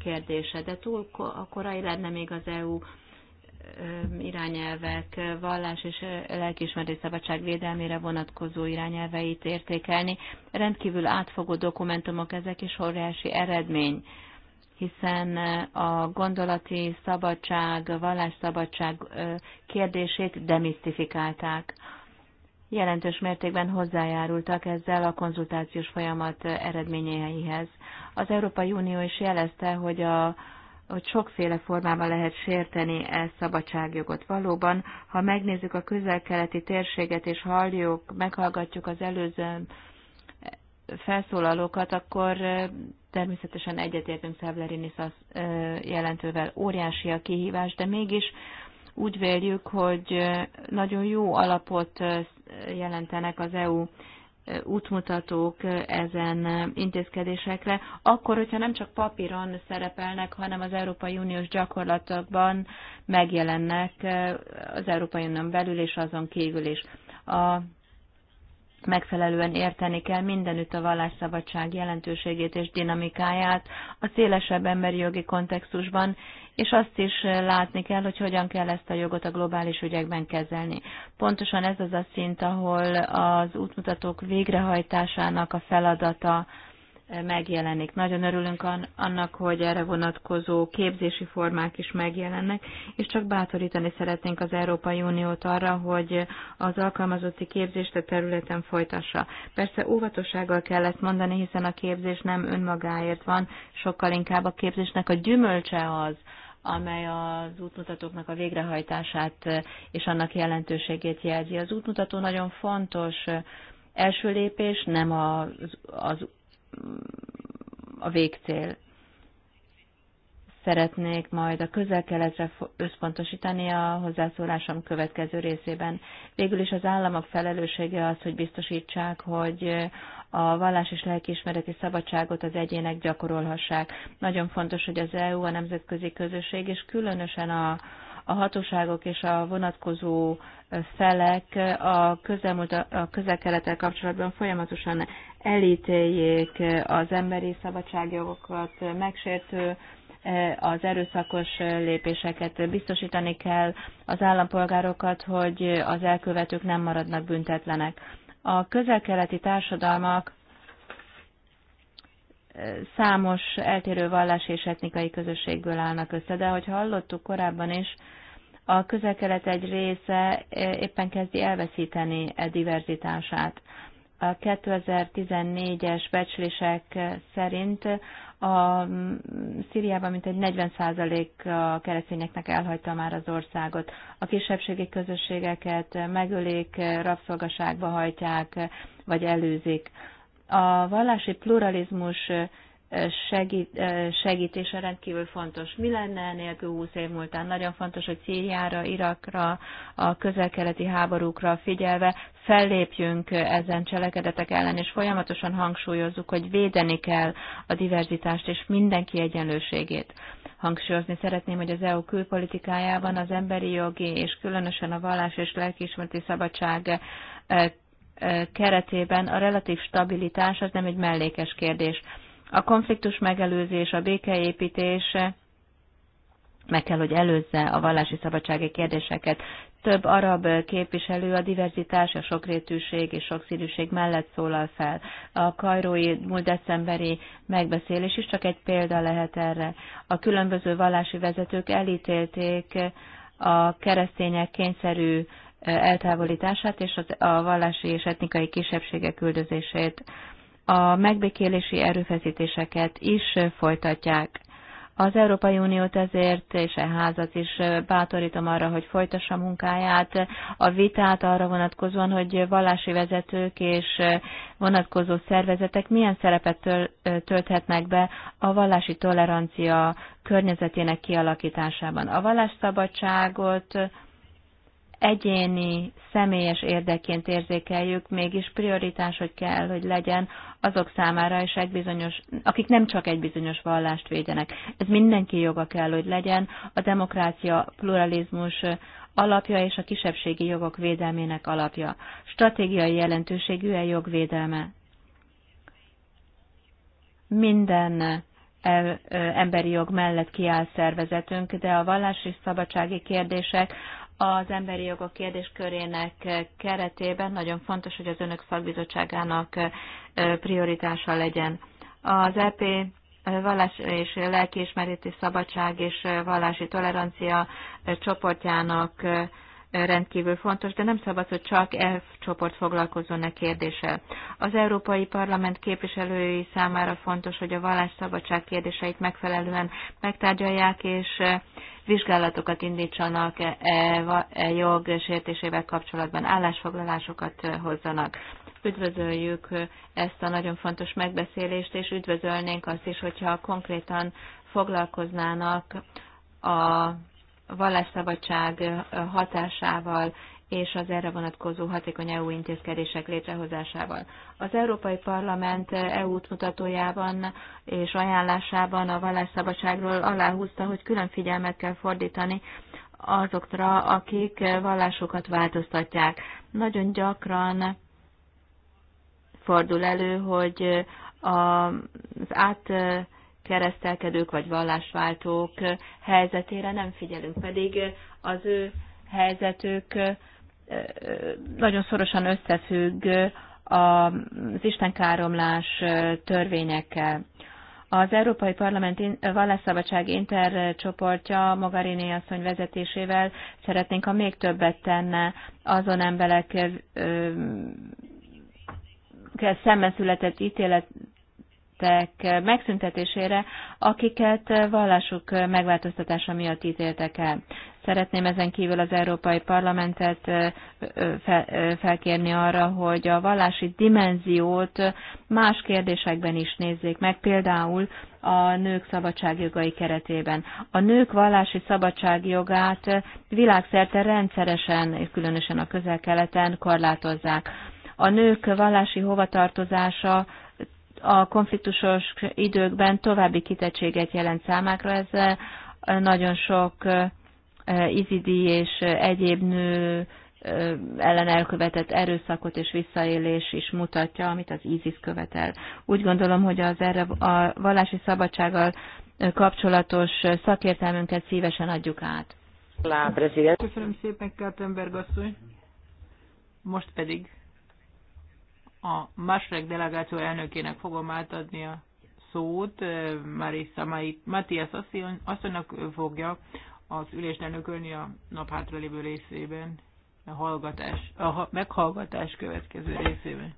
B: kérdése, de túl a korai lenne még az EU irányelvek, vallás és lelkiismeret szabadság védelmére vonatkozó irányelveit értékelni. Rendkívül átfogó dokumentumok ezek és óriási eredmény, hiszen a gondolati szabadság, a vallásszabadság kérdését demisztifikálták. Jelentős mértékben hozzájárultak ezzel a konzultációs folyamat eredményeihez. Az Európai Unió is jelezte, hogy a hogy sokféle formában lehet sérteni ezt szabadságjogot. Valóban, ha megnézzük a közel-keleti térséget, és halljuk, meghallgatjuk az előző felszólalókat, akkor természetesen egyetértünk Szevlerinis jelentővel. Óriási a kihívás, de mégis úgy véljük, hogy nagyon jó alapot jelentenek az EU útmutatók ezen intézkedésekre, akkor, hogyha nem csak papíron szerepelnek, hanem az Európai Uniós gyakorlatokban megjelennek eh, az Európai Unión belül és azon kívül is. A megfelelően érteni kell mindenütt a vallásszabadság jelentőségét és dinamikáját a szélesebb emberi jogi kontextusban, és azt is eh, látni kell, hogy hogyan kell ezt a jogot a globális ügyekben kezelni. Pontosan ez az a szint, ahol az útmutatók végrehajtásának a feladata eh, megjelenik. Nagyon örülünk annak, hogy erre vonatkozó képzési formák is megjelennek, és csak bátorítani szeretnénk az Európai Uniót arra, hogy az alkalmazotti képzést a területen folytassa. Persze óvatossággal kell ezt mondani, hiszen a képzés nem önmagáért van, sokkal inkább a képzésnek a gyümölcse az, amely az útmutatóknak a végrehajtását eh, és annak jelentőségét jelzi. Az útmutató nagyon fontos eh, első lépés, nem az, az mm, a végcél szeretnék majd a közel-keletre összpontosítani a hozzászólásom következő részében. Végül is az államok felelőssége az, hogy biztosítsák, hogy a vallás és lelkiismereti szabadságot az egyének gyakorolhassák. Nagyon fontos, hogy az EU, a nemzetközi közösség, és különösen a, a hatóságok és a vonatkozó felek a, közelmúlt, a közel kapcsolatban folyamatosan elítéljék az emberi szabadságjogokat megsértő az erőszakos lépéseket. Biztosítani kell az állampolgárokat, hogy az elkövetők nem maradnak büntetlenek. A közelkeleti társadalmak számos eltérő vallás és etnikai közösségből állnak össze, de ahogy hallottuk korábban is, a közelkelet egy része éppen kezdi elveszíteni a e diverzitását. A 2014-es becslések szerint a mm, Szíriában mintegy 40% a keresztényeknek elhagyta már az országot. A kisebbségi közösségeket megölik, rabszolgaságba hajtják, vagy előzik. A vallási pluralizmus segít, segítése rendkívül fontos. Mi lenne nélkül 20 év múltán? Nagyon fontos, hogy Szíriára, Irakra, a közelkeleti háborúkra figyelve fellépjünk ezen cselekedetek ellen, és folyamatosan hangsúlyozzuk, hogy védeni kell a diverzitást és mindenki egyenlőségét. Hangsúlyozni szeretném, hogy az EU külpolitikájában az emberi jogi és különösen a vallás és lelkiismereti szabadság keretében a relatív stabilitás az nem egy mellékes kérdés a konfliktus megelőzés, a békeépítés meg kell, hogy előzze a vallási szabadsági kérdéseket. Több arab képviselő a diverzitás, a sokrétűség és sokszínűség mellett szólal fel. A kajrói múlt decemberi megbeszélés is csak egy példa lehet erre. A különböző vallási vezetők elítélték a keresztények kényszerű eh, eltávolítását és a vallási és etnikai kisebbségek üldözését a megbékélési erőfeszítéseket is folytatják. Az Európai Uniót ezért, és a e házat is bátorítom arra, hogy folytassa munkáját, a vitát arra vonatkozóan, hogy vallási vezetők és vonatkozó szervezetek milyen szerepet tölthetnek be a vallási tolerancia környezetének kialakításában. A vallásszabadságot egyéni, személyes érdekként érzékeljük, mégis prioritás, hogy kell, hogy legyen azok számára is egy bizonyos, akik nem csak egy bizonyos vallást védenek. Ez mindenki joga kell, hogy legyen. A demokrácia, pluralizmus alapja és a kisebbségi jogok védelmének alapja. Stratégiai jelentőségű a jogvédelme. Minden emberi jog mellett kiáll szervezetünk, de a vallási szabadsági kérdések az emberi jogok kérdéskörének keretében nagyon fontos, hogy az önök szakbizottságának prioritása legyen. Az EP vallás és lelkiismereti szabadság és vallási tolerancia csoportjának rendkívül fontos, de nem szabad, hogy csak F csoport foglalkozzon a e kérdéssel. Az Európai Parlament képviselői számára fontos, hogy a vallásszabadság kérdéseit megfelelően megtárgyalják, és eh, vizsgálatokat indítsanak e, e, e jog sértésével kapcsolatban, állásfoglalásokat eh, hozzanak. Üdvözöljük eh, ezt a nagyon fontos megbeszélést, és üdvözölnénk azt is, hogyha konkrétan foglalkoznának a vallásszabadság hatásával és az erre vonatkozó hatékony EU intézkedések létrehozásával. Az Európai Parlament EU útmutatójában és ajánlásában a vallásszabadságról aláhúzta, hogy külön figyelmet kell fordítani azokra, akik vallásokat változtatják. Nagyon gyakran fordul elő, hogy az át keresztelkedők vagy vallásváltók helyzetére nem figyelünk, pedig az ő helyzetük nagyon szorosan összefügg az káromlás törvényekkel. Az Európai Parlament Vallásszabadság intercsoportja Mogherini asszony vezetésével szeretnénk, ha még többet tenne azon emberek szemben született ítélet, keresztek megszüntetésére, akiket vallásuk megváltoztatása miatt ítéltek el. Szeretném ezen kívül az Európai Parlamentet felkérni arra, hogy a vallási dimenziót más kérdésekben is nézzék meg, például a nők szabadságjogai keretében. A nők vallási szabadságjogát világszerte rendszeresen, különösen a közel-keleten korlátozzák. A nők vallási hovatartozása a konfliktusos időkben további kitettséget jelent számákra. Ez eh, nagyon sok eh, izidi és egyéb nő eh, ellen elkövetett erőszakot és visszaélés is mutatja, amit az ISIS követel. Úgy gondolom, hogy az erre a vallási szabadsággal kapcsolatos szakértelmünket szívesen adjuk át.
A: Köszönöm szépen, Kártenberg asszony. Most pedig a Masrek delegáció elnökének fogom átadni a szót, Marissa Matthias asszonynak fogja az ülést elnökölni a nap hátralévő részében, a, hallgatás, a meghallgatás következő részében.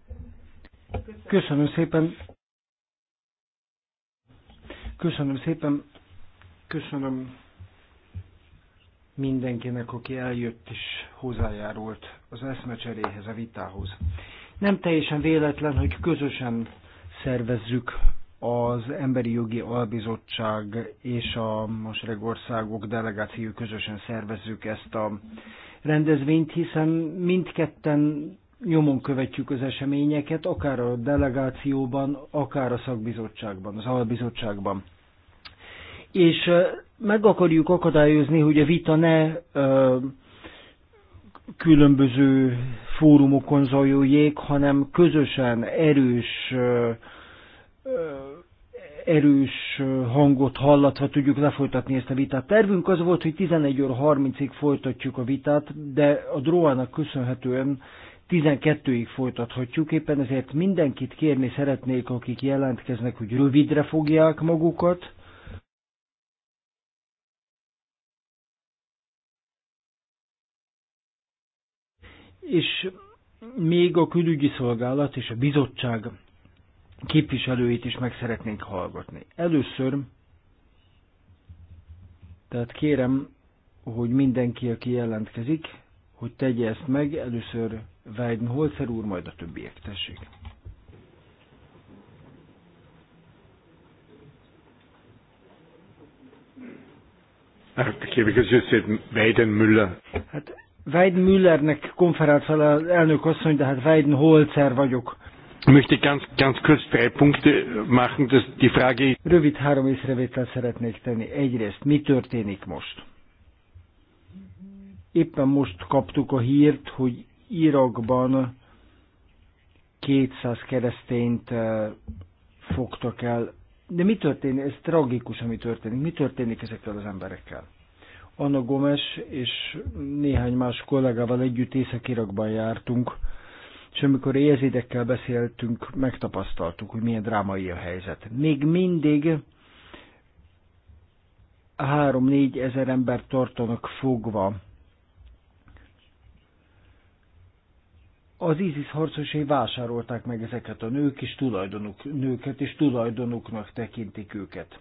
D: Köszönöm szépen. Köszönöm szépen. Köszönöm mindenkinek, aki eljött és hozzájárult az eszmecseréhez, a vitához. Nem teljesen véletlen, hogy közösen szervezzük az Emberi Jogi Albizottság és a Masregországok országok delegáció közösen szervezzük ezt a rendezvényt, hiszen mindketten nyomon követjük az eseményeket, akár a delegációban, akár a szakbizottságban, az albizottságban. És meg akarjuk akadályozni, hogy a vita ne ö, különböző fórumokon zajuljék, hanem közösen erős erős hangot hallatva tudjuk lefolytatni ezt a vitát. Tervünk az volt, hogy 11 óra 30-ig folytatjuk a vitát, de a drónak köszönhetően 12-ig folytathatjuk, éppen ezért mindenkit kérni szeretnék, akik jelentkeznek, hogy rövidre fogják magukat, és még a külügyi szolgálat és a bizottság képviselőit is meg szeretnénk hallgatni. Először, tehát kérem, hogy mindenki, aki jelentkezik, hogy tegye ezt meg, először Weidenholzer úr, majd a többiek, tessék.
C: Okay, because you Müller.
D: Hát Weidenmüllernek konferált fel az elnök asszony, de hát Weidenholzer vagyok.
A: möchte ganz, ganz kurz drei Punkte
C: machen.
D: dass die Frage ist Rövid három észrevétel szeretnék tenni. Egyrészt, mi történik most? Éppen most kaptuk a hírt, hogy Irakban 200 keresztényt eh, fogtak el. De mi történik? Ez tragikus, ami történik. Mi történik ezekkel az emberekkel? Anna Gomes és néhány más kollégával együtt Észak-Irakban jártunk, és amikor érzédekkel beszéltünk, megtapasztaltuk, hogy milyen drámai a helyzet. Még mindig 3-4 ezer ember tartanak fogva. Az ISIS harcosai vásárolták meg ezeket a nők és tulajdonuk, nőket, és tulajdonuknak tekintik őket.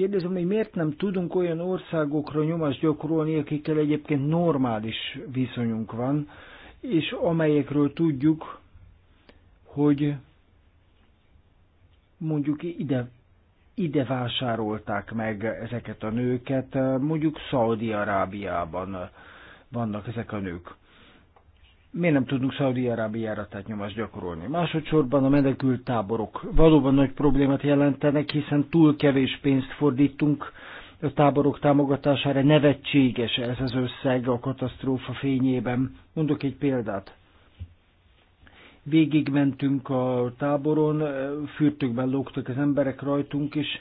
D: Kérdezem, hogy miért nem tudunk olyan országokra nyomást gyakorolni, akikkel egyébként normális viszonyunk van, és amelyekről tudjuk, hogy mondjuk ide, ide vásárolták meg ezeket a nőket, mondjuk Szaudi-Arábiában vannak ezek a nők miért nem tudunk Szaudi-Arábiára tehát nyomást gyakorolni. Másodszorban a menekült táborok valóban nagy problémát jelentenek, hiszen túl kevés pénzt fordítunk a táborok támogatására. Nevetséges ez az összeg a katasztrófa fényében. Mondok egy példát. Végigmentünk a táboron, fürtökben lógtak az emberek rajtunk, és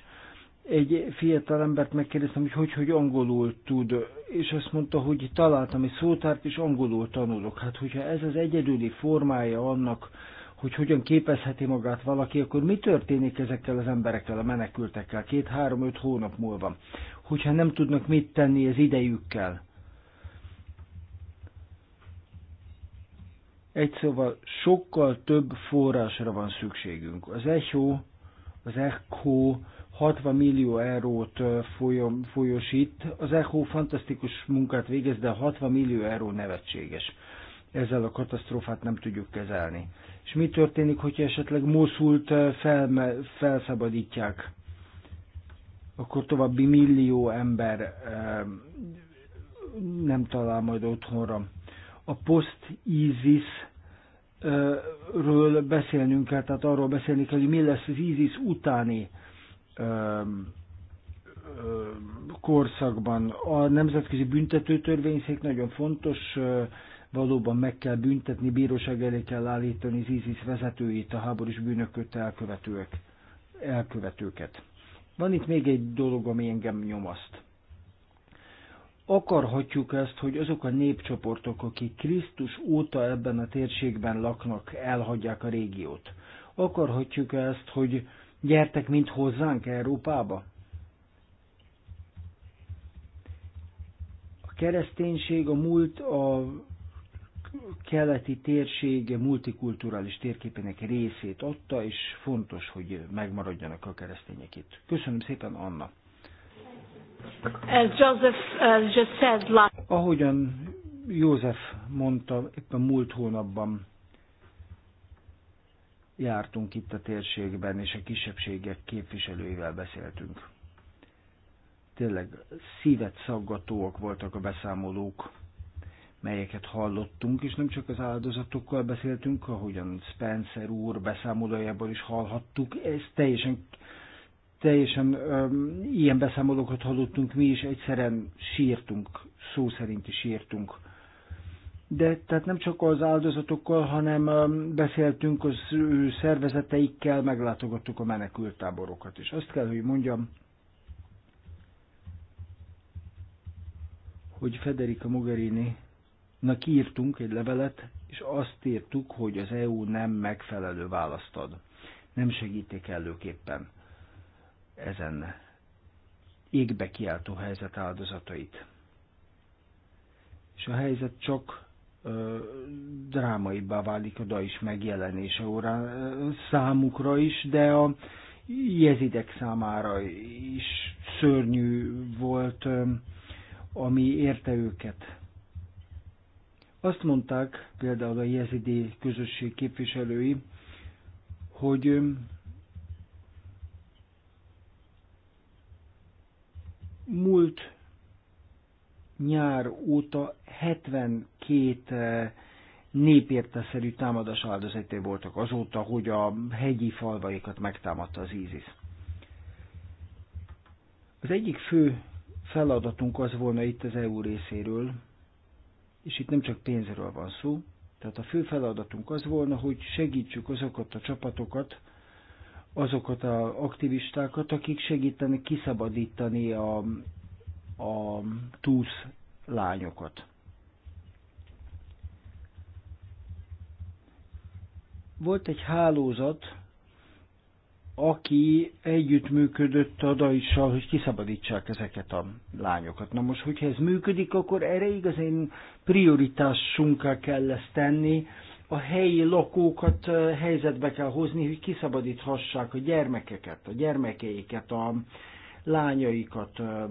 D: egy fiatal embert megkérdeztem, hogy hogy, hogy angolul tud, és azt mondta, hogy találtam egy szótárt, és angolul tanulok. Hát, hogyha ez az egyedüli formája annak, hogy hogyan képezheti magát valaki, akkor mi történik ezekkel az emberekkel, a menekültekkel két-három-öt hónap múlva, hogyha nem tudnak mit tenni az idejükkel? Egy szóval sokkal több forrásra van szükségünk. Az ECHO, az ECHO 60 millió eurót folyosít. Az ECHO fantasztikus munkát végez, de 60 millió euró nevetséges. Ezzel a katasztrófát nem tudjuk kezelni. És mi történik, hogyha esetleg Moszult felme, felszabadítják? Akkor további millió ember nem talál majd otthonra. A post-ISIS ről beszélnünk kell, tehát arról beszélni kell, hogy mi lesz az ISIS utáni korszakban. A Nemzetközi Büntetőtörvényszék nagyon fontos, valóban meg kell büntetni, bíróság elé kell állítani az ISIS vezetőit, a háborús bűnököt elkövetőek elkövetőket. Van itt még egy dolog, ami engem nyomaszt. Akarhatjuk ezt, hogy azok a népcsoportok, akik Krisztus óta ebben a térségben laknak, elhagyják a régiót. Akarhatjuk ezt, hogy Gyertek mind hozzánk Európába! A kereszténység a múlt a keleti térség multikulturális térképének részét adta, és fontos, hogy megmaradjanak a keresztények itt. Köszönöm szépen, Anna! As
B: Joseph, uh, just said, Ahogyan
D: József mondta éppen múlt hónapban, jártunk itt a térségben, és a kisebbségek képviselőivel beszéltünk. Tényleg szívet szaggatóak voltak a beszámolók, melyeket hallottunk, és nem csak az áldozatokkal beszéltünk, ahogyan Spencer úr beszámolójából is hallhattuk, ez teljesen, teljesen öm, ilyen beszámolókat hallottunk mi is, egyszerűen sírtunk, szó szerint is sírtunk de tehát nem csak az áldozatokkal, hanem um, beszéltünk az ő szervezeteikkel, meglátogattuk a menekültáborokat is. Azt kell, hogy mondjam, hogy Federica Mogherini Nak írtunk egy levelet, és azt írtuk, hogy az EU nem megfelelő választ ad. Nem segítik előképpen ezen égbe kiáltó helyzet áldozatait. És a helyzet csak drámaibbá válik a is megjelenése órán számukra is, de a jezidek számára is szörnyű volt, ami érte őket. Azt mondták például a jezidi közösség képviselői, hogy múlt nyár óta 72 eh, népérteszerű támadás áldozaté voltak azóta, hogy a hegyi falvaikat megtámadta az ISIS. Az egyik fő feladatunk az volna itt az EU részéről, és itt nem csak pénzről van szó, tehát a fő feladatunk az volna, hogy segítsük azokat a csapatokat, azokat az aktivistákat, akik segítenek kiszabadítani a a túsz lányokat. Volt egy hálózat, aki együttműködött a Daissal, hogy kiszabadítsák ezeket a lányokat. Na most, hogyha ez működik, akkor erre igazán prioritásunká kell ezt tenni, a helyi lakókat eh, helyzetbe kell hozni, hogy kiszabadíthassák a gyermekeket, a gyermekeiket, a lányaikat, eh,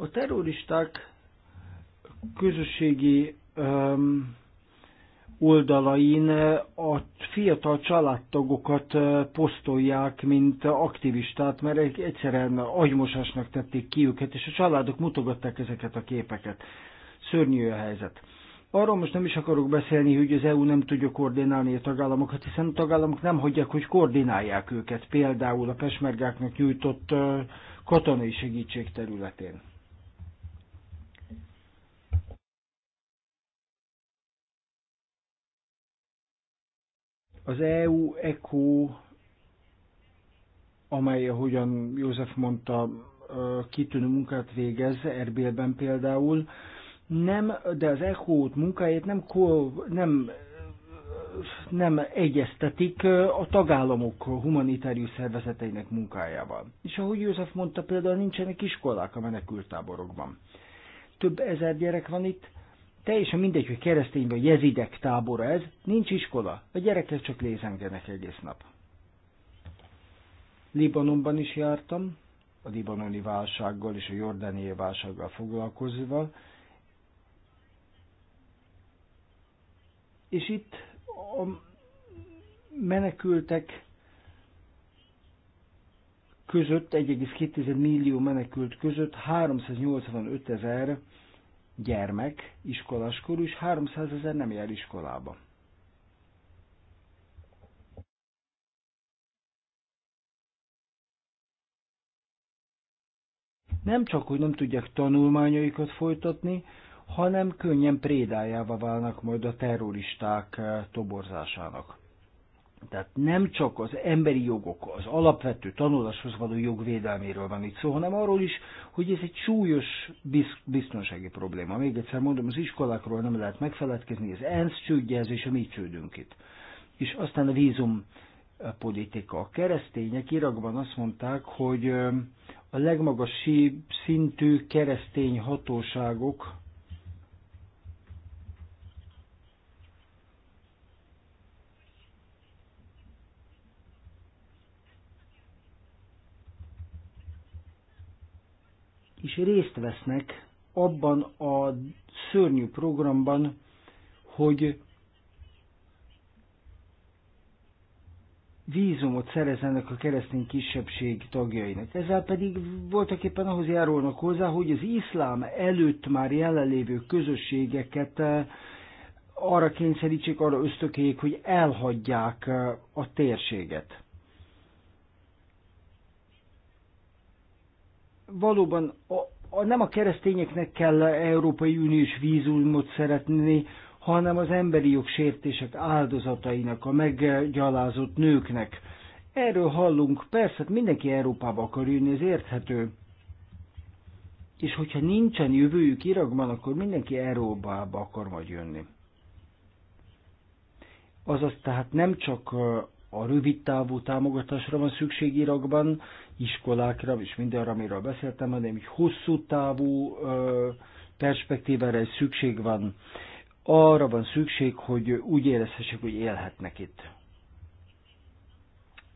D: A terroristák közösségi um, oldalain a fiatal családtagokat posztolják, mint aktivistát, mert egyszerűen agymosásnak tették ki őket, és a családok mutogatták ezeket a képeket. Szörnyű a helyzet. Arról most nem is akarok beszélni, hogy az EU nem tudja koordinálni a tagállamokat, hiszen a tagállamok nem hagyják, hogy koordinálják őket, például a pesmergáknak nyújtott katonai segítség területén. Az EU ECO, amely, ahogyan József mondta, kitűnő munkát végez, Erbélben például, nem, de az echo t munkáját nem, nem nem egyeztetik a tagállamok humanitárius szervezeteinek munkájával. És ahogy József mondta, például nincsenek iskolák a menekültáborokban. Több ezer gyerek van itt, teljesen mindegy, hogy keresztény vagy jezidek tábora ez, nincs iskola, a gyerekek csak lézengenek egész nap. Libanonban is jártam, a libanoni válsággal és a jordániai válsággal foglalkozva, és itt a menekültek között, 1,2 millió menekült között 385 ezer gyermek iskolaskorú, és 300 ezer nem jár iskolába. Nem csak, hogy nem tudják tanulmányaikat folytatni, hanem könnyen prédájába válnak majd a terroristák eh, toborzásának. Tehát nem csak az emberi jogok, az alapvető tanuláshoz való jogvédelméről van itt szó, hanem arról is, hogy ez egy súlyos biztonsági probléma. Még egyszer mondom, az iskolákról nem lehet megfeledkezni, az ENSZ és a mi csődünk itt. És aztán a vízum politika. A keresztények Irakban azt mondták, hogy a legmagasabb szintű keresztény hatóságok is részt vesznek abban a szörnyű programban, hogy vízumot szerezzenek a keresztény kisebbség tagjainak. Ezzel pedig voltak éppen ahhoz járulnak hozzá, hogy az iszlám előtt már jelenlévő közösségeket eh, arra kényszerítsék, arra ösztökéjék, hogy elhagyják eh, a térséget. valóban a, a, nem a keresztényeknek kell Európai Uniós vízumot szeretni, hanem az emberi jogsértések áldozatainak, a meggyalázott nőknek. Erről hallunk, persze, hát mindenki Európába akar jönni, ez érthető. És hogyha nincsen jövőjük Irakban, akkor mindenki Európába akar majd jönni. Azaz tehát nem csak a rövid távú támogatásra van szükség Irakban, iskolákra és mindenre, amiről beszéltem, hanem egy hosszú távú perspektívára is szükség van. Arra van szükség, hogy úgy érezhessék, hogy élhetnek itt.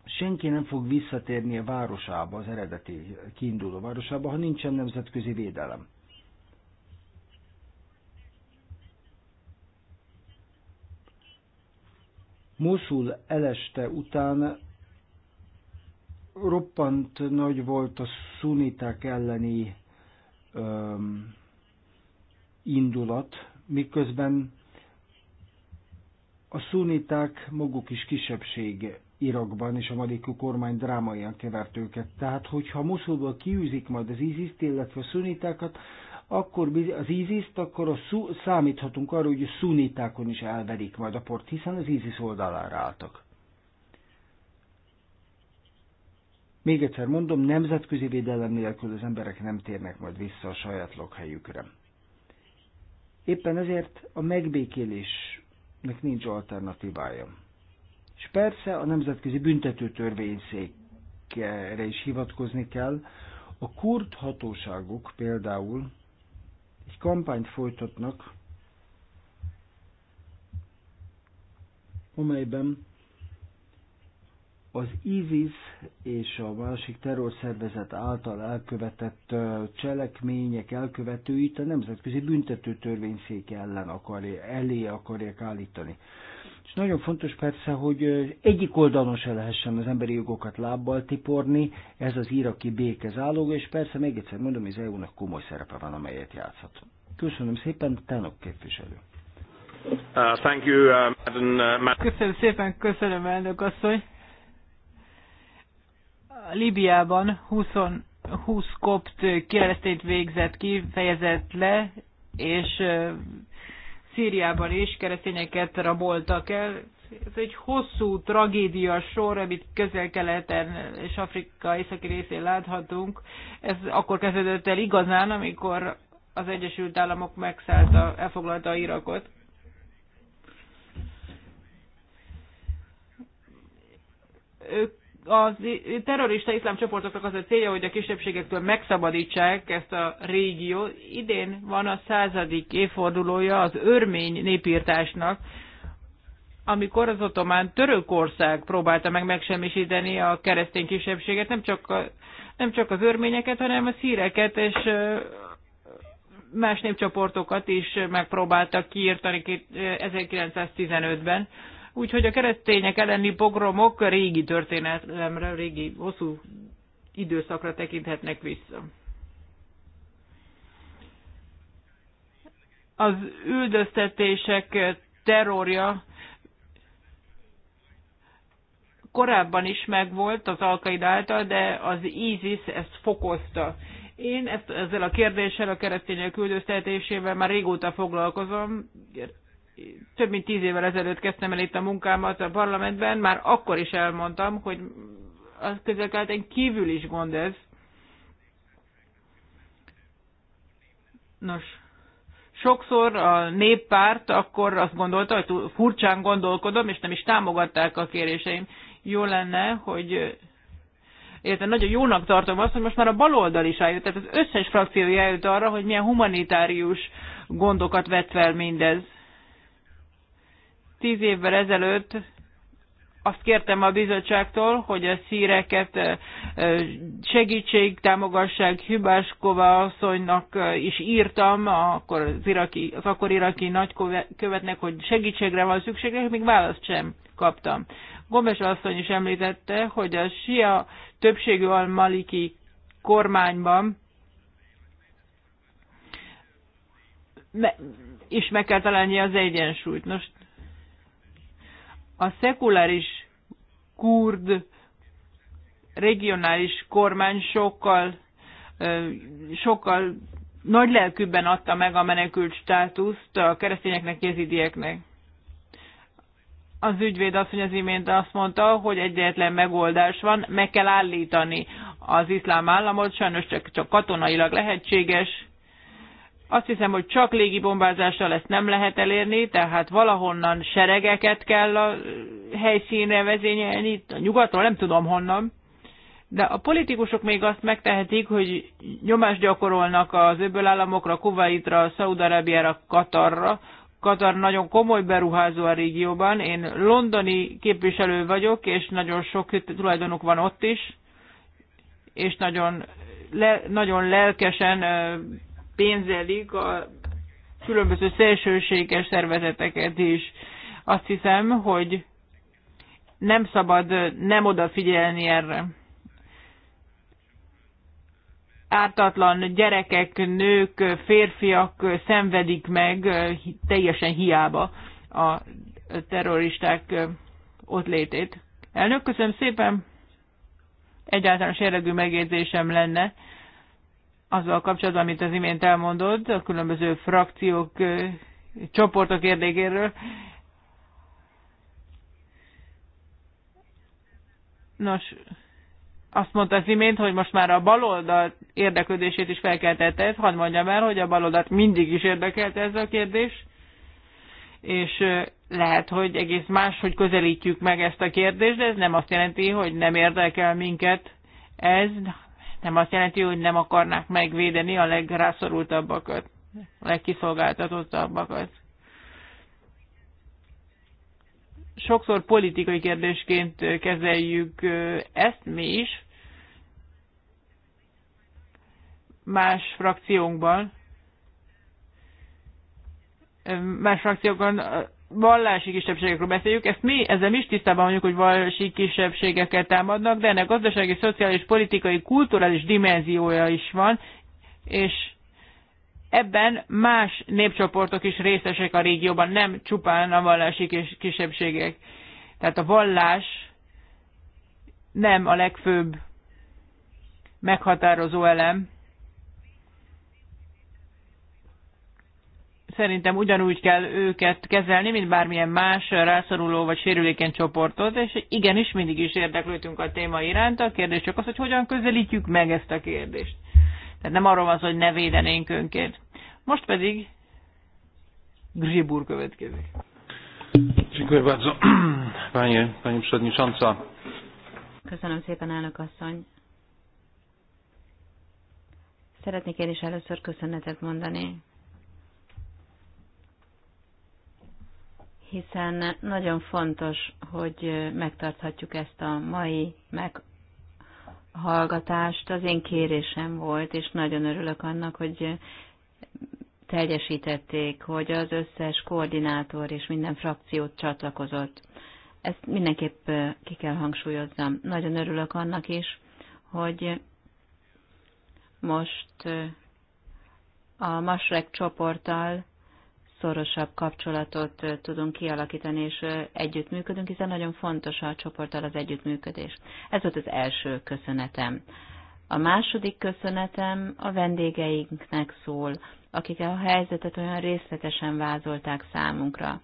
D: Senki nem fog visszatérni a városába, az eredeti kiinduló városába, ha nincsen nemzetközi védelem. Mosul eleste után roppant nagy volt a szuniták elleni öm, indulat, miközben a szuniták maguk is kisebbség Irakban, és a maliki kormány drámaian kevert őket. Tehát, hogyha Moszulból kiűzik majd az ISIS-t, illetve a szunitákat, akkor az isis akkor a szú, számíthatunk arra, hogy a szunitákon is elverik majd a port, hiszen az ISIS oldalára álltak. Még egyszer mondom, nemzetközi védelem nélkül az emberek nem térnek majd vissza a saját lakhelyükre. Éppen ezért a megbékélésnek nincs alternatívája. És persze a Nemzetközi Büntető Törvényszékre is hivatkozni kell. A kurd hatóságok például kampányt folytatnak, amelyben az ISIS és a másik terrorszervezet által elkövetett cselekmények elkövetőit a Nemzetközi Büntetőtörvényszék ellen akarja, elé akarják állítani. És nagyon fontos persze, hogy egyik oldalon se lehessen az emberi jogokat lábbal tiporni, ez az iraki béke és persze még egyszer mondom, hogy az EU-nak komoly szerepe van, amelyet játszhat. Köszönöm szépen, Tánok képviselő. Uh, thank you, uh, Madam, uh,
A: köszönöm szépen, köszönöm elnök asszony. Libiában 20, 20 kopt kielesztét végzett ki, fejezett le, és Szíriában is keresztényeket raboltak el. Ez egy hosszú tragédia sor, amit közel-keleten és Afrika északi részén láthatunk. Ez akkor kezdődött el igazán, amikor az Egyesült Államok megszállta, elfoglalta a Irakot. Ők a terrorista iszlám csoportoknak az a célja, hogy a kisebbségektől megszabadítsák ezt a régiót. Idén van a századik évfordulója az örmény népírtásnak, amikor az ottomán Törökország próbálta meg megsemmisíteni a keresztény kisebbséget, nem csak, a, nem csak az örményeket, hanem a szíreket és más népcsoportokat is megpróbáltak kiírtani 1915-ben. Úgyhogy a keresztények elleni pogromok régi történelemre, régi hosszú időszakra tekinthetnek vissza. Az üldöztetések terrorja korábban is megvolt az Alkaida által, de az ISIS ezt fokozta. Én ezt, ezzel a kérdéssel, a keresztények üldöztetésével már régóta foglalkozom, több mint tíz évvel ezelőtt kezdtem el itt a munkámat a parlamentben, már akkor is elmondtam, hogy a közelkeleten kívül is gond ez. Nos, sokszor a néppárt akkor azt gondolta, hogy furcsán gondolkodom, és nem is támogatták a kéréseim. Jó lenne, hogy Érted, nagyon jónak tartom azt, hogy most már a baloldal is eljött, tehát az összes frakció eljött arra, hogy milyen humanitárius gondokat vett fel mindez tíz évvel ezelőtt azt kértem a bizottságtól, hogy a szíreket segítség, támogassák Hübáskova asszonynak is írtam, akkor az, iraki, az akkor iraki nagykövetnek, hogy segítségre van szüksége, és még választ sem kaptam. Gomes asszony is említette, hogy a Sia többségű al-Maliki kormányban me, is meg kell találni az egyensúlyt. Most a szekuláris kurd regionális kormány sokkal, sokkal nagy lelkűbben adta meg a menekült státuszt a keresztényeknek, jezidieknek. Az ügyvéd azt, mondja, az imént azt mondta, hogy egyetlen megoldás van, meg kell állítani az iszlám államot, sajnos csak, csak katonailag lehetséges, azt hiszem, hogy csak légibombázással ezt nem lehet elérni, tehát valahonnan seregeket kell a helyszínre vezényelni, a nyugatról nem tudom honnan. De a politikusok még azt megtehetik, hogy nyomást gyakorolnak az öböl államokra, Kuwaitra, Szaudarábiára, Katarra. Katar nagyon komoly beruházó a régióban. Én londoni képviselő vagyok, és nagyon sok tulajdonuk van ott is, és nagyon, le, nagyon lelkesen pénzelik a különböző szélsőséges szervezeteket is. Azt hiszem, hogy nem szabad nem odafigyelni erre. Ártatlan gyerekek, nők, férfiak szenvedik meg teljesen hiába a terroristák ott létét. Elnök, köszönöm szépen! Egyáltalános jellegű megjegyzésem lenne azzal kapcsolatban, amit az imént elmondod, a különböző frakciók, csoportok érdekéről. Nos, azt mondta az imént, hogy most már a baloldal érdeklődését is felkeltette ez. Hadd mondjam el, hogy a baloldalt mindig is érdekelte ez a kérdés, és lehet, hogy egész más, hogy közelítjük meg ezt a kérdést, de ez nem azt jelenti, hogy nem érdekel minket ez, nem azt jelenti, hogy nem akarnák megvédeni a legrászorultabbakat, a legkiszolgáltatottabbakat. Sokszor politikai kérdésként kezeljük ezt mi is, más frakciónkban, más frakciókon vallási kisebbségekről beszéljük, ezt mi, ezzel mi is tisztában vagyunk, hogy vallási kisebbségeket támadnak, de ennek gazdasági, szociális, politikai, kulturális dimenziója is van, és ebben más népcsoportok is részesek a régióban, nem csupán a vallási kisebbségek. Tehát a vallás nem a legfőbb meghatározó elem szerintem ugyanúgy kell őket kezelni, mint bármilyen más rászoruló vagy sérülékeny csoportot, és igenis mindig is érdeklődtünk a téma iránt, a kérdés csak az, hogy hogyan közelítjük meg ezt a kérdést. Tehát nem arról van hogy ne védenénk önként. Most pedig
D: Grzibur következik.
B: Köszönöm szépen, elnök asszony. Szeretnék én is először köszönetet mondani hiszen nagyon fontos, hogy megtarthatjuk ezt a mai meghallgatást. Az én kérésem volt, és nagyon örülök annak, hogy teljesítették, hogy az összes koordinátor és minden frakciót csatlakozott. Ezt mindenképp ki kell hangsúlyozzam. Nagyon örülök annak is, hogy most a Masrek csoporttal szorosabb kapcsolatot tudunk kialakítani, és együttműködünk, hiszen nagyon fontos a csoporttal az együttműködés. Ez volt az első köszönetem. A második köszönetem a vendégeinknek szól, akik a helyzetet olyan részletesen vázolták számunkra.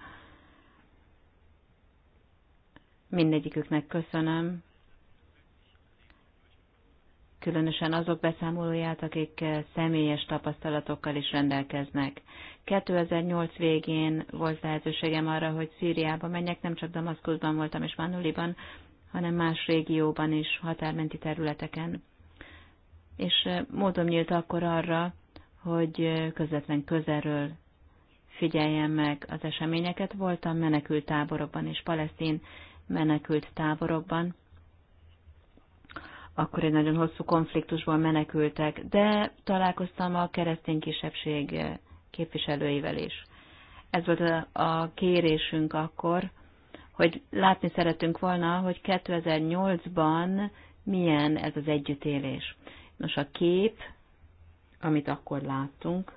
B: Mindegyiküknek köszönöm, különösen azok beszámolóját, akik személyes tapasztalatokkal is rendelkeznek, 2008 végén volt lehetőségem arra, hogy Szíriába menjek, nem csak Damaszkuszban voltam és Manuliban, hanem más régióban is, határmenti területeken. És módom nyílt akkor arra, hogy közvetlen közelről figyeljem meg az eseményeket. Voltam menekült táborokban és palesztin menekült táborokban. Akkor egy nagyon hosszú konfliktusból menekültek, de találkoztam a keresztény kisebbség képviselőivel is. Ez volt a kérésünk akkor, hogy látni szeretünk volna, hogy 2008-ban milyen ez az együttélés. Nos, a kép, amit akkor láttunk,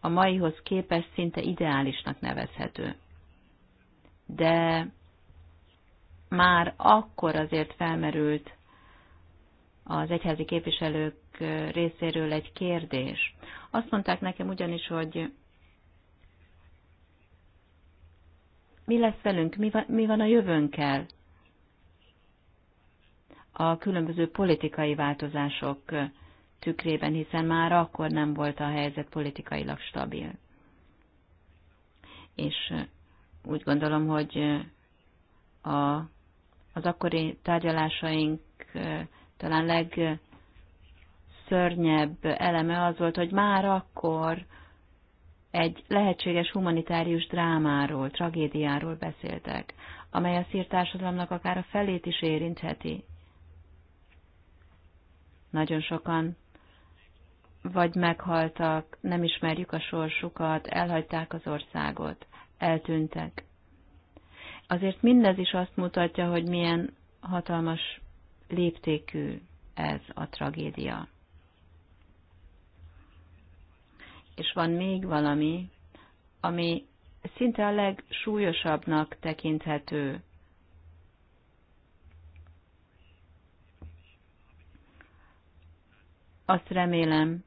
B: a maihoz képest szinte ideálisnak nevezhető. De már akkor azért felmerült az egyházi képviselők részéről egy kérdés. Azt mondták nekem ugyanis, hogy mi lesz velünk, mi van, mi van a jövőnkkel a különböző politikai változások tükrében, hiszen már akkor nem volt a helyzet politikailag stabil. És úgy gondolom, hogy a, az akkori tárgyalásaink eh, talán leg legszörnyebb eleme az volt, hogy már akkor egy lehetséges humanitárius drámáról, tragédiáról beszéltek, amely a társadalomnak akár a felét is érintheti. Nagyon sokan vagy meghaltak, nem ismerjük a sorsukat, elhagyták az országot, eltűntek. Azért mindez is azt mutatja, hogy milyen hatalmas léptékű ez a tragédia. És van még valami, ami szinte a legsúlyosabbnak tekinthető. Azt remélem,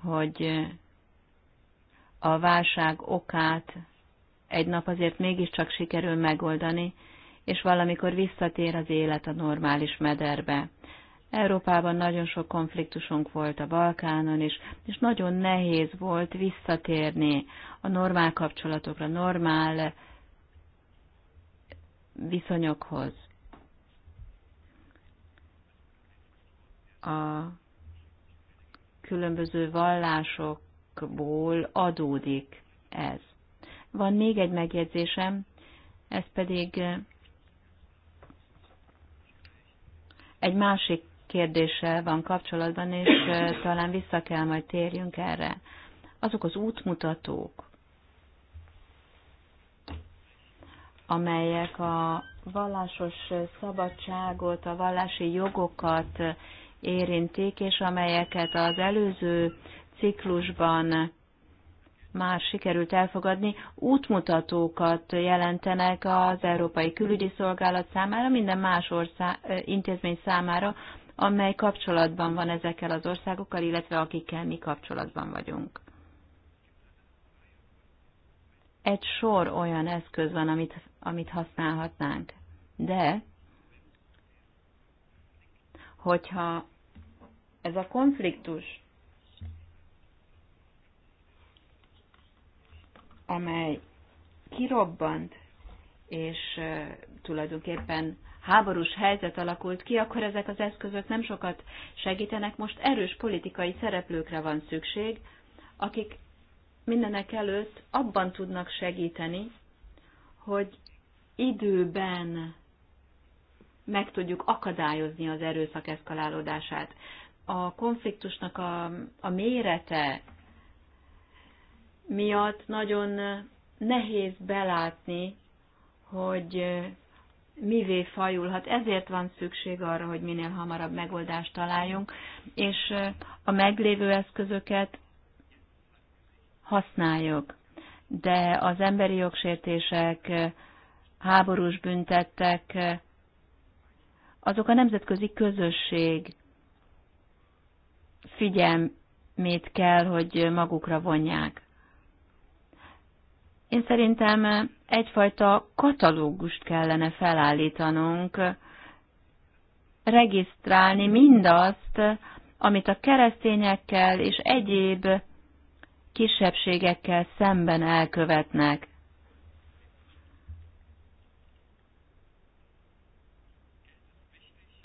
B: hogy a válság okát egy nap azért mégiscsak sikerül megoldani, és valamikor visszatér az élet a normális mederbe. Európában nagyon sok konfliktusunk volt a Balkánon is, és nagyon nehéz volt visszatérni a normál kapcsolatokra, normál viszonyokhoz. A különböző vallásokból adódik ez. Van még egy megjegyzésem, ez pedig egy másik kérdéssel van kapcsolatban, és talán vissza kell majd térjünk erre. Azok az útmutatók, amelyek a vallásos szabadságot, a vallási jogokat érintik, és amelyeket az előző ciklusban már sikerült elfogadni, útmutatókat jelentenek az Európai Külügyi Szolgálat számára, minden más ország, intézmény számára, amely kapcsolatban van ezekkel az országokkal, illetve akikkel mi kapcsolatban vagyunk. Egy sor olyan eszköz van, amit, amit használhatnánk. De, hogyha ez a konfliktus, amely kirobbant, és eh, tulajdonképpen háborús helyzet alakult ki, akkor ezek az eszközök nem sokat segítenek. Most erős politikai szereplőkre van szükség, akik mindenek előtt abban tudnak segíteni, hogy időben meg tudjuk akadályozni az erőszak eszkalálódását. A konfliktusnak a, a mérete miatt nagyon nehéz belátni, hogy mivé fajulhat. Ezért van szükség arra, hogy minél hamarabb megoldást találjunk, és a meglévő eszközöket használjuk. De az emberi jogsértések, háborús büntettek, azok a nemzetközi közösség figyelmét kell, hogy magukra vonják. Én szerintem egyfajta katalógust kellene felállítanunk, regisztrálni mindazt, amit a keresztényekkel és egyéb kisebbségekkel szemben elkövetnek.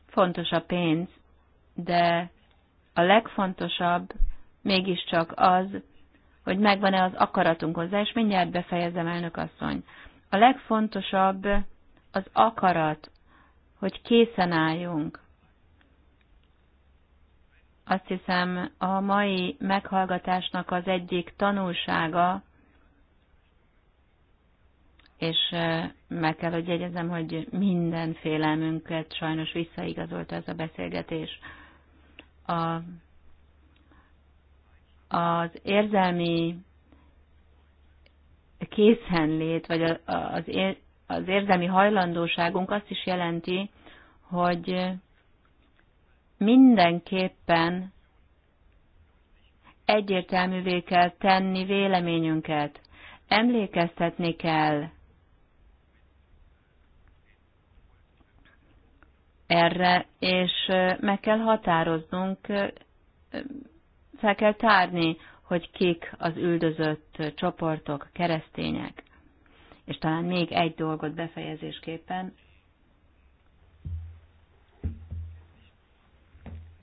B: Fontos a pénz, de a legfontosabb mégiscsak az, hogy megvan-e az akaratunk hozzá, és mindjárt befejezem, elnök asszony. A legfontosabb az akarat, hogy készen álljunk. Azt hiszem, a mai meghallgatásnak az egyik tanulsága, és meg kell, hogy jegyezem, hogy minden félelmünket sajnos visszaigazolta ez a beszélgetés. A az érzelmi készenlét vagy az, ér, az érzelmi hajlandóságunk azt is jelenti, hogy mindenképpen egyértelművé kell tenni véleményünket, emlékeztetni kell erre, és meg kell határoznunk fel kell tárni, hogy kik az üldözött csoportok, keresztények. És talán még egy dolgot befejezésképpen,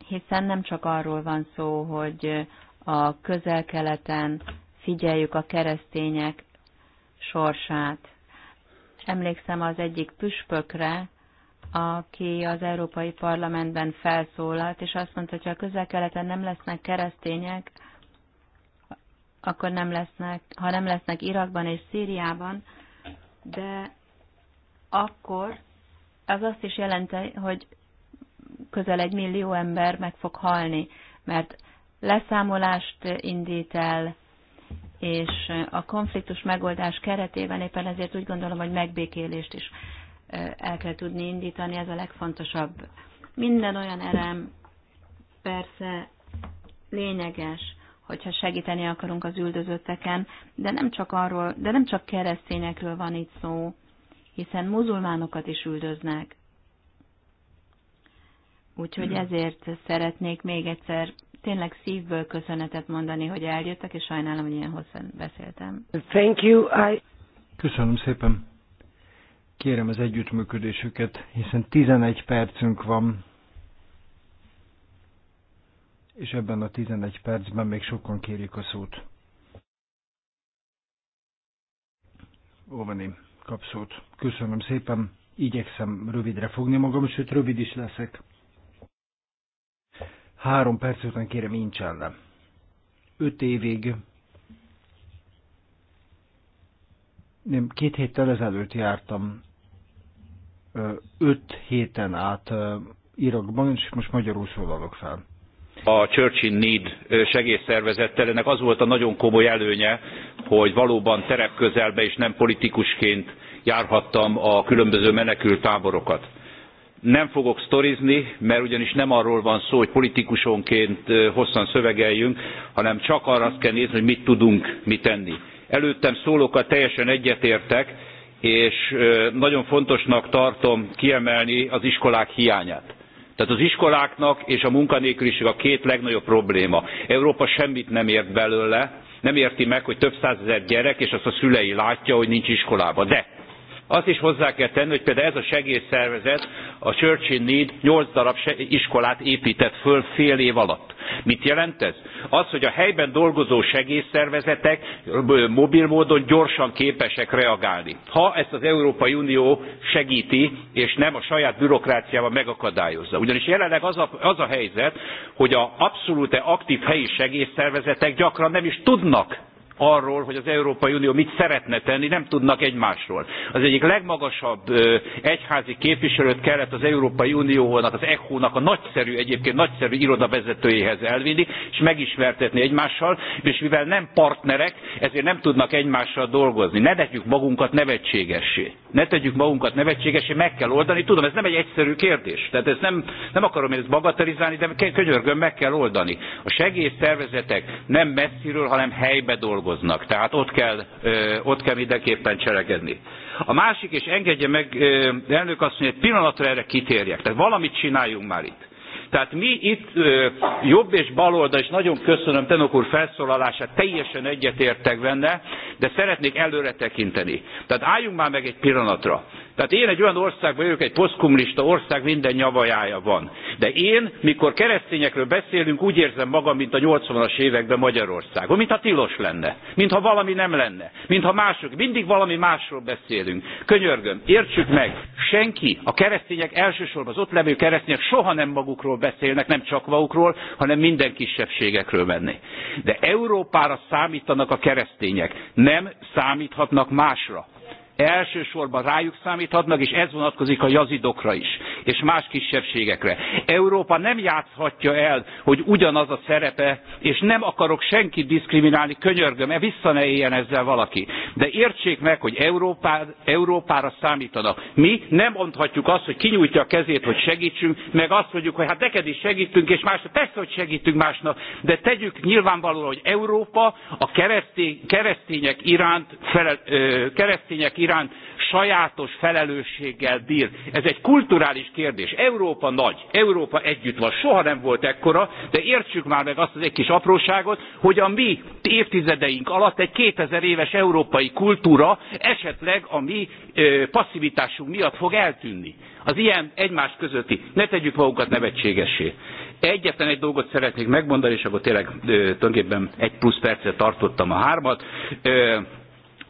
B: hiszen nem csak arról van szó, hogy a közel-keleten figyeljük a keresztények sorsát. Emlékszem az egyik püspökre, aki az Európai Parlamentben felszólalt, és azt mondta, hogy ha a közel-keleten nem lesznek keresztények, akkor nem lesznek, ha nem lesznek Irakban és Szíriában, de akkor az azt is jelenti, hogy közel egy millió ember meg fog halni, mert leszámolást indít el, és a konfliktus megoldás keretében éppen ezért úgy gondolom, hogy megbékélést is el kell tudni indítani, ez a legfontosabb. Minden olyan elem persze lényeges, hogyha segíteni akarunk az üldözötteken, de nem csak arról, de nem csak keresztényekről van itt szó, hiszen muzulmánokat is üldöznek. Úgyhogy hmm. ezért szeretnék még egyszer tényleg szívből köszönetet mondani, hogy eljöttek, és sajnálom, hogy ilyen hosszan beszéltem.
D: Thank you. I... Köszönöm szépen. Kérem az együttműködésüket, hiszen 11 percünk van, és ebben a 11 percben még sokan kérik a szót. Óvani, kap szót. Köszönöm szépen, igyekszem rövidre fogni magam, sőt rövid is leszek. Három perc után kérem nincsen le. Öt évig, nem, két héttel ezelőtt jártam öt héten át Irakban, és most magyarul szólalok fel
C: a Church in Need segélyszervezettel. Ennek az volt a nagyon komoly előnye, hogy valóban terep közelbe és nem politikusként járhattam a különböző menekült táborokat. Nem fogok sztorizni, mert ugyanis nem arról van szó, hogy politikusonként hosszan szövegeljünk, hanem csak arra azt kell nézni, hogy mit tudunk mit tenni. Előttem szólókat teljesen egyetértek, és nagyon fontosnak tartom kiemelni az iskolák hiányát. Tehát az iskoláknak és a munkanélküliség a két legnagyobb probléma. Európa semmit nem ért belőle, nem érti meg, hogy több százezer gyerek, és azt a szülei látja, hogy nincs iskolában. De azt is hozzá kell tenni, hogy például ez a segélyszervezet, a Church in Need 8 darab iskolát épített föl fél év alatt. Mit jelent ez? Az, hogy a helyben dolgozó segélyszervezetek mobil módon gyorsan képesek reagálni. Ha ezt az Európai Unió segíti, és nem a saját bürokráciával megakadályozza. Ugyanis jelenleg az a, az a helyzet, hogy a abszolút aktív helyi segélyszervezetek gyakran nem is tudnak arról, hogy az Európai Unió mit szeretne tenni, nem tudnak egymásról. Az egyik legmagasabb egyházi képviselőt kellett az Európai Uniónak, az ECHO-nak a nagyszerű, egyébként nagyszerű irodavezetőjéhez elvinni, és megismertetni egymással, és mivel nem partnerek, ezért nem tudnak egymással dolgozni. Ne tegyük magunkat nevetségessé. Ne tegyük magunkat nevetségessé, meg kell oldani. Tudom, ez nem egy egyszerű kérdés. Tehát ez nem, nem akarom én ezt bagatelizálni, de könyörgöm, meg kell oldani. A segélyszervezetek nem messziről, hanem helybe dolgoznak dolgoznak. Tehát ott kell, ott kell mindenképpen cselekedni. A másik, és engedje meg, elnök azt mondja, egy pillanatra erre kitérjek. Tehát valamit csináljunk már itt. Tehát mi itt jobb és baloldal, és nagyon köszönöm Tenok úr felszólalását, teljesen egyetértek benne, de szeretnék előre tekinteni. Tehát álljunk már meg egy pillanatra. Tehát én egy olyan országban vagyok, egy posztkommunista ország minden nyavajája van. De én, mikor keresztényekről beszélünk, úgy érzem magam, mint a 80-as években Magyarországon, mintha tilos lenne, mintha valami nem lenne, mintha mások, mindig valami másról beszélünk. Könyörgöm, értsük meg, senki, a keresztények elsősorban az ott levő keresztények soha nem magukról beszélnek, nem csak magukról, hanem minden kisebbségekről menni. De Európára számítanak a keresztények, nem számíthatnak másra elsősorban rájuk számíthatnak, és ez vonatkozik a jazidokra is, és más kisebbségekre. Európa nem játszhatja el, hogy ugyanaz a szerepe, és nem akarok senkit diszkriminálni, könyörgöm, e vissza ne éljen ezzel valaki. De értsék meg, hogy Európá, Európára számítanak. Mi nem mondhatjuk azt, hogy kinyújtja a kezét, hogy segítsünk, meg azt mondjuk, hogy hát neked is segítünk, és másnak, persze, hogy segítünk másnak, de tegyük nyilvánvalóan, hogy Európa a keresztény, keresztények iránt, keresztények iránt iránt sajátos felelősséggel bír. Ez egy kulturális kérdés. Európa nagy, Európa együtt van, soha nem volt ekkora, de értsük már meg azt az egy kis apróságot, hogy a mi évtizedeink alatt egy 2000 éves európai kultúra esetleg a mi ö, passzivitásunk miatt fog eltűnni. Az ilyen egymás közötti, ne tegyük magunkat nevetségessé. Egyetlen egy dolgot szeretnék megmondani, és akkor tényleg tulajdonképpen egy plusz percet tartottam a hármat. Ö,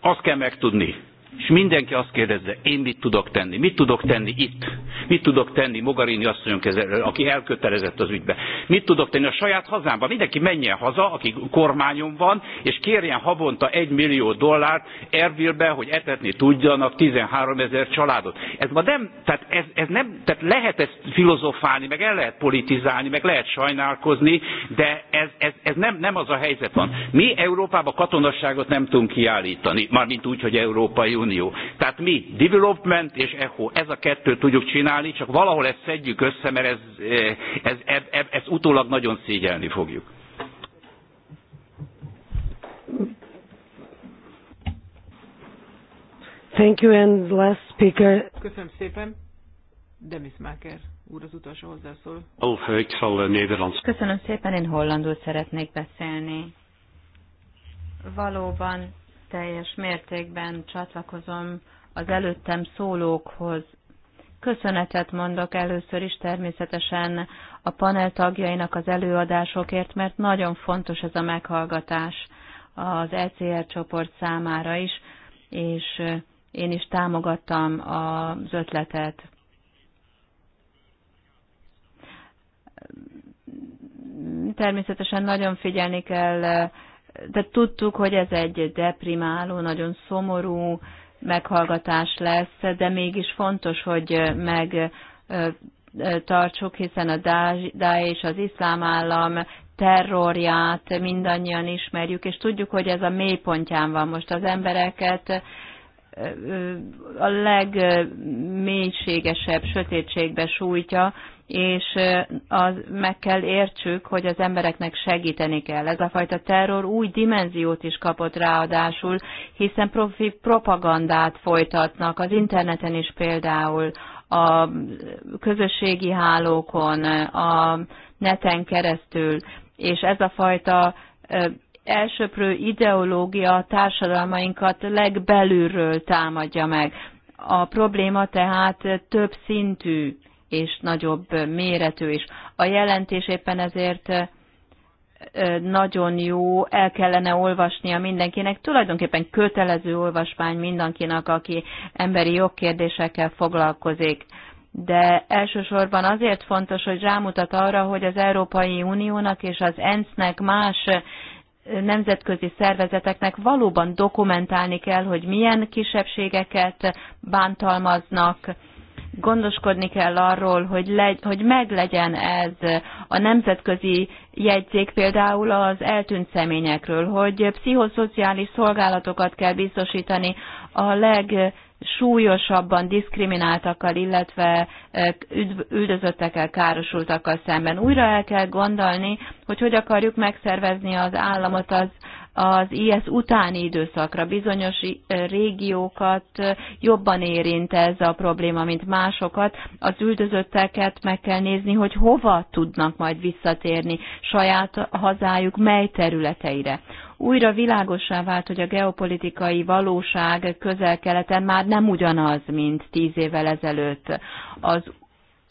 C: azt kell megtudni, és mindenki azt kérdezze, én mit tudok tenni? Mit tudok tenni itt? Mit tudok tenni Mogarini asszonyunk, aki elkötelezett az ügybe? Mit tudok tenni a saját hazámban? Mindenki menjen haza, aki kormányon van, és kérjen havonta egy millió dollárt Erbilbe, hogy etetni tudjanak 13 ezer családot. Ez ma nem, tehát ez, ez nem, tehát lehet ezt filozofálni, meg el lehet politizálni, meg lehet sajnálkozni, de ez, ez, ez nem, nem az a helyzet van. Mi Európában katonasságot nem tudunk kiállítani, mármint úgy, hogy európai Unió. Tehát mi development és echo, ez a kettőt tudjuk csinálni, csak valahol ezt szedjük össze, mert ez, ez, ez, ez, ez utólag nagyon szégyelni fogjuk.
D: Thank you and last speaker.
A: Köszönöm szépen. Demis Máker úr az utolsó hozzászól.
B: Köszönöm szépen, én hollandul szeretnék beszélni. Valóban teljes mértékben csatlakozom az előttem szólókhoz. Köszönetet mondok először is természetesen a panel tagjainak az előadásokért, mert nagyon fontos ez a meghallgatás az ECR csoport számára is, és én is támogattam az ötletet. Természetesen nagyon figyelni kell de tudtuk, hogy ez egy deprimáló, nagyon szomorú meghallgatás lesz, de mégis fontos, hogy meg tartsuk, hiszen a Daesh, az iszlám állam terrorját mindannyian ismerjük, és tudjuk, hogy ez a mélypontján van most az embereket, a legmélységesebb sötétségbe sújtja, és az, meg kell értsük, hogy az embereknek segíteni kell. Ez a fajta terror új dimenziót is kapott ráadásul, hiszen profi propagandát folytatnak az interneten is például, a közösségi hálókon, a neten keresztül, és ez a fajta elsőprő ideológia társadalmainkat legbelülről támadja meg. A probléma tehát több szintű és nagyobb méretű is. A jelentés éppen ezért nagyon jó, el kellene olvasnia mindenkinek, tulajdonképpen kötelező olvasmány mindenkinek, aki emberi jogkérdésekkel foglalkozik. De elsősorban azért fontos, hogy rámutat arra, hogy az Európai Uniónak és az ENSZ-nek más nemzetközi szervezeteknek valóban dokumentálni kell, hogy milyen kisebbségeket bántalmaznak, gondoskodni kell arról, hogy, legy, hogy meglegyen ez a nemzetközi jegyzék például az eltűnt személyekről, hogy pszichoszociális szolgálatokat kell biztosítani a leg súlyosabban diszkrimináltakkal, illetve e, üldözöttekkel, károsultakkal szemben. Újra el kell gondolni, hogy hogy akarjuk megszervezni az államot az az IS utáni időszakra. Bizonyos eh, régiókat eh, jobban érint ez a probléma, mint másokat. Az üldözötteket meg kell nézni, hogy hova tudnak majd visszatérni saját hazájuk mely területeire. Újra világosá vált, hogy a geopolitikai valóság közel-keleten már nem ugyanaz, mint tíz évvel ezelőtt. Az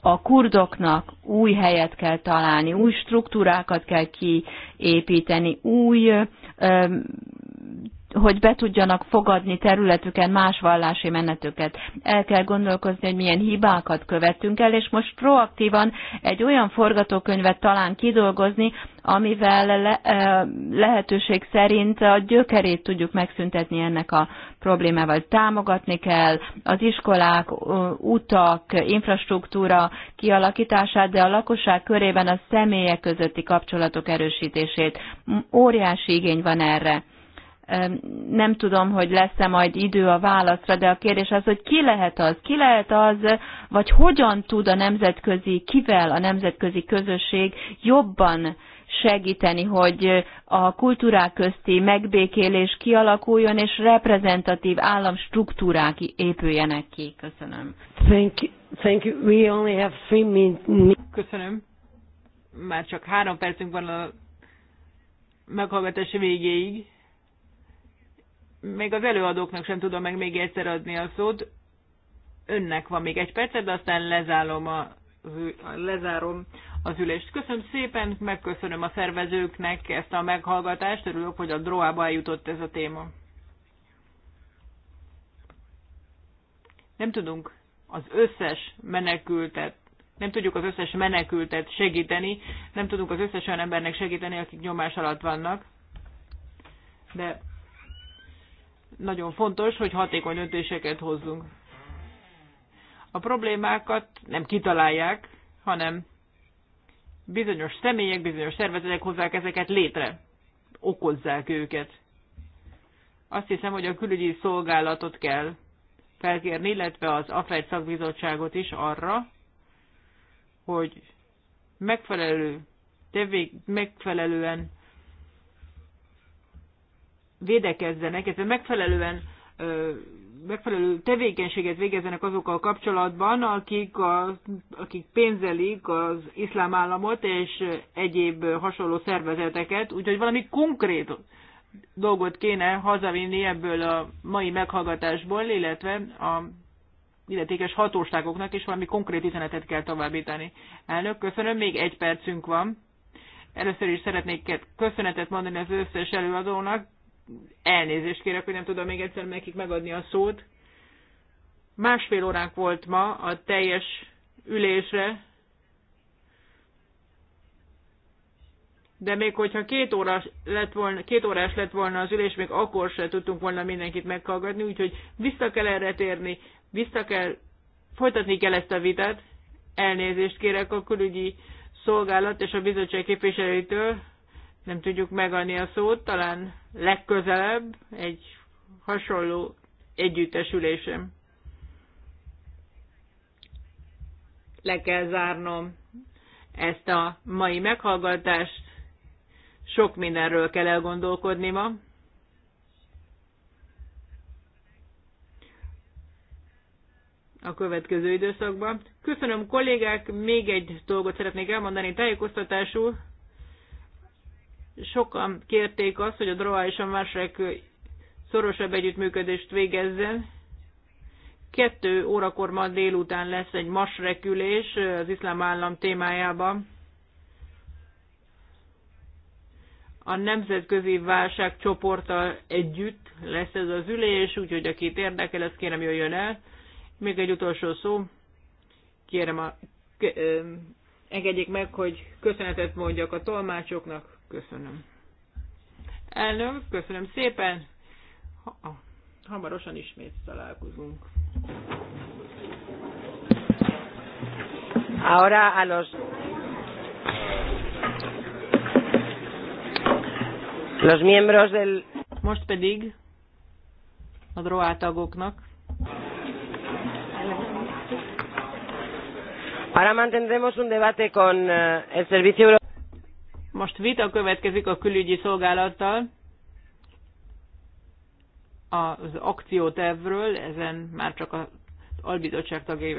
B: a kurdoknak új helyet kell találni, új struktúrákat kell kiépíteni, új hogy be tudjanak fogadni területüken más vallási menetüket. El kell gondolkozni, hogy milyen hibákat követtünk el, és most proaktívan egy olyan forgatókönyvet talán kidolgozni, amivel le, e, lehetőség szerint a gyökerét tudjuk megszüntetni ennek a problémával. Támogatni kell az iskolák, utak, infrastruktúra kialakítását, de a lakosság körében a személyek közötti kapcsolatok erősítését. Óriási igény van erre nem tudom, hogy lesz-e majd idő a válaszra, de a kérdés az, hogy ki lehet az, ki lehet az, vagy hogyan tud a nemzetközi, kivel a nemzetközi közösség jobban segíteni, hogy a kultúrák közti megbékélés kialakuljon, és reprezentatív államstruktúrák épüljenek ki. Köszönöm. Thank you. Thank you.
A: We only have three minutes.
B: Köszönöm. Már csak három percünk van a
A: meghallgatási végéig még az előadóknak sem tudom meg még egyszer adni a szót. Önnek van még egy percet, de aztán lezárom a, lezárom az ülést. Köszönöm szépen, megköszönöm a szervezőknek ezt a meghallgatást, örülök, hogy a droába eljutott ez a téma. Nem tudunk az összes menekültet, nem tudjuk az összes menekültet segíteni, nem tudunk az összes olyan embernek segíteni, akik nyomás alatt vannak, de nagyon fontos, hogy hatékony döntéseket hozzunk. A problémákat nem kitalálják, hanem bizonyos személyek, bizonyos szervezetek hozzák ezeket létre, okozzák őket. Azt hiszem, hogy a külügyi szolgálatot kell felkérni, illetve az AFED szakbizottságot is arra, hogy megfelelő tevé, megfelelően védekezzenek, illetve megfelelően megfelelő tevékenységet végezzenek azokkal a kapcsolatban, akik, a, akik pénzelik az iszlám államot és egyéb hasonló szervezeteket, úgyhogy valami konkrét dolgot kéne hazavinni ebből a mai meghallgatásból, illetve a illetékes hatóságoknak is valami konkrét üzenetet kell továbbítani. Elnök, köszönöm, még egy percünk van. Először is szeretnék köszönetet mondani az összes előadónak, elnézést kérek, hogy nem tudom még egyszer nekik megadni a szót. Másfél óránk volt ma a teljes ülésre, de még hogyha két, óra lett volna, két órás lett volna az ülés, még akkor se tudtunk volna mindenkit meghallgatni, úgyhogy vissza kell erre térni, vissza kell, folytatni kell ezt a vitát. Elnézést kérek a külügyi szolgálat és a bizottság képviselőitől, nem tudjuk megadni a szót, talán legközelebb egy hasonló együttesülésem. Le kell zárnom ezt a mai meghallgatást. Sok mindenről kell elgondolkodni ma. a következő időszakban. Köszönöm kollégák, még egy dolgot szeretnék elmondani tájékoztatásul. Sokan kérték azt, hogy a DROA és a MASREK szorosabb együttműködést végezzen. Kettő órakor ma délután lesz egy masrekülés az iszlám állam témájában. a nemzetközi válság csoporttal együtt lesz ez az ülés, úgyhogy akit érdekel, ezt kérem jöjjön el. Még egy utolsó szó. Kérem, a, engedjék meg, hogy köszönetet mondjak a tolmácsoknak, Köszönöm. Elnök, köszönöm szépen. Ha, hamarosan ismét találkozunk. Ahora a los los miembros del Most pedig a droá tagoknak Ahora mantendremos un debate con eh, el Servicio Europeo most vita következik a külügyi szolgálattal az akciótervről, ezen már csak az albizottság tagjai